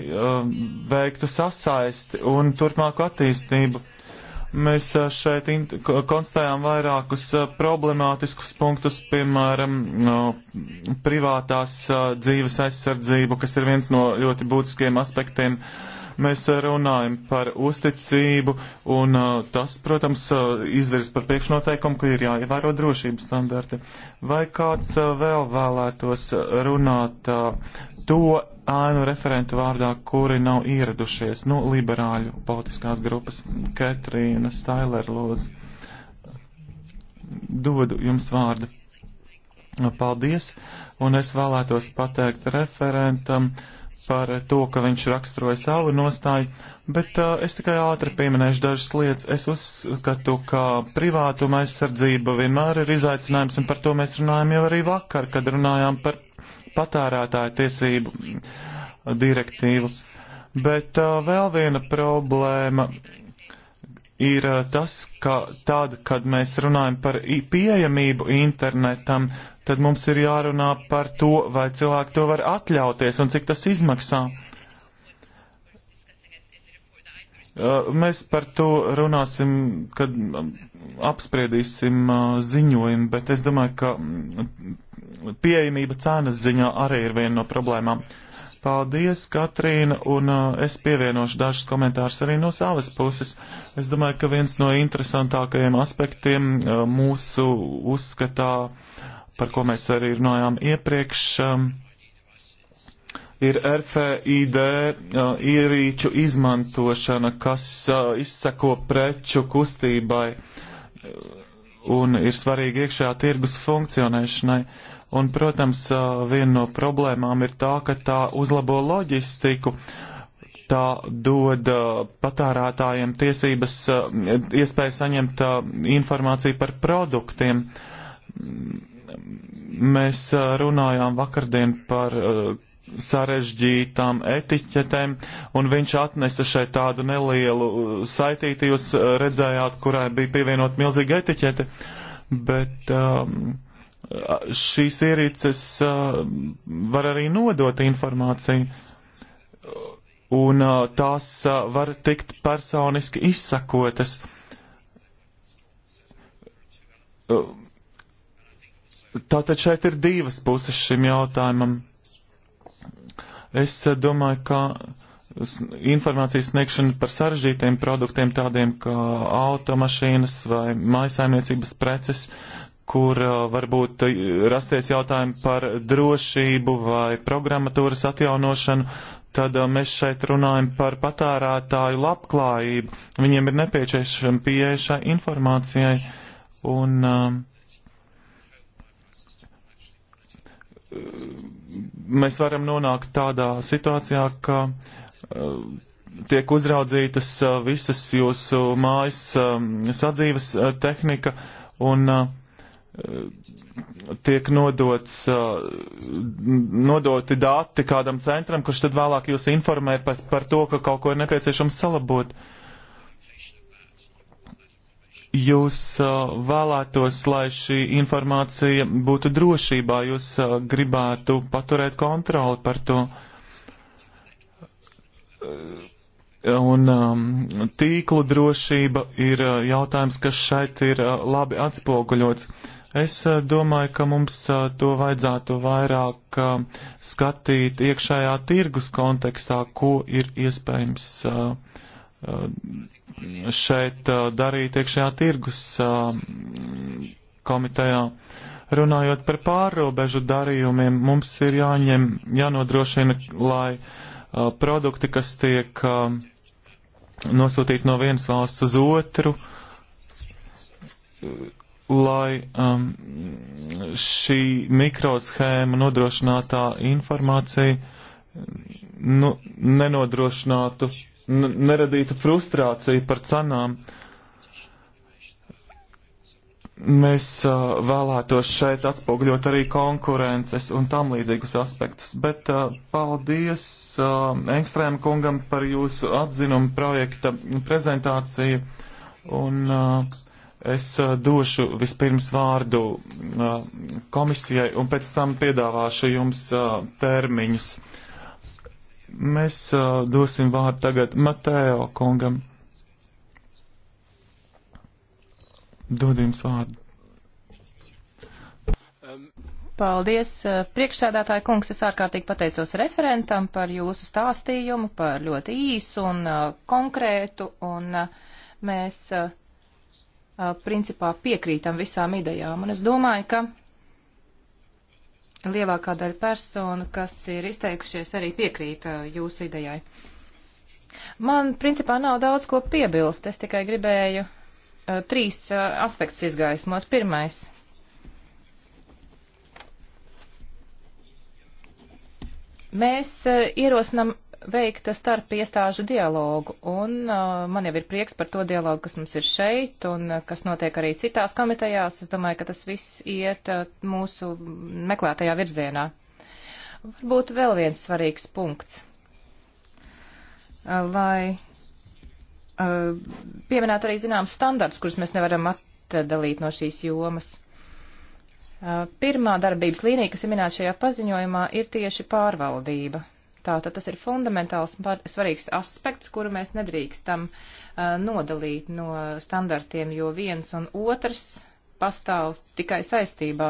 veiktu sasaisti un turpmāku attīstību. Mēs šeit konstatējām vairākus problemātiskus punktus, piemēram, no privātās dzīves aizsardzību, kas ir viens no ļoti būtiskiem aspektiem uh, Mēs eh, runājam par uzticību, un eh, tas, protams, eh, izvirs par priekšnoteikumu, ka ir jāievēro drošības standarti. Vai kāds vēl vēlētos runāt to ēnu referentu vārdā, kuri nav ieradušies no nu, liberāļu politiskās grupas? Ketrīna Stailer, lūdzu. Dodu jums vārdu. Nu, paldies, un es vēlētos pateikt referentam. Uh, par to, ka viņš raksturoja savu nostāju, bet uh, es tikai ātri pieminēšu dažas lietas. Es uzskatu, ka privātuma aizsardzība vienmēr ir izaicinājums, un par to mēs runājam jau arī vakar, kad runājām par patērētāju tiesību direktīvu. Bet uh, vēl viena problēma ir uh, tas, ka tad, kad mēs runājam par pieejamību internetam, tad mums ir jārunā par to, vai cilvēki to var atļauties un cik tas izmaksā. Uh, mēs par to runāsim, kad um, apspriedīsim uh, ziņojumu, bet es domāju, ka mm, pieejamība cenas ziņā arī ir viena no problēmām. Paldies, Katrīna, un uh, es pievienošu dažus komentārus arī no savas puses. Es domāju, ka viens no interesantākajiem aspektiem uh, mūsu uzskatā uh, par ko mēs arī runājām iepriekš, um, ir RFID uh, ierīču izmantošana, kas uh, izsako preču kustībai uh, un ir svarīgi iekšējā tirgus funkcionēšanai. Un, protams, viena no problēmām ir tā, ka tā uzlabo loģistiku, tā dod patērētājiem tiesības, iespēju saņemt informāciju par produktiem. Mēs runājām vakardien par sarežģītām etiķetēm, un viņš atnesa šeit tādu nelielu saitīti, jūs redzējāt, kurai bija pievienot milzīga etiķete, bet um, šīs ierīces uh, var arī nodot informāciju, un uh, tās uh, var tikt personiski izsakotas. Uh, Tātad šeit ir divas puses šim jautājumam. Es eh, domāju, ka informācijas sniegšana par sarežģītiem produktiem, tādiem kā automašīnas vai maisaimniecības preces, kur eh, varbūt eh, rasties jautājumi par drošību vai programmatūras atjaunošanu, tad mēs šeit runājam par patērētāju labklājību. Viņiem ir nepieciešama pieeja šai informācijai. Un, uh, mēs varam nonākt tādā situācijā, ka eh, tiek uzraudzītas eh, visas jūsu mājas eh, sadzīves tehnika un tiek nodots, nodoti dati kādam centram, kurš tad vēlāk jūs informē par, par to, ka kaut ko ir nepieciešams salabot. Uh, jūs uh, vēlētos, lai šī informācija būtu drošībā, jūs uh, gribētu paturēt kontroli par to. Uh, un um, tīklu drošība ir uh, jautājums, kas šeit ir uh, labi atspoguļots. Es uh, domāju, ka mums uh, to vajadzētu vairāk uh, skatīt iekšējā tirgus kontekstā, ko ir iespējams uh, šeit darīt iekšējā tirgus komitejā. Runājot par pārrobežu darījumiem, mums ir jāņem, jānodrošina, lai produkti, kas tiek nosūtīti no vienas valsts uz otru, lai um, šī mikroshēma nodrošinātā informācija nu, nenodrošinātu neradītu frustrāciju par cenām. Mēs uh, vēlētos šeit atspoguļot arī konkurences un tam līdzīgus aspektus, bet uh, paldies uh, Engstrēm kungam par jūsu atzinumu projekta prezentāciju un uh, es uh, došu vispirms vārdu uh, komisijai un pēc tam piedāvāšu jums uh, termiņus. Uh, Mēs uh, dosim vārdu tagad Matēo kungam. Dod jums vārdu. Um, paldies, uh, priekšsēdētāja kungs, es ārkārtīgi pateicos referentam par jūsu stāstījumu, par ļoti īsu un uh, konkrētu, un uh, mēs uh, uh principā piekrītam visām idejām, un es domāju, ka lielākā daļa personu, kas ir izteikušies, arī piekrīt uh, jūsu idejai. Man principā nav daudz ko piebilst, es tikai gribēju uh, trīs uh, aspektus izgaismot. Pirmais. Mēs uh, ierosinam veikt starp iestāžu dialogu, un uh, man jau ir prieks par to dialogu, kas mums ir šeit, un uh, kas notiek arī citās komitejās. Es domāju, ka tas viss iet uh, mūsu meklētajā virzienā. Varbūt vēl viens svarīgs punkts, uh, lai uh, pieminētu arī zināmas standarts, kurus mēs nevaram atdalīt no šīs jomas. Uh, pirmā darbības līnija, kas ir minēta šajā paziņojumā, ir tieši pārvaldība. Tātad tas ir fundamentāls svarīgs aspekts, kuru mēs nedrīkstam uh, nodalīt no standartiem, jo viens un otrs pastāv tikai saistībā.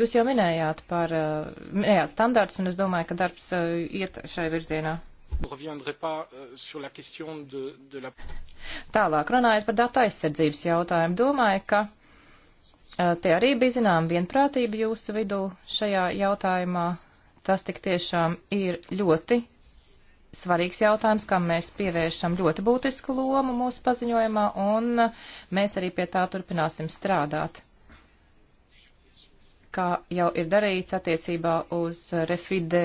Jūs jau minējāt par uh, minējāt standarts, un es domāju, ka darbs uh, iet šai virzienā. Tālāk runājot par datu aizsardzības jautājumu, domāju, ka uh, te arī bija zinām vienprātība jūsu vidū šajā jautājumā Tas tik tiešām ir ļoti svarīgs jautājums, kam mēs pievēršam ļoti būtisku lomu mūsu paziņojumā, un mēs arī pie tā turpināsim strādāt. Kā jau ir darīts attiecībā uz refide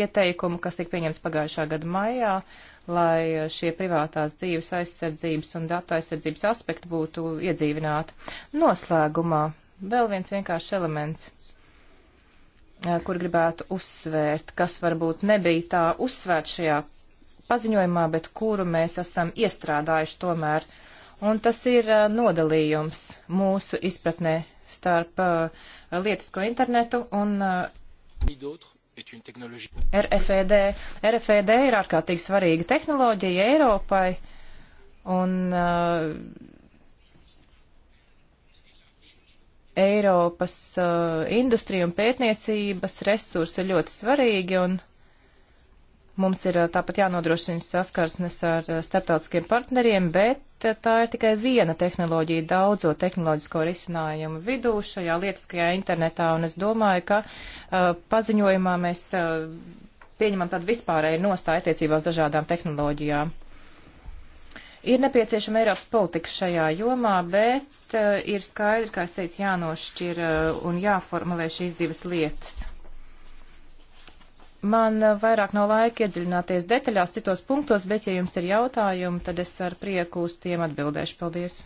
ieteikumu, kas tika pieņemts pagājušā gada maijā, lai šie privātās dzīves aizsardzības un datu aizsardzības aspekti būtu iedzīvināti. Noslēgumā vēl viens vienkāršs elements kur gribētu uzsvērt, kas varbūt nebija tā uzsvērts šajā paziņojumā, bet kuru mēs esam iestrādājuši tomēr. Un tas ir nodalījums mūsu izpratnē starp lietisko internetu un RFED. RFED ir ārkārtīgi svarīga tehnoloģija Eiropai, un Eiropas uh, industrija un pētniecības resursi ir ļoti svarīgi, un mums ir uh, tāpat jānodrošina saskarsnes ar uh, starptautiskiem partneriem, bet uh, tā ir tikai viena tehnoloģija daudzo tehnoloģisko risinājumu vidū šajā lietiskajā internetā, un es domāju, ka uh, paziņojumā mēs uh, pieņemam tādu vispārēju nostāju attiecībās dažādām tehnoloģijām. Ir nepieciešama Eiropas politika šajā jomā, bet uh, ir skaidri, kā es teicu, jānošķir uh, un jāformulē šīs divas lietas. Man uh, vairāk nav laika iedziļināties detaļās citos punktos, bet ja jums ir jautājumi, tad es ar prieku uz tiem atbildēšu. Paldies!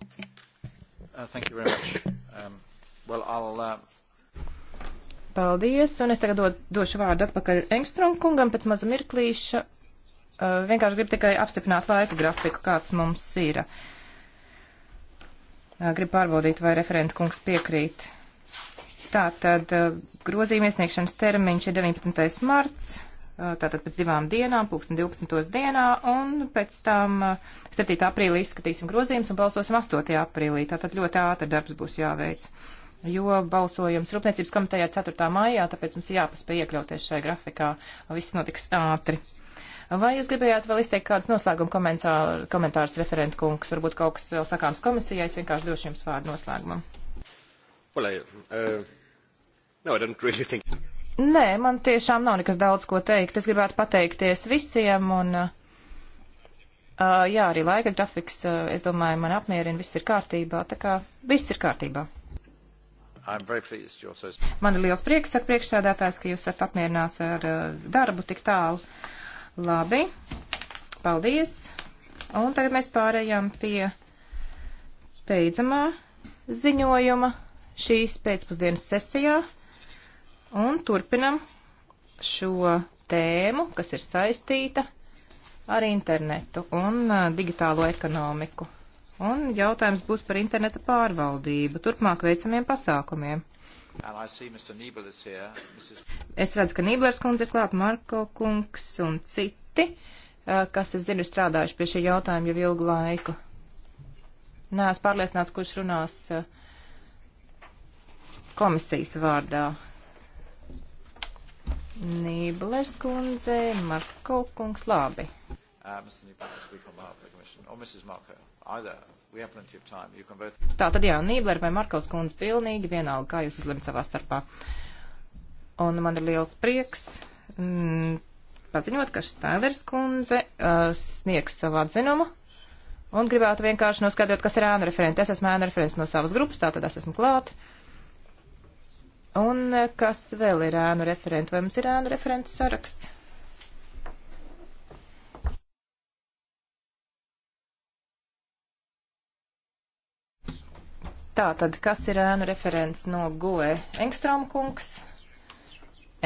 Uh, thank you very much. Um, well, I'll, uh... Paldies, un es tagad do, došu vārdu atpakaļ Engstrom kungam pēc maza mirklīša, vienkārši gribu tikai apstiprināt laika grafiku, kāds mums ir. Gribu pārbaudīt, vai referenta kungs piekrīt. Tātad grozījuma iesniegšanas termiņš ir 19. marts, tātad pēc divām dienām, pulksten 12. dienā, un pēc tam 7. aprīlī izskatīsim grozījumus un balsosim 8. aprīlī. Tātad ļoti ātri darbs būs jāveic, jo balsojums Rūpniecības komitejā 4. maijā, tāpēc mums jāpaspēj iekļauties šajā grafikā. Viss notiks ātri. Vai jūs gribējāt vēl izteikt kādus noslēguma komentārus referentu kungs? Varbūt kaut kas vēl sakāms komisijai, es vienkārši došu jums vārdu noslēgumam. Well, I, uh, no, I don't really think... Nē, man tiešām nav nekas daudz ko teikt. Es gribētu pateikties visiem un. Uh, Uh, jā, arī laika grafiks, uh, es domāju, man apmierina, viss ir kārtībā, tā kā viss ir kārtībā. Man ir liels prieks, saka priekšsēdētājs, ka jūs esat apmierināts ar uh, darbu tik tālu. Uh, Labi, paldies. Un tagad mēs pārējām pie beidzamā ziņojuma šīs pēcpusdienas sesijā un turpinam šo tēmu, kas ir saistīta ar internetu un uh, digitālo ekonomiku. Un jautājums būs par interneta pārvaldību, turpmāk veicamiem pasākumiem. Is... Es redzu, ka Nīblers kundze ir klāt, Marko kungs un citi, kas, es zinu, strādājuši pie šī jautājuma jau ilgu laiku. Nē, es pārliecināts, kurš runās komisijas vārdā. Nīblers kundze, Marko kungs, labi. Uh, Mr. Nīblers, we come up with the commission. Or Mrs. Marko, either. Both... Tā tad jā, Nībler vai Markovs kundze pilnīgi vienalga, kā jūs izlemt savā starpā. Un man ir liels prieks mm, paziņot, ka Štailers kundze uh, sniegs savu atzinumu. Un gribētu vienkārši noskaidrot, kas ir ēnu referenti. Es esmu ēnu referents no savas grupas, tātad es esmu klāt. Un uh, kas vēl ir ēnu referenti? Vai mums ir ēnu referentu saraksts? Tā tad, kas ir ēnu referents no GOE? Engstrom kungs.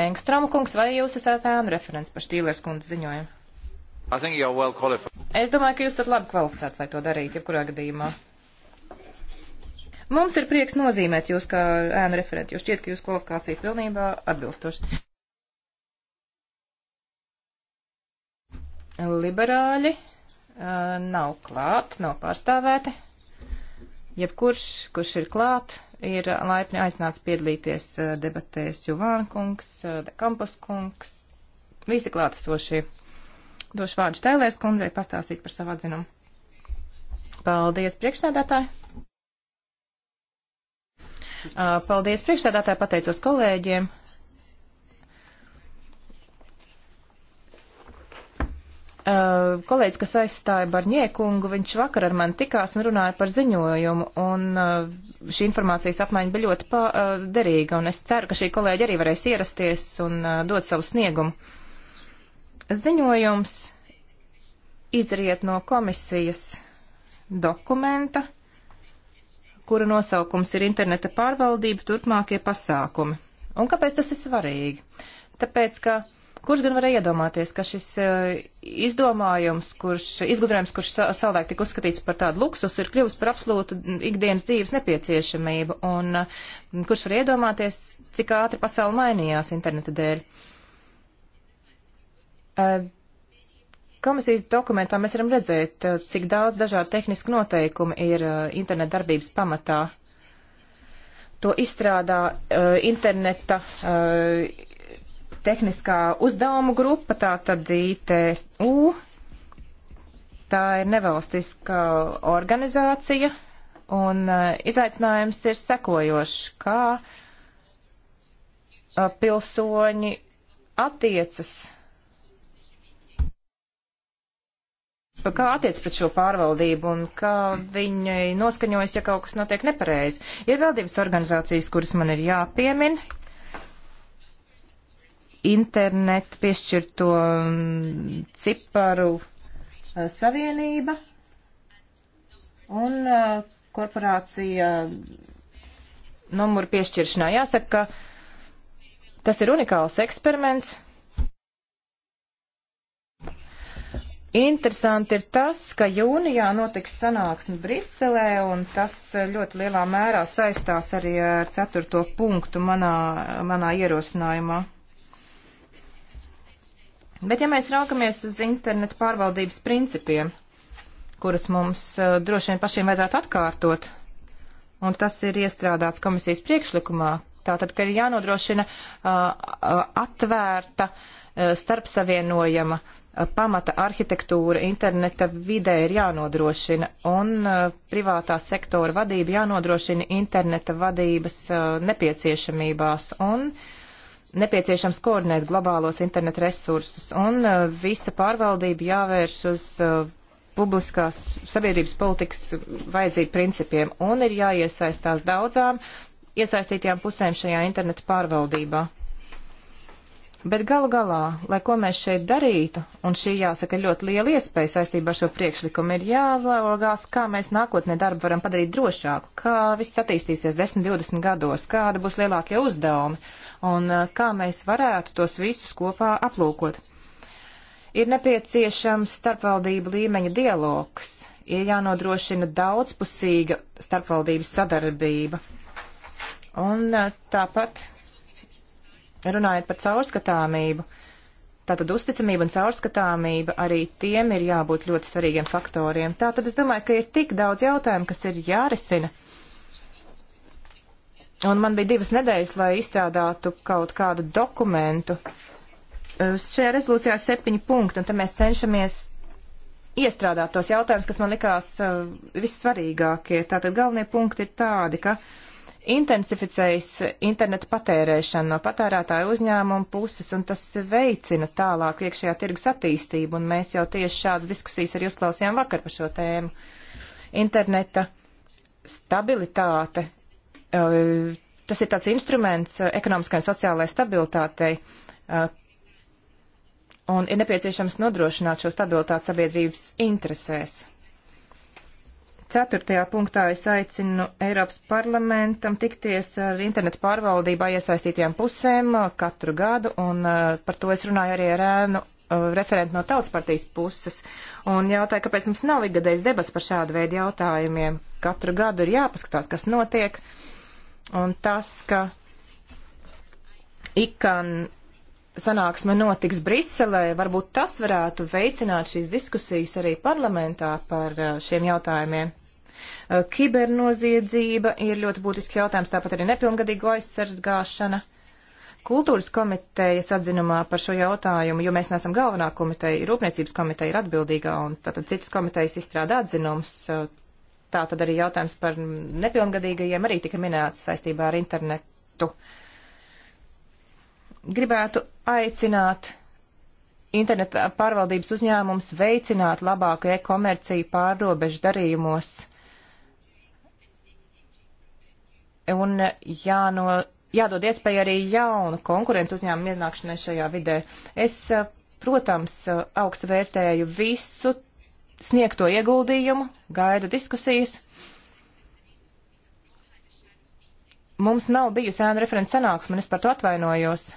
Engstrom kungs, vai jūs esat ēnu referents par Štīlers kundzes ziņojumu? Well es domāju, ka jūs esat labi kvalificēts, lai to darītu, jebkurā gadījumā. Mums ir prieks nozīmēt jūs kā ēnu referentu, jo šķiet, ka jūsu kvalifikācija pilnībā atbilstoši. Liberāļi uh, nav klāt, nav pārstāvēti. Jebkurš, kurš ir klāt, ir laipni aicināts piedalīties uh, debatēs Čuvāna kungs, uh, Dekampas kungs, visi klātesošie. Došu vārdu Štēlēs kundzei pastāstīt par savu atzinumu. Paldies, priekšsēdētāji! Uh, paldies, priekšsēdētāji, pateicos kolēģiem Uh, kolēģis, kas aizstāja Barņiekungu, viņš vakar ar mani tikās un runāja par ziņojumu, un uh, šī informācijas apmaiņa bija ļoti pa, uh, derīga, un es ceru, ka šī kolēģi arī varēs ierasties un uh, dot savu sniegumu. Ziņojums izriet no komisijas dokumenta, kura nosaukums ir interneta pārvaldība turpmākie pasākumi. Un kāpēc tas ir svarīgi? Tāpēc, ka uh, Kurš gan varēja iedomāties, ka šis eh, izdomājums, kurš, izgudrojums, kurš savulaik tika uzskatīts par tādu luksus, ir kļuvis par absolūtu ikdienas dzīves nepieciešamību, un eh, kurš var iedomāties, cik ātri pasauli mainījās interneta dēļ? Eh, komisijas dokumentā mēs varam redzēt, cik daudz dažādu tehnisku noteikumu ir interneta darbības pamatā. To izstrādā uh, interneta uh, tehniskā uzdevumu grupa, tā tad ITU, tā ir nevalstiska organizācija, un uh, izaicinājums ir sekojošs, kā uh, pilsoņi attiecas. Kā attiec pret šo pārvaldību un kā viņi noskaņojas, ja kaut kas notiek nepareizi? Ir vēl divas organizācijas, kuras man ir jāpiemin, internetu piešķirto mm, ciparu eh, savienība un eh, korporācija numuru piešķiršanā. Jāsaka, ka tas ir unikāls eksperiments. Interesanti ir tas, ka jūnijā notiks sanāksme Briselē, un tas ļoti lielā mērā saistās arī ar ceturto punktu manā, manā ierosinājumā. Bet ja mēs raugamies uz internetu pārvaldības principiem, kurus mums uh, droši vien pašiem vajadzētu atkārtot, un tas ir iestrādāts komisijas priekšlikumā, tātad, ka ir jānodrošina uh, atvērta, uh, starpsavienojama pamata arhitektūra interneta vidē ir jānodrošina, un privātā sektora vadība jānodrošina interneta vadības nepieciešamībās. Un, uh, nepieciešams koordinēt globālos internet resursus un uh, visa pārvaldība jāvērš uz uh, publiskās sabiedrības politikas vajadzību principiem un ir jāiesaistās daudzām iesaistītajām pusēm šajā interneta pārvaldībā. Bet galu galā, lai ko mēs šeit darītu, un šī jāsaka ļoti liela iespēja saistībā ar šo priekšlikumu, ir jāvalgās, kā mēs nākotnē darbu varam padarīt drošāku, kā viss attīstīsies 10, 20 gados, kāda būs lielākie uzdevumi, un eh, kā mēs varētu tos visus kopā aplūkot. Ir nepieciešams starpvaldību līmeņa dialogs, ir jānodrošina daudzpusīga starpvaldības sadarbība. Un eh, tāpat Runājot par caurskatāmību, tātad uzticamība un caurskatāmība arī tiem ir jābūt ļoti svarīgiem faktoriem. Tātad es domāju, ka ir tik daudz jautājumu, kas ir jārisina. Un man bija divas nedēļas, lai izstrādātu kaut kādu dokumentu. Šajā rezolūcijā ir septiņi punkti, un te mēs cenšamies iestrādāt tos jautājumus, kas man likās uh, vissvarīgākie. Tātad galvenie punkti ir tādi, ka uh, intensificējis internetu patērēšanu no patērētāju uzņēmumu puses, un tas veicina tālāk iekšējā tirgus attīstību, un mēs jau tieši šādas diskusijas arī uzklausījām vakar par šo tēmu. Interneta stabilitāte, eh, tas ir tāds instruments eh, ekonomiskai un sociālai stabilitātei, eh, un ir nepieciešams nodrošināt šo stabilitāti sabiedrības interesēs. Ceturtajā punktā es aicinu Eiropas parlamentam tikties ar internetu pārvaldībā iesaistītajām pusēm uh, katru gadu, un uh, par to es runāju arī ar ēnu uh, referentu no tautas partijas puses, un jautāju, kāpēc mums nav ikgadējs debats par šādu veidu jautājumiem. Katru gadu ir jāpaskatās, kas notiek, un tas, ka ikan sanāksme notiks Briselē, varbūt tas varētu veicināt šīs diskusijas arī parlamentā par šiem jautājumiem. Uh, kibernoziedzība ir ļoti būtisks jautājums, tāpat arī nepilngadīgo aizsardzgāšana. Kultūras komitejas atzinumā par šo jautājumu, jo mēs neesam galvenā komiteja, Rūpniecības komiteja ir atbildīgā un tātad citas komitejas izstrādā atzinums. Uh, tā tad arī jautājums par nepilngadīgajiem arī tika minēts saistībā ar internetu. Gribētu aicināt interneta pārvaldības uzņēmums veicināt labāku e-komerciju pārrobežu darījumos un jāno, jādod iespēja arī jaunu konkurentu uzņēmumu ienākšanai šajā vidē. Es, eh, protams, eh, augstu vērtēju visu sniegto ieguldījumu, gaidu diskusijas. Mums nav bijusi ēnu referents sanāksme, un es par to atvainojos.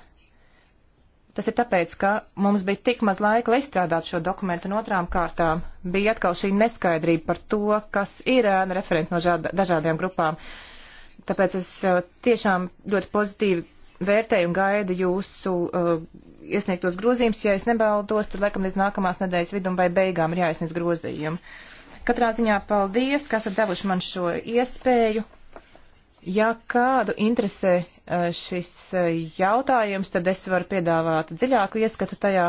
Tas ir tāpēc, ka mums bija tik maz laika, lai izstrādātu šo dokumentu, un otrām kārtām bija atkal šī neskaidrība par to, kas ir ēna referenti no žād, dažādiem grupām. Uh, Tāpēc es uh, tiešām ļoti pozitīvi vērtēju un gaidu jūsu uh, iesniegtos grozījumus. Ja es nebaldos, tad laikam līdz nākamās nedēļas vidum vai beigām ir jāiesniedz grozījumi. Katrā ziņā paldies, kas ir devuši man šo iespēju. Ja kādu interesē uh, šis uh, jautājums, tad es varu piedāvāt dziļāku ieskatu tajā.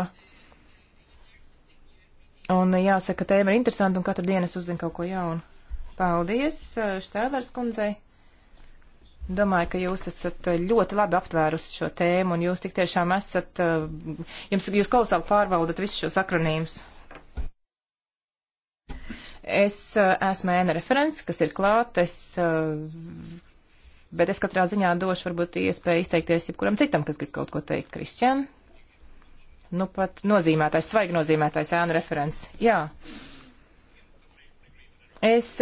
Un jāsaka, tēma ir interesanta un katru dienu es uzzinu kaut ko jaunu. Paldies Štēlers kundzei! Domāju, ka jūs esat eh, ļoti labi aptvērusi šo tēmu, un jūs tik tiešām esat, eh, jums, jūs kolosāli pārvaldat visus šos akronīmus. Es eh, esmu ēna referents, kas ir klāt, es, bet es katrā ziņā došu varbūt iespēju izteikties jebkuram citam, kas grib kaut ko teikt, Kristian. Nu pat nozīmētājs, svaigi nozīmētājs ēna referents. Jā. Es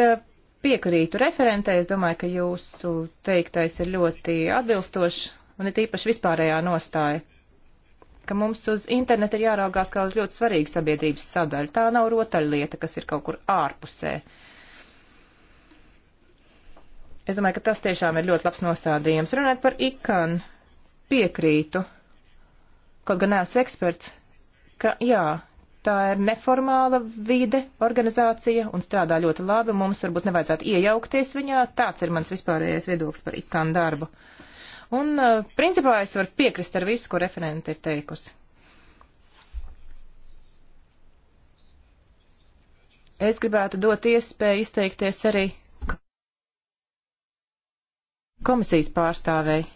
piekrītu referentē. Es domāju, ka jūsu teiktais ir ļoti atbilstošs un ir tīpaši vispārējā nostāja, ka mums uz internetu ir jāraugās kā uz ļoti svarīgu sabiedrības sadaļu. Tā nav rotaļlieta, kas ir kaut kur ārpusē. Es domāju, ka tas tiešām ir ļoti labs nostādījums. Runājot par ikonu, piekrītu, kaut gan neesmu eksperts, ka jā, Tā ir neformāla vide organizācija un strādā ļoti labi. Mums varbūt nevajadzētu iejaukties viņā. Tāds ir mans vispārējais viedoklis par ikānu darbu. Un, uh, principā, es varu piekrist ar visu, ko referente ir teikusi. Es gribētu dot iespēju izteikties arī komisijas pārstāvēji.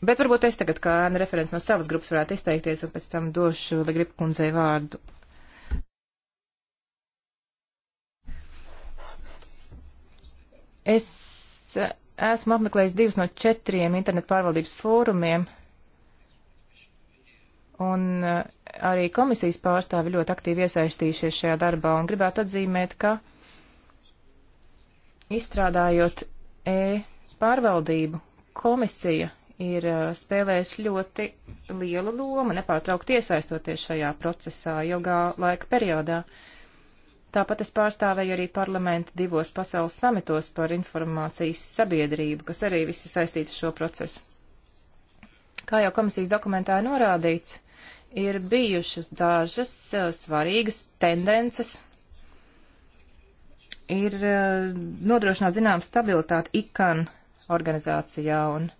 Bet varbūt es tagad, kā Anna referents no savas grupas, varētu izteikties un pēc tam došu Legripa kundzei vārdu. Es eh, esmu apmeklējis divus no četriem internetu pārvaldības fórumiem, un eh, arī komisijas pārstāvi ļoti aktīvi iesaistījušies šajā darbā un gribētu atzīmēt, ka izstrādājot e pārvaldību, komisija ir uh, spēlējuši ļoti lielu lomu, nepārtraukti iesaistoties šajā procesā ilgā laika periodā. Tāpat es pārstāvēju arī parlamentu divos pasaules samitos par informācijas sabiedrību, kas arī viss ir saistīts ar šo procesu. Kā jau komisijas dokumentā norādīts, ir bijušas dažas uh, svarīgas tendences ir uh, nodrošināt zinām stabilitāti ikan organizācijā un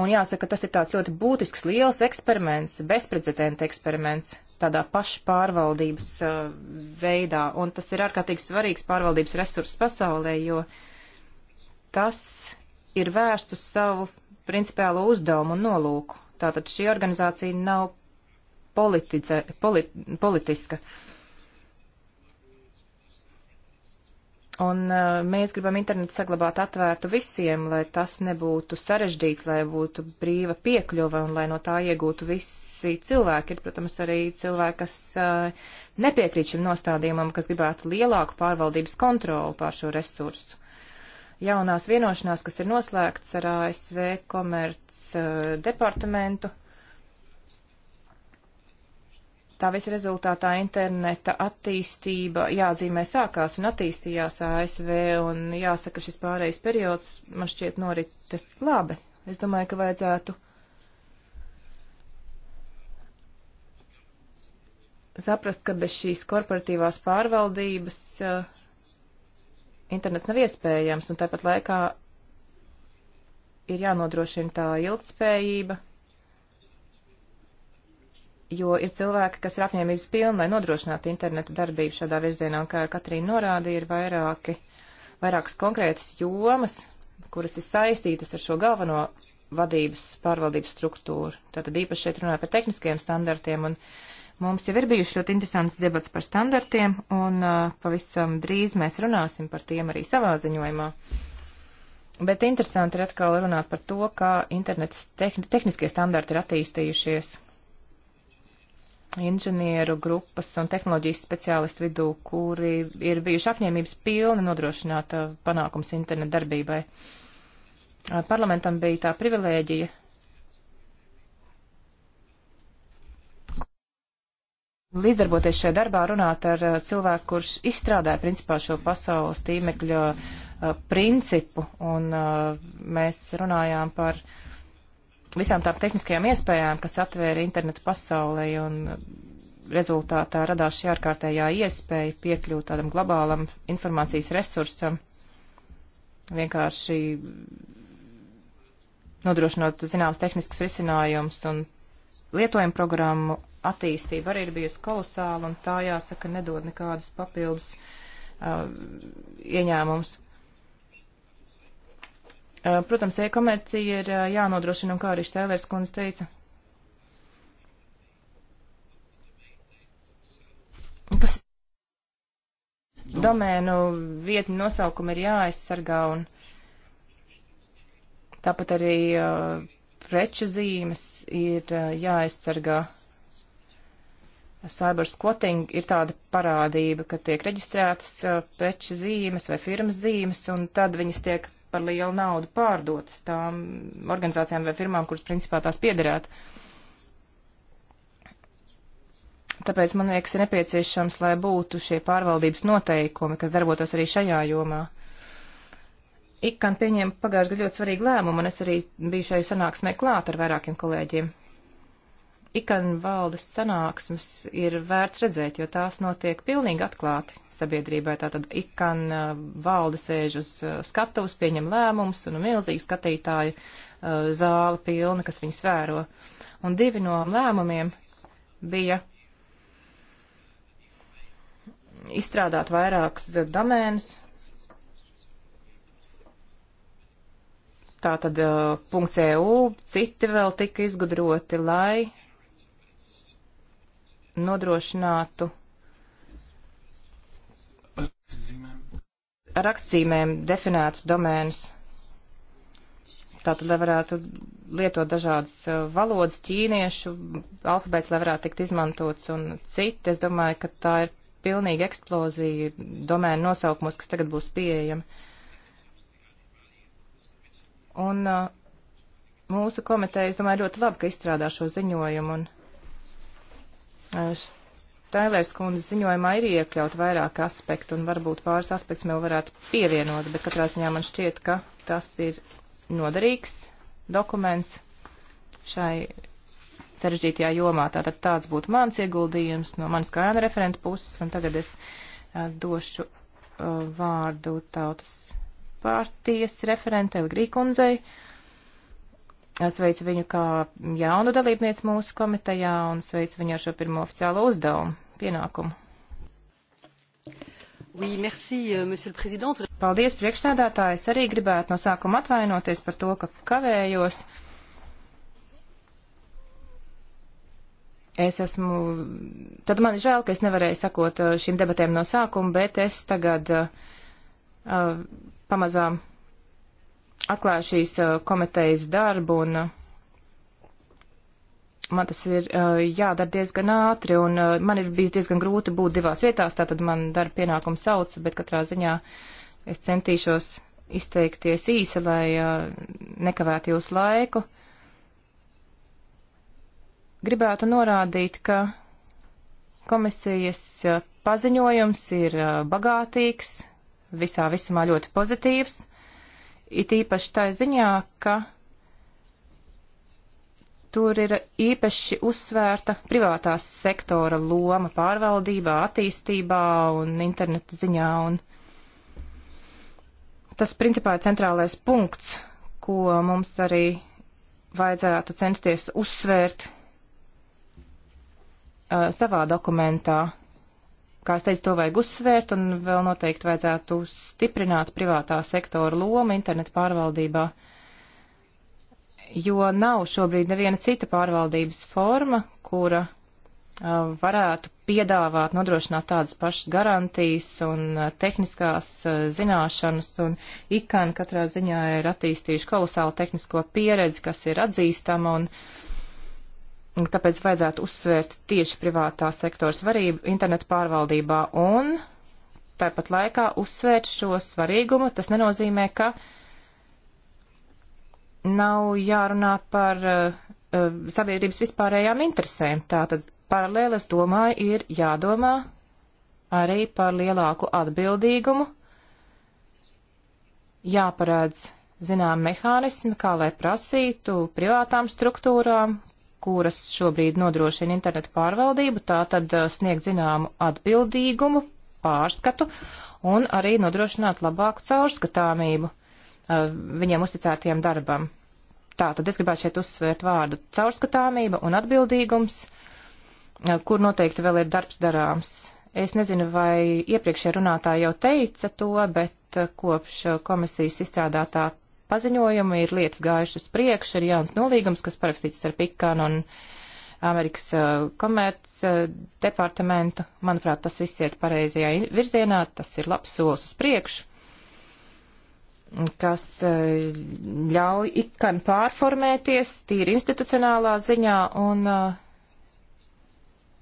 Un jāsaka, tas ir tāds ļoti būtisks, liels eksperiments, bezprecedenta eksperiments tādā pašpārvaldības uh, veidā. Un tas ir ārkārtīgi svarīgs pārvaldības resurss pasaulē, jo tas ir vērst uz savu principālo uzdevumu un nolūku. Tātad šī organizācija nav politize, polit, politiska. Uh, Un uh, mēs gribam internetu saglabāt atvērtu visiem, lai tas nebūtu sarežģīts, lai būtu brīva piekļuva un lai no tā iegūtu visi cilvēki. Ir, protams, arī cilvēki, kas uh, nepiekrīt šim nostādījumam, kas gribētu lielāku pārvaldības kontroli pār šo resursu. Jaunās vienošanās, kas ir noslēgts ar ASV komerc uh, departamentu, Tā visa rezultātā interneta attīstība jāatzīmē sākās un attīstījās ASV, un jāsaka, šis pārējais periods man šķiet norit labi. Es domāju, ka vajadzētu saprast, ka bez šīs korporatīvās pārvaldības uh, internets nav iespējams, un tāpat laikā ir jānodrošina tā ilgtspējība jo ir cilvēki, kas ir apņēmības pilni, lai nodrošinātu internetu darbību šādā virzienā, un kā Katrīna norādīja, ir vairāki, vairākas konkrētas jomas, kuras ir saistītas ar šo galveno vadības pārvaldības struktūru. Tātad īpaši šeit runāja par tehniskajiem standartiem, un mums jau ir bijuši ļoti interesants debats par standartiem, un uh, pavisam drīz mēs runāsim par tiem arī savā ziņojumā. Bet interesanti ir atkal runāt par to, kā internets tehn tehniskie standarti ir attīstījušies inženieru grupas un tehnoloģijas speciālistu vidū, kuri ir bijuši apņēmības pilni nodrošināt uh, panākums internetu darbībai. Uh, parlamentam bija tā privilēģija līdzdarboties šajā darbā, runāt ar uh, cilvēku, kurš izstrādāja principā šo pasaules tīmekļa principu, un mēs runājām par uh, visām tām tehniskajām iespējām, kas atvēra internetu pasaulē un rezultātā radās šī ārkārtējā iespēja piekļūt tādam globālam informācijas resursam, vienkārši nodrošinot zināmas tehniskas risinājumus un lietojumu programmu attīstība arī ir bijusi kolosāla un tā jāsaka nedod nekādus papildus uh, ieņēmumus. Eh, protams, e-komercija ir eh, jānodrošina, un kā arī Štēlērs kundze teica. Pas... Domēnu vietni nosaukumi ir jāaizsargā, un tāpat arī uh, preču zīmes ir uh, jāaizsargā. Cyberskotting ir tāda parādība, ka tiek reģistrētas uh, preču zīmes vai firmas zīmes, un tad viņas tiek par lielu naudu pārdotas tām organizācijām vai firmām, kuras principā tās piederētu. Tāpēc man liekas, ir nepieciešams, lai būtu šie pārvaldības noteikumi, kas darbotos arī šajā jomā. Ikkan pieņēma pagājušajā gadā ļoti svarīgu lēmumu, un es arī biju šai sanāksmē klāt ar vairākiem kolēģiem ikan valdes sanāksmes ir vērts redzēt, jo tās notiek pilnīgi atklāti sabiedrībai. Tātad ikan uh, valde sēž uz uh, skatuves, pieņem lēmumus un milzīgi skatītāju uh, zāli pilna, kas viņus vēro. Un divi no lēmumiem bija izstrādāt vairākus domēnus. Tātad .eu, citi vēl tika izgudroti, lai nodrošinātu ar rakstzīmēm definētus domēnus. Tātad, lai varētu lietot dažādas uh, valodas, ķīniešu alfabēts, lai varētu tikt izmantots un citi, es domāju, ka tā ir pilnīga eksplozija domēnu nosaukumos, kas tagad būs pieejami. Un uh, mūsu komiteja, es domāju, ļoti labi, ka izstrādā šo ziņojumu. Un, Eh, Tailērs kundze ziņojumā ir iekļaut vairāk aspektu, un varbūt pāris aspektus vēl varētu pievienot, bet katrā ziņā man šķiet, ka tas ir noderīgs dokuments šai sarežģītajā jomā. Tātad tāds būtu mans ieguldījums no manas kā ēna referenta puses, un tagad es uh, došu uh, vārdu tautas partijas referentei Grīkundzei. Uh, sveicu viņu kā jaunu dalībnieci mūsu komitejā un sveicu viņu ar šo pirmo oficiālo uzdevumu, pienākumu. Oui, merci, euh, Paldies, priekšsēdētāji. Es arī gribētu no sākuma atvainoties par to, ka kavējos. Es esmu, tad man žēl, ka es nevarēju sakot uh, šīm debatēm no sākuma, bet es tagad uh, uh pamazām atklāju šīs uh, komitejas darbu, un uh, man tas ir uh, jādara diezgan ātri, un man ir bijis diezgan grūti būt divās vietās, tātad man darba pienākums sauc, bet katrā ziņā es centīšos izteikties īsi, lai nekavētu jūsu laiku. Gribētu norādīt, ka komisijas paziņojums ir bagātīgs, visā visumā ļoti pozitīvs. It īpaši tā ziņā, ka tur ir īpaši uzsvērta privātās sektora loma pārvaldībā, attīstībā un interneta ziņā. Un tas principā ir centrālais punkts, ko mums arī vajadzētu censties uzsvērt uh, savā dokumentā kā es teicu, to vajag uzsvērt un vēl noteikti vajadzētu stiprināt privātā sektora lomu internetu pārvaldībā, jo nav šobrīd neviena cita pārvaldības forma, kura uh, varētu piedāvāt, nodrošināt tādas pašas garantijas un uh, tehniskās uh, zināšanas, un IKAN katrā ziņā ir attīstījuši kolosālu tehnisko pieredzi, kas ir atzīstama, un uh, Tāpēc vajadzētu uzsvērt tieši privātā sektora svarību internetu pārvaldībā un tāpat laikā uzsvērt šo svarīgumu. Tas nenozīmē, ka nav jārunā par uh, sabiedrības vispārējām interesēm. Tātad paralēli, es domāju, ir jādomā arī par lielāku atbildīgumu, jāparādz zinām mehānismi, kā lai prasītu privātām struktūrām, kuras šobrīd nodrošina internetu pārvaldību, tā tad uh, sniegt zināmu atbildīgumu, pārskatu un arī nodrošināt labāku caurskatāmību uh, viņiem uzticētajiem darbam. Tā tad es gribētu šeit uzsvērt vārdu caurskatāmība un atbildīgums, uh, kur noteikti vēl ir darbs darāms. Es nezinu, vai iepriekšējā runātā jau teica to, bet kopš komisijas izstrādātā paziņojumu, ir lietas gājušas priekš, ir jauns nolīgums, kas parakstīts starp Ikānu un Amerikas uh, komerc uh, departamentu. Manuprāt, tas viss iet pareizajā virzienā, tas ir labs solis uz priekšu kas uh, ļauj ikan pārformēties tīri institucionālā ziņā un uh,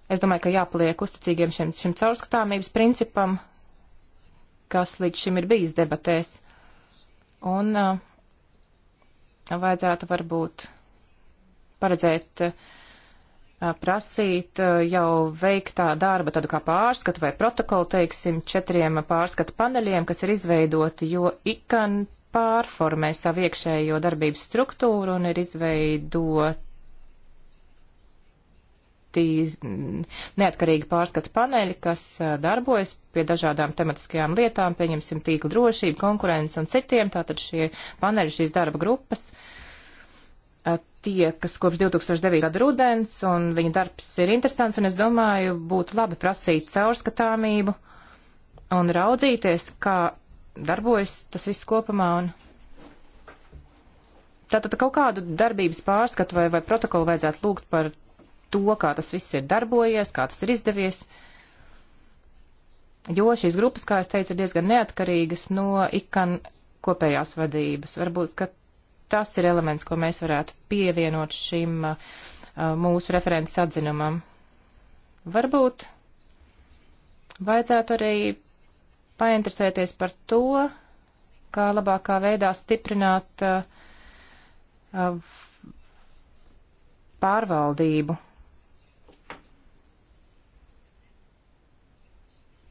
es domāju, ka jāpaliek uzticīgiem šim, šim caurskatāmības principam, kas līdz šim ir bijis debatēs. Un uh, vajadzētu varbūt paredzēt eh, prasīt eh, jau veiktā darba tādu kā pārskatu vai protokolu, teiksim, četriem pārskatu paneļiem, kas ir izveidoti, jo ikan pārformē savu iekšējo darbības struktūru un ir izveidot neatkarīgi pārskata paneļi, kas darbojas pie dažādām tematiskajām lietām, pieņemsim tīkla drošību, konkurences un citiem. Tātad šie paneļi, šīs darba grupas tie, kas kopš 2009. gada rudens, un viņa darbs ir interesants, un es domāju, būtu labi prasīt caurskatāmību un raudzīties, kā darbojas tas viss kopumā. Un... Tātad kaut kādu darbības pārskatu vai, vai protokolu vajadzētu lūgt par to, kā tas viss ir darbojies, kā tas ir izdevies. Jo šīs grupas, kā es teicu, ir diezgan neatkarīgas no ikan kopējās vadības. Varbūt, ka tas ir elements, ko mēs varētu pievienot šim uh, mūsu referents atzinumam. Varbūt vajadzētu arī painteresēties par to, kā labākā veidā stiprināt uh, uh, pārvaldību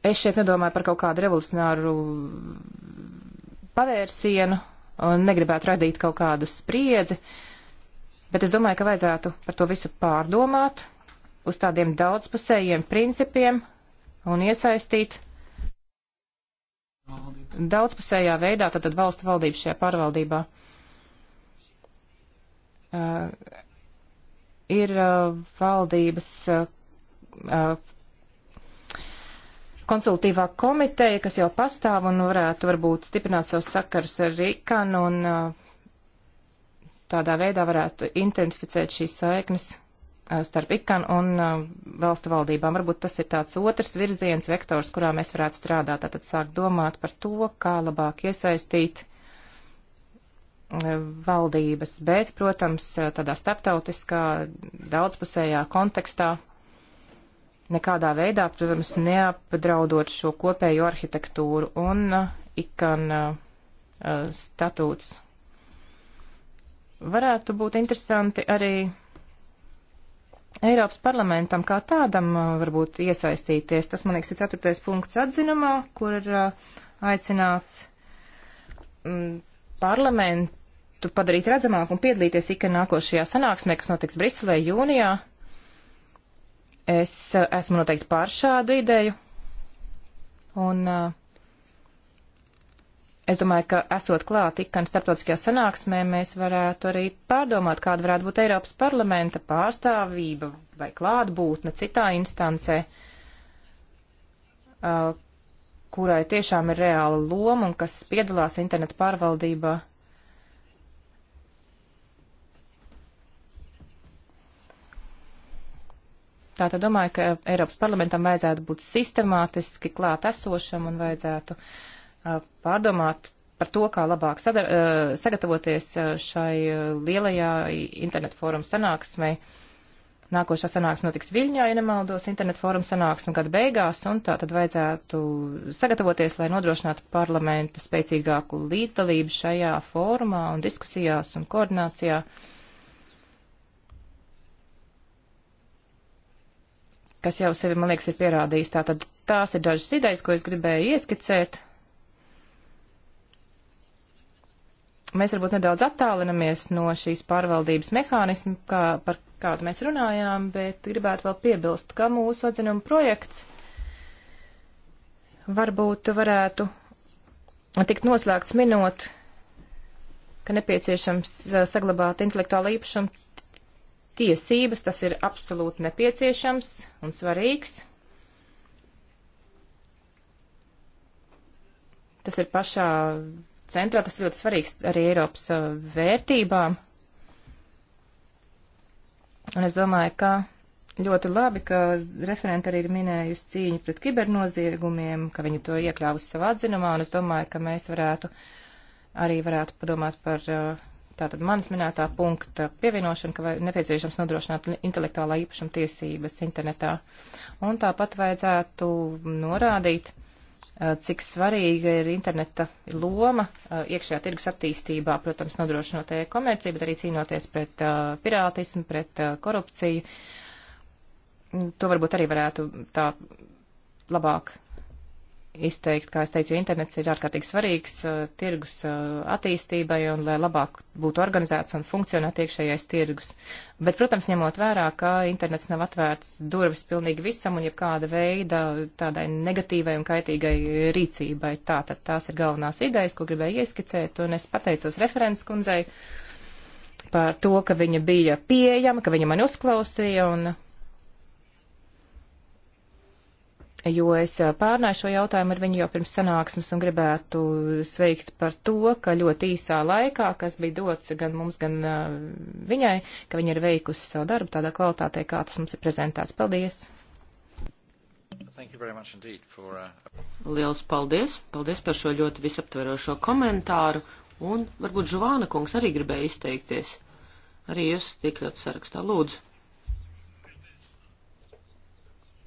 Es šeit nedomāju par kaut kādu revolucionāru pavērsienu un negribētu radīt kaut kādu spriedzi, bet es domāju, ka vajadzētu par to visu pārdomāt uz tādiem daudzpusējiem principiem un iesaistīt daudzpusējā veidā tātad valstu valdību šajā pārvaldībā. Uh, ir uh, valdības, uh, uh konsultīvā komiteja, kas jau pastāv un varētu varbūt stiprināt savus sakars ar Rikanu un uh, tādā veidā varētu identificēt šīs saiknes uh, starp ikan un uh, valstu valdībām. Varbūt tas ir tāds otrs virziens, vektors, kurā mēs varētu strādāt. Tātad sāk domāt par to, kā labāk iesaistīt uh, valdības, bet, protams, uh, tādā starptautiskā, daudzpusējā kontekstā nekādā veidā, protams, neapdraudot šo kopējo arhitektūru un uh, ikan uh, uh, statūts. Varētu būt interesanti arī Eiropas parlamentam kā tādam varbūt iesaistīties. Tas, man liekas, ir ceturtais punkts atzinumā, kur ir aicināts mm, parlamentu padarīt redzamāku un piedalīties ikā nākošajā sanāksmē, kas notiks Briselē jūnijā Es eh, esmu noteikti pār šādu ideju, un eh, es domāju, ka esot klāt ikkan starptautiskajā sanāksmē, mēs varētu arī pārdomāt, kāda varētu būt Eiropas parlamenta pārstāvība vai klātbūtne citā instancē, eh, kurai tiešām ir reāla loma un kas piedalās interneta pārvaldībā. Tātad domāju, ka Eiropas parlamentam vajadzētu būt sistemātiski klāt esošam un vajadzētu uh, pārdomāt par to, kā labāk sadar, uh, sagatavoties uh, šai lielajā internetu fórumu sanāksmei. Nākošā sanāksme notiks Viļņā, ja nemaldos, internetu fórumu sanāksme gada beigās, un tā tad vajadzētu sagatavoties, lai nodrošinātu parlamenta spēcīgāku līdzdalību šajā fórumā un diskusijās un koordinācijā. Uh, kas jau sevi, man liekas, ir pierādījis. Tātad tās ir dažas idejas, ko es gribēju ieskicēt. Mēs varbūt nedaudz attālinamies no šīs pārvaldības mehānismu, kā, par kādu mēs runājām, bet gribētu vēl piebilst, ka mūsu atzinuma projekts varbūt varētu tikt noslēgts minot, ka nepieciešams eh, saglabāt intelektuālu īpašumu tiesības, tas ir absolūti nepieciešams un svarīgs. Tas ir pašā centrā, tas ir ļoti svarīgs arī Eiropas uh, vērtībām. Un es domāju, ka ļoti labi, ka referenta arī ir minējusi cīņu pret kibernoziegumiem, ka viņi to iekļāvusi savā atzinumā, un es domāju, ka mēs varētu arī varētu padomāt par uh, tātad manas minētā punkta pievienošana, ka nepieciešams nodrošināt intelektuālā īpašuma tiesības internetā. Un tāpat vajadzētu norādīt, cik svarīga ir interneta loma iekšējā tirgus attīstībā, protams, nodrošinot e-komerciju, bet arī cīnoties pret uh, pirātismu, pret uh, korupciju. Mm, to varbūt arī varētu tā labāk izteikt, kā es teicu, internets ir ārkārtīgi svarīgs uh, tirgus uh, attīstībai un lai labāk būtu organizēts un funkcionētu iekšējais tirgus. Bet, protams, ņemot vērā, ka internets nav atvērts durvis pilnīgi visam un jebkāda veida tādai negatīvai un kaitīgai rīcībai. Tā tad tās ir galvenās idejas, ko gribēju ieskicēt, un es pateicos referents kundzei par to, ka viņa bija pieejama, ka viņa mani uzklausīja un jo es eh, pārnāju šo jautājumu ar viņu jau pirms sanāksmes un gribētu sveikt par to, ka ļoti īsā laikā, kas bija dots gan mums, gan eh, viņai, ka viņa ir veikusi savu darbu tādā kvalitātē, kā tas mums ir prezentēts. Paldies! For, uh... Liels paldies! Paldies par šo ļoti visaptverošo komentāru. Un varbūt Žuvāna kungs arī gribēja izteikties. Arī jūs tiekļot sarakstā. Lūdzu!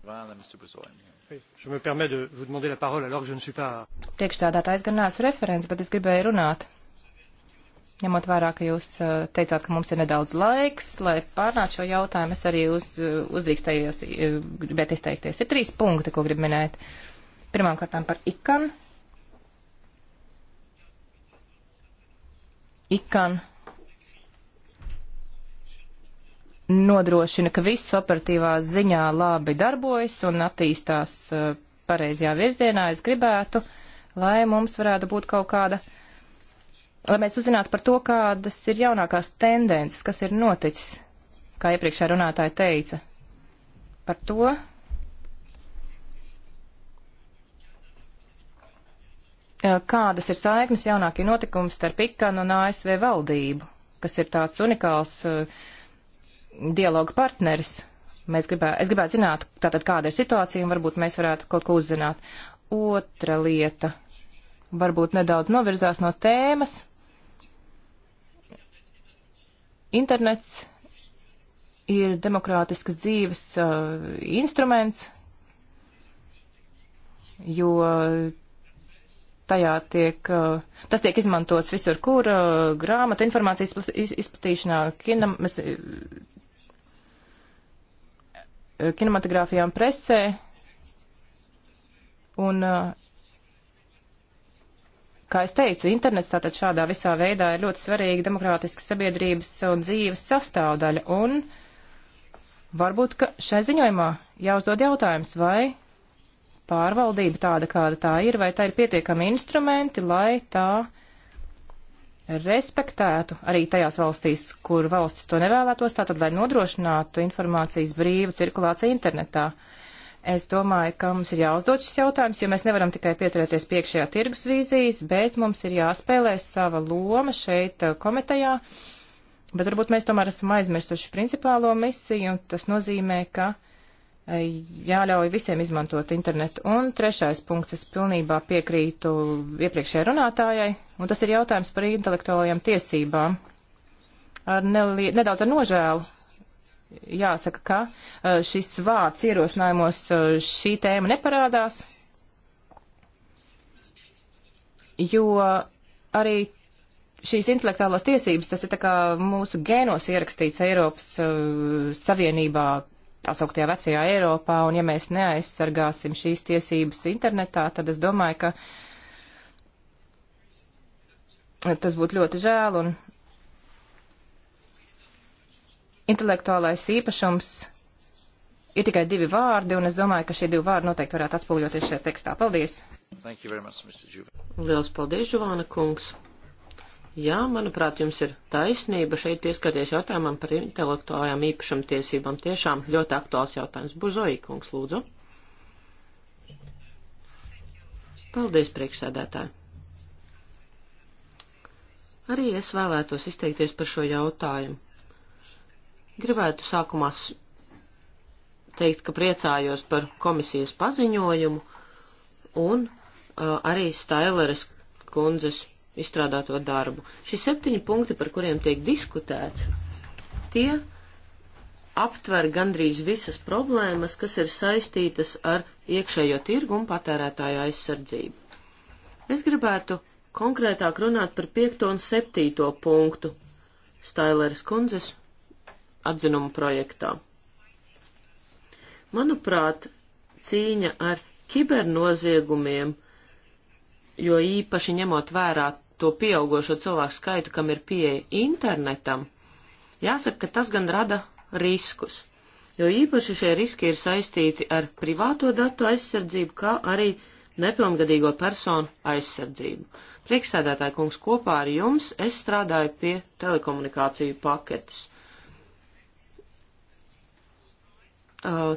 Vāle, Mr. Brazoim. Priekšsēdētājs gan neesmu referents, bet es gribēju runāt. Ņemot vērā, ka jūs uh, teicāt, ka mums ir nedaudz laiks, lai pārnāc šo jautājumu, es arī uz, uh, uzdrīkstējos, uh, gribētu izteikties. Ir trīs punkti, ko gribu minēt. Pirmkārt par ikanu. Ikan nodrošina, ka viss operatīvā ziņā labi darbojas un attīstās uh, pareizajā virzienā. Es gribētu, lai mums varētu būt kaut kāda, lai mēs uzzinātu par to, kādas ir jaunākās tendences, kas ir noticis, kā iepriekšējā runātāja teica. Par to, uh, kādas ir saiknes jaunākie notikumi starp Ikanu un ASV valdību, kas ir tāds unikāls uh, dialoga partneris. Mēs gribē, es gribētu zināt, tātad kāda ir situācija, un varbūt mēs varētu kaut ko uzzināt. Otra lieta varbūt nedaudz novirzās no tēmas. Internets ir demokrātiskas dzīves uh, instruments, jo tajā tiek, uh, tas tiek izmantots visur, kur uh, grāmatu informācijas izplatīšanā, kinem, kinematogrāfijām presē. Un, eh, kā es teicu, internets tātad šādā visā veidā ir ļoti svarīga demokrātiskas sabiedrības un dzīves sastāvdaļa. Un varbūt, ka šai ziņojumā jāuzdod jautājums, vai pārvaldība tāda, kāda tā ir, vai tā ir pietiekami instrumenti, lai tā respektētu arī tajās valstīs, kur valstis to nevēlētos, tātad, lai nodrošinātu informācijas brīvu cirkulāciju internetā. Es domāju, ka mums ir jāuzdod šis jautājums, jo mēs nevaram tikai pieturēties piekšējā tirgus vīzijas, bet mums ir jāspēlē sava loma šeit uh, komitejā. Bet varbūt mēs tomēr esam aizmirsuši principālo misiju, un tas nozīmē, ka uh, jāļauj visiem izmantot internetu. Un trešais punkts, es pilnībā piekrītu iepriekšējai runātājai, un tas ir jautājums par intelektuālajām tiesībām. Ar nelie, nedaudz ar nožēlu jāsaka, ka uh, šis vārds ierosinājumos uh, šī tēma neparādās, jo arī šīs intelektuālās tiesības, tas ir tā kā mūsu gēnos ierakstīts Eiropas uh, Savienībā tā sauktajā vecajā Eiropā, un ja mēs neaizsargāsim šīs tiesības internetā, tad es domāju, ka tas būtu ļoti žēl, un intelektuālais īpašums ir tikai divi vārdi, un es domāju, ka šie divi vārdi noteikti varētu atspoguļoties šajā tekstā. Paldies! Much, Lielas paldies, Žovāna kungs! Jā, manuprāt, jums ir taisnība šeit pieskaties jautājumam par intelektuālajām īpašumtiesībām. Tiešām ļoti aktuāls jautājums. Buzoī, kungs, lūdzu. Paldies, priekšsēdētāji. Arī es vēlētos izteikties par šo jautājumu. Gribētu sākumā teikt, ka priecājos par komisijas paziņojumu un uh, arī Staileres kundzes izstrādāto darbu. Šie septiņi punkti, par kuriem tiek diskutēts, tie aptver gandrīz visas problēmas, kas ir saistītas ar iekšējo tirgu un patērētāju aizsardzību. Es gribētu konkrētāk runāt par piekto un septīto punktu Stailers kundzes atzinuma projektā. Manuprāt, cīņa ar kibernoziegumiem, jo īpaši ņemot vērā to pieaugošo cilvēku skaitu, kam ir pieeja internetam, jāsaka, ka tas gan rada riskus. Jo īpaši šie riski ir saistīti ar privāto datu aizsardzību, kā arī nepilngadīgo personu aizsardzību. Priekšsēdētāji kungs kopā ar jums es strādāju pie telekomunikāciju paketes. Uh,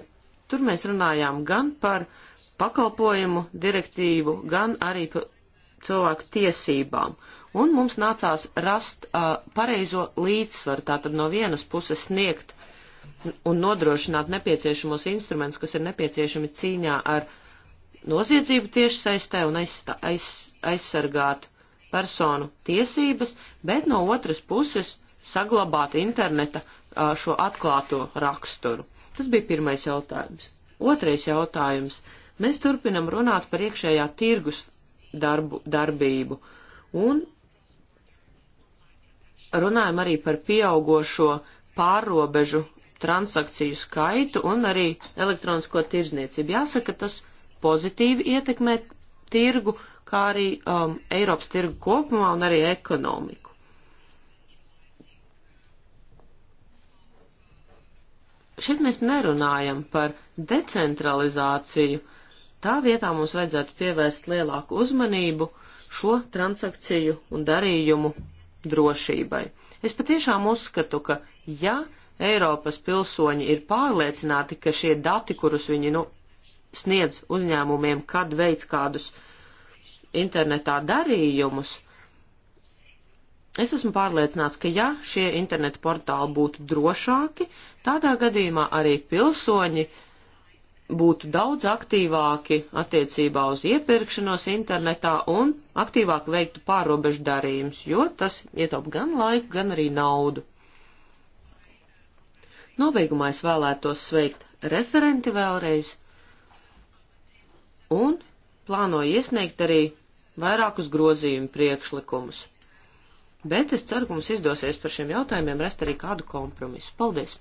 tur mēs runājām gan par pakalpojumu direktīvu, gan arī cilvēku tiesībām. Un mums nācās rast uh, pareizo līdzsvaru, tātad no vienas puses sniegt un nodrošināt nepieciešamos instrumentus, kas ir nepieciešami cīņā ar noziedzību tieši saistē un aizsta, aiz, aizsargāt personu tiesības, bet no otras puses saglabāt interneta uh, šo atklāto raksturu. Tas bija pirmais jautājums. Otrais jautājums. Mēs turpinam runāt par iekšējā tirgus darbu, darbību. Un runājam arī par pieaugošo pārobežu transakciju skaitu un arī elektronisko tirzniecību. Jāsaka, tas pozitīvi ietekmē tirgu, kā arī um, Eiropas tirgu kopumā un arī ekonomiku. Šeit mēs nerunājam par decentralizāciju, uh, Tā vietā mums vajadzētu pievērst lielāku uzmanību šo transakciju un darījumu drošībai. Es patiešām uzskatu, ka ja Eiropas pilsoņi ir pārliecināti, ka šie dati, kurus viņi nu, sniedz uzņēmumiem, kad veids kādus internetā darījumus, Es esmu pārliecināts, ka ja šie interneta portāli būtu drošāki, tādā gadījumā arī pilsoņi būtu daudz aktīvāki attiecībā uz iepirkšanos internetā un aktīvāk veiktu pārobežu darījumus, jo tas ietaup gan laiku, gan arī naudu. Nobeigumā es vēlētos sveikt referenti vēlreiz un plānoju iesniegt arī vairākus grozījumu priekšlikumus. Bet es ceru, ka mums izdosies par šiem jautājumiem rast arī kādu kompromisu. Paldies!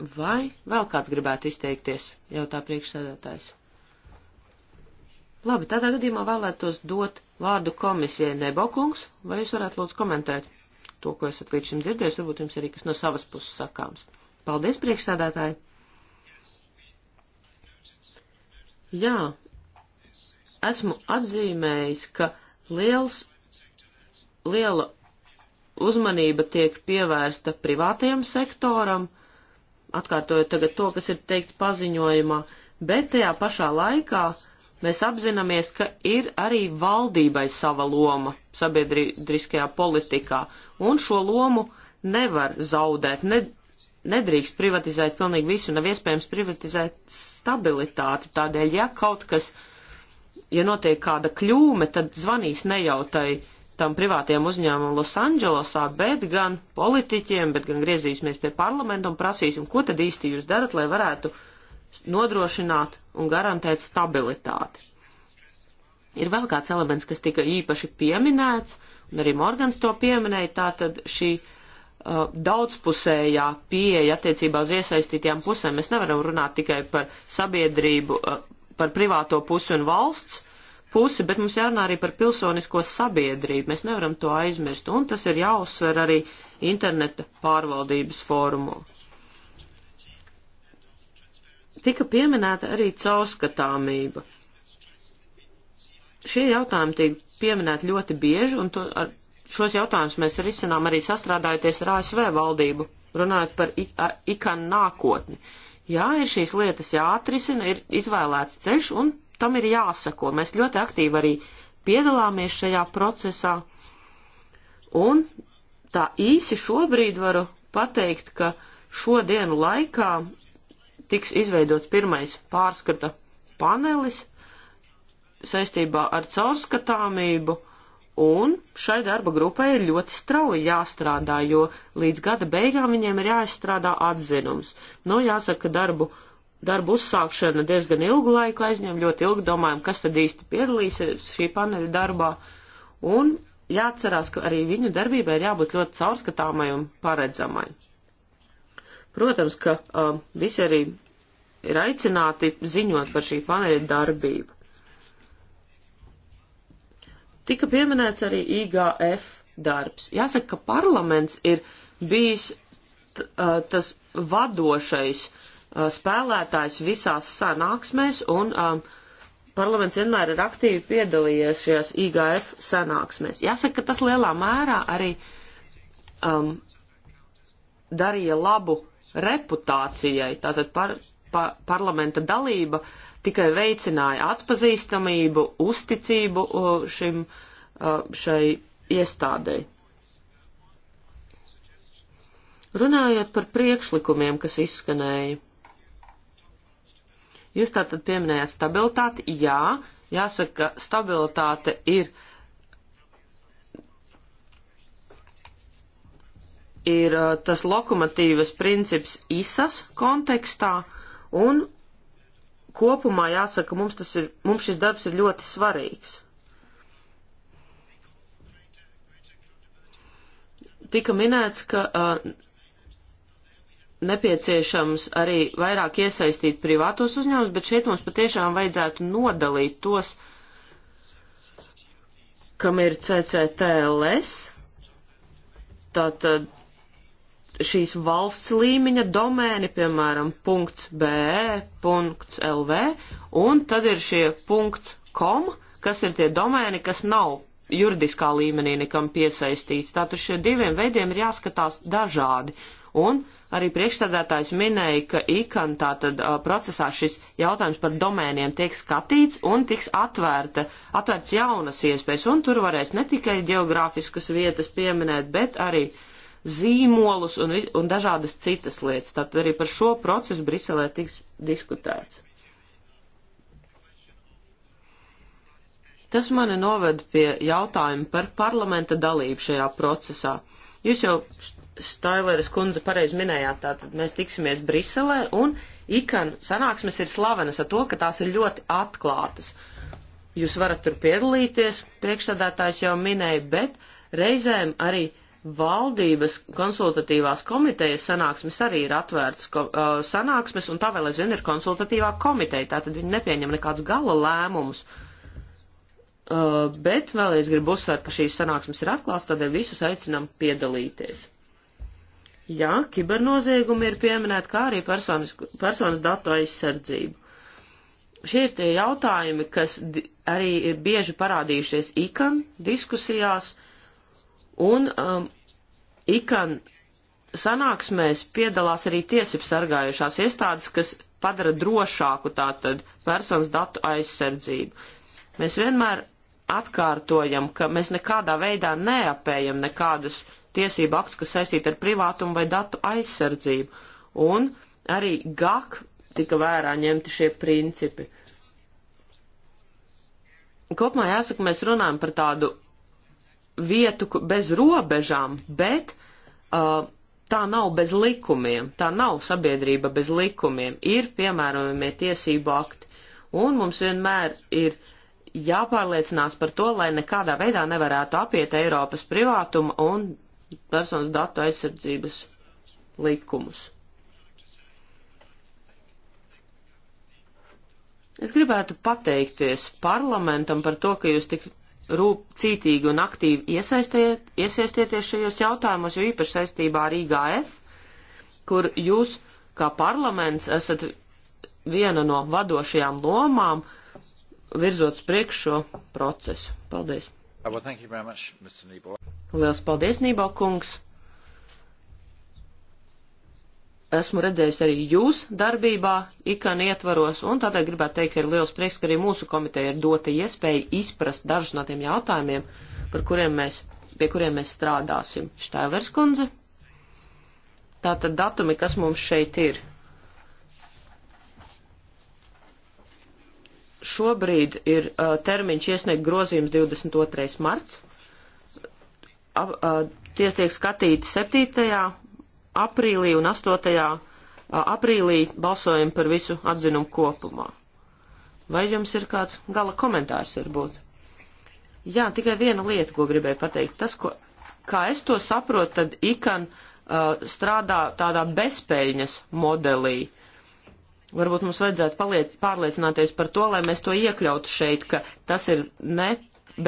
Vai vēl kāds gribētu izteikties, jautā priekšsēdētājs? Labi, tādā gadījumā vēlētos dot vārdu komisijai Nebokungs, vai jūs varētu lūdzu komentēt to, ko esat līdz šim dzirdējis, varbūt jums arī kas no savas puses sakāms. Paldies, priekšsēdētāji! Jā, esmu atzīmējis, ka liels, liela uzmanība tiek pievērsta privātajam sektoram atkārtojot tagad to, kas ir teikts paziņojumā, bet tajā pašā laikā mēs apzināmies, ka ir arī valdībai sava loma sabiedriskajā politikā, un šo lomu nevar zaudēt, ne, nedrīkst privatizēt pilnīgi visu, nav iespējams privatizēt stabilitāti, tādēļ, ja kaut kas, ja notiek kāda kļūme, tad zvanīs nejautai tam privātiem uzņēmumam Losandželosā, bet gan politiķiem, bet gan griezīsimies pie parlamenta un prasīsim, ko tad īsti jūs darat, lai varētu nodrošināt un garantēt stabilitāti. Ir vēl kāds elements, kas tika īpaši pieminēts, un arī Morgans to pieminēja, tātad šī uh, daudzpusējā pieeja attiecībā uz iesaistītajām pusēm. Mēs nevaram runāt tikai par sabiedrību, uh, par privāto pusi un valsts pusi, bet mums jārunā arī par pilsonisko sabiedrību. Mēs nevaram to aizmirst, un tas ir jāuzsver arī interneta pārvaldības fórumā. Tika pieminēta arī caurskatāmība. Šie jautājumi tiek pieminēti ļoti bieži, un to, ar, šos jautājumus mēs risinām arī sastrādājoties ar ASV valdību, runājot par ikanu nākotni. Jā, ir šīs lietas jāatrisina, ir izvēlēts ceļš, un tam ir jāsako. Mēs ļoti aktīvi arī piedalāmies šajā procesā. Un tā īsi šobrīd varu pateikt, ka šodienu laikā tiks izveidots pirmais pārskata panelis saistībā ar caurskatāmību, un šai darba grupai ir ļoti strauji jāstrādā, jo līdz gada beigām viņiem ir jāizstrādā atzinums. Nu, jāsaka, darbu darbu uzsākšana diezgan ilgu laiku aizņem, ļoti ilgi domājam, kas tad īsti piedalīsies šī paneļa darbā. Un jāatcerās, ka arī viņu darbībai ir jābūt ļoti caurskatāmai un paredzamai. Protams, ka um, visi arī ir aicināti ziņot par šī paneļa darbību. Tika pieminēts arī IGF darbs. Jāsaka, ka parlaments ir bijis t, uh, tas vadošais Uh, spēlētājs visās sanāksmēs, un um, parlaments vienmēr ir aktīvi piedalījies šajās IGF sanāksmēs. Jāsaka, ka tas lielā mērā arī um, darīja labu reputācijai, tātad par, pa, parlamenta dalība tikai veicināja atpazīstamību, uzticību uh, šim, uh, šai iestādei. Runājot par priekšlikumiem, kas izskanēja Jūs tātad pieminējāt stabilitāti, jā, jāsaka, ka stabilitāte ir. ir uh, tas lokomotīvas princips ISAS kontekstā, un kopumā jāsaka, mums, ir, mums šis darbs ir ļoti svarīgs. Tika minēts, ka uh, nepieciešams arī vairāk iesaistīt privātos uzņēmumus, bet šeit mums patiešām vajadzētu nodalīt tos, kam ir CCTLS, tātad šīs valsts līmeņa domēni, piemēram, .be, .lv, un tad ir šie .com, kas ir tie domēni, kas nav juridiskā līmenī nekam piesaistīts. Tātad šie diviem veidiem ir jāskatās dažādi. Un uh, Arī priekšstādātājs minēja, ka ikan tātad procesā šis jautājums par domēniem tiek skatīts un tiks atvērta, atvērts jaunas iespējas, un tur varēs ne tikai geogrāfiskas vietas pieminēt, bet arī zīmolus un, un dažādas citas lietas. Tātad arī par šo procesu Briselē tiks diskutēts. Tas mani noved pie jautājuma par parlamenta dalību šajā procesā. Jūs jau Staileres kundze pareizi minējāt, tātad mēs tiksimies Briselē un ikan sanāksmes ir slavenas ar to, ka tās ir ļoti atklātas. Jūs varat tur piedalīties, priekšstādātājs jau minēja, bet reizēm arī valdības konsultatīvās komitejas sanāksmes arī ir atvērtas ko, uh, sanāksmes, un tā vēl aizvien ir konsultatīvā komiteja, tātad viņi nepieņem nekādus gala lēmumus. Uh, Uh, bet vēlreiz gribu uzsvērt, ka šīs sanāksmes ir atklāts, tādēļ visus aicinam piedalīties. Jā, kibernoziegumi ir pieminēti, kā arī personas, personas datu aizsardzību. Šie ir tie jautājumi, kas arī ir bieži parādījušies ikan diskusijās, un um, ikan sanāksmēs piedalās arī tiesību sargājušās iestādes, kas padara drošāku tātad personas datu aizsardzību. Mēs vienmēr atkārtojam, ka mēs nekādā veidā neapējam nekādus tiesību aktus, kas saistīti ar privātumu vai datu aizsardzību. Un arī GAK tika vērā ņemti šie principi. Kopumā jāsaka, mēs runājam par tādu vietu bez robežām, bet uh, tā nav bez likumiem, tā nav sabiedrība bez likumiem, ir piemērojamie tiesību akti. Un mums vienmēr ir uh, jāpārliecinās par to, lai nekādā veidā nevarētu apiet Eiropas privātuma un personas datu aizsardzības likumus. Es gribētu pateikties parlamentam par to, ka jūs tik rūp cītīgi un aktīvi iesaistiet, iesaistieties šajos jautājumos, jo īpaši saistībā ar IGF, kur jūs kā parlaments esat viena no vadošajām lomām uh, virzot priekš šo procesu. Paldies! Uh, well, much, Lielas paldies, Nībā kungs! Esmu redzējis arī jūs darbībā ikana ietvaros, un tādēļ gribētu teikt, ka ir liels prieks, ka arī mūsu komiteja ir dota iespēja izprast dažus no tiem jautājumiem, par kuriem mēs, pie kuriem mēs strādāsim. Štailers kundze. Tātad datumi, kas mums šeit ir. Šobrīd ir uh, termiņš iesniegt grozījums 22. marts. Ab, uh, ties tiek skatīti 7. aprīlī un 8. aprīlī balsojam par visu atzinumu kopumā. Vai jums ir kāds gala komentārs varbūt? Jā, tikai viena lieta, ko gribēju pateikt. Tas, ko, kā es to saprotu, tad ikan uh, strādā tādā bezpēļņas modelī. Uh, Varbūt mums vajadzētu paliec, pārliecināties par to, lai mēs to iekļautu šeit, ka tas ir ne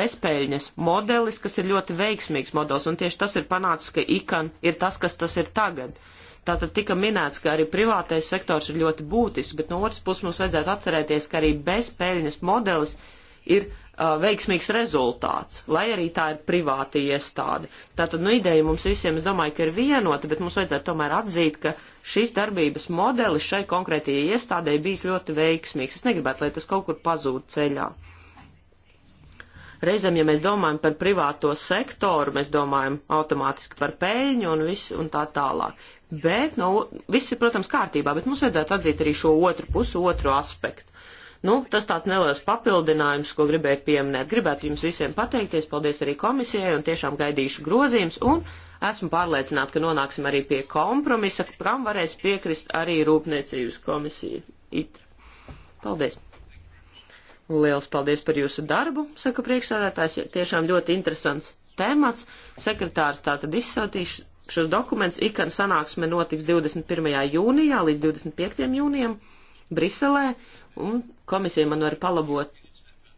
bezpēļņas modelis, kas ir ļoti veiksmīgs modelis, un tieši tas ir panācis, ka ikan ir tas, kas tas ir tagad. Tātad tika minēts, ka arī privātais sektors ir ļoti būtisks, bet no otras puses mums vajadzētu atcerēties, ka arī bezpēļņas modelis ir Uh, veiksmīgs rezultāts, lai arī tā ir privāta iestāde. Tātad, nu, ideja mums visiem, es domāju, ka ir vienota, bet mums vajadzētu tomēr atzīt, ka šīs darbības modelis šai konkrētajai iestādēji bijis ļoti veiksmīgs. Es negribētu, lai tas kaut kur pazūd ceļā. Reizēm, ja mēs domājam par privāto sektoru, mēs domājam automātiski par peļņu un, visu, un tā tālāk. Bet, nu, viss ir, protams, kārtībā, bet mums vajadzētu atzīt arī šo otru pusi, otru aspektu Nu, tas tāds neliels papildinājums, ko gribēju pieminēt. Gribētu jums visiem pateikties, paldies arī komisijai un tiešām gaidīšu grozījums un esmu pārliecināta, ka nonāksim arī pie kompromisa, kam varēs piekrist arī Rūpniecības komisija. Itra. Paldies! Liels paldies par jūsu darbu, saka priekšsēdētājs, tiešām ļoti interesants temats. Sekretārs tātad izsūtīs šos dokumentus. Ikan sanāksme notiks 21. jūnijā līdz 25. jūnijam Briselē, un komisija man var palabot,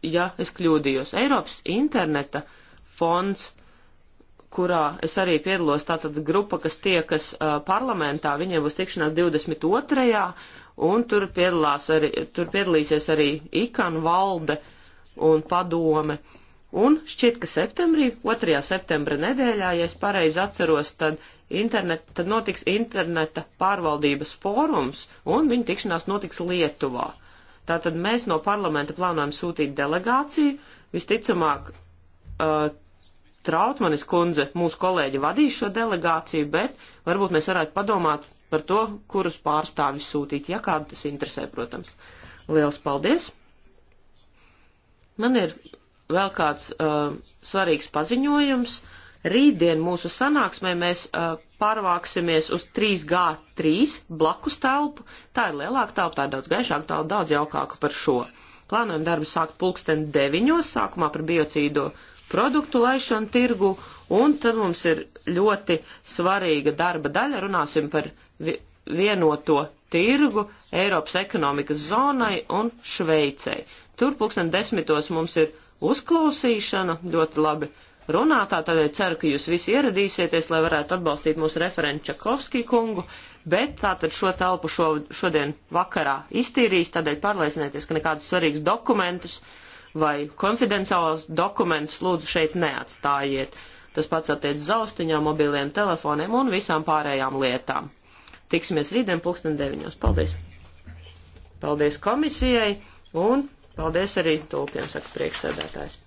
ja es kļūdījos. Eiropas interneta fonds, kurā es arī piedalos, tātad grupa, kas tiekas uh, parlamentā, viņiem būs tikšanās 22. un tur, arī, tur piedalīsies arī ikan valde un padome. Un šķiet, ka septembrī, 2. septembra nedēļā, ja es pareizi atceros, tad, internet, tad notiks interneta pārvaldības fórums, un viņa tikšanās notiks Lietuvā. Uh, Tātad mēs no parlamenta plānojam sūtīt delegāciju, visticamāk, uh, Trautmanis kundze, mūsu kolēģi, vadīs šo delegāciju, bet varbūt mēs varētu padomāt par to, kurus pārstāvis sūtīt, ja kādu tas interesē, protams. Liels paldies! Man ir vēl kāds uh, svarīgs paziņojums. Rītdien mūsu sanāksmē mēs uh, pārvāksimies uz 3G3 blakus telpu. Tā ir lielāka telpa, tā ir daudz gaišāka telpa, daudz jaukāka par šo. Plānojam darbu sākt pulksten 9. sākumā par biocīdo produktu laišanu tirgu, un tad mums ir ļoti svarīga darba daļa. Runāsim par vi vienoto tirgu Eiropas ekonomikas zonai un Šveicei. Tur pulksten 10. mums ir uzklausīšana, ļoti labi runātā, tādēļ ceru, ka jūs visi ieradīsieties, lai varētu atbalstīt mūsu referentu Čakovskī kungu, bet tātad šo telpu šo, šodien vakarā iztīrīs, tādēļ pārliecinieties, ka nekādus svarīgus dokumentus vai konfidenciālos dokumentus lūdzu šeit neatstājiet. Tas pats attiec zaustiņām, mobiliem telefoniem un visām pārējām lietām. Tiksimies rītdien pulksten deviņos. Paldies! Paldies komisijai un paldies arī tulkiem, saka priekšsēdētājs.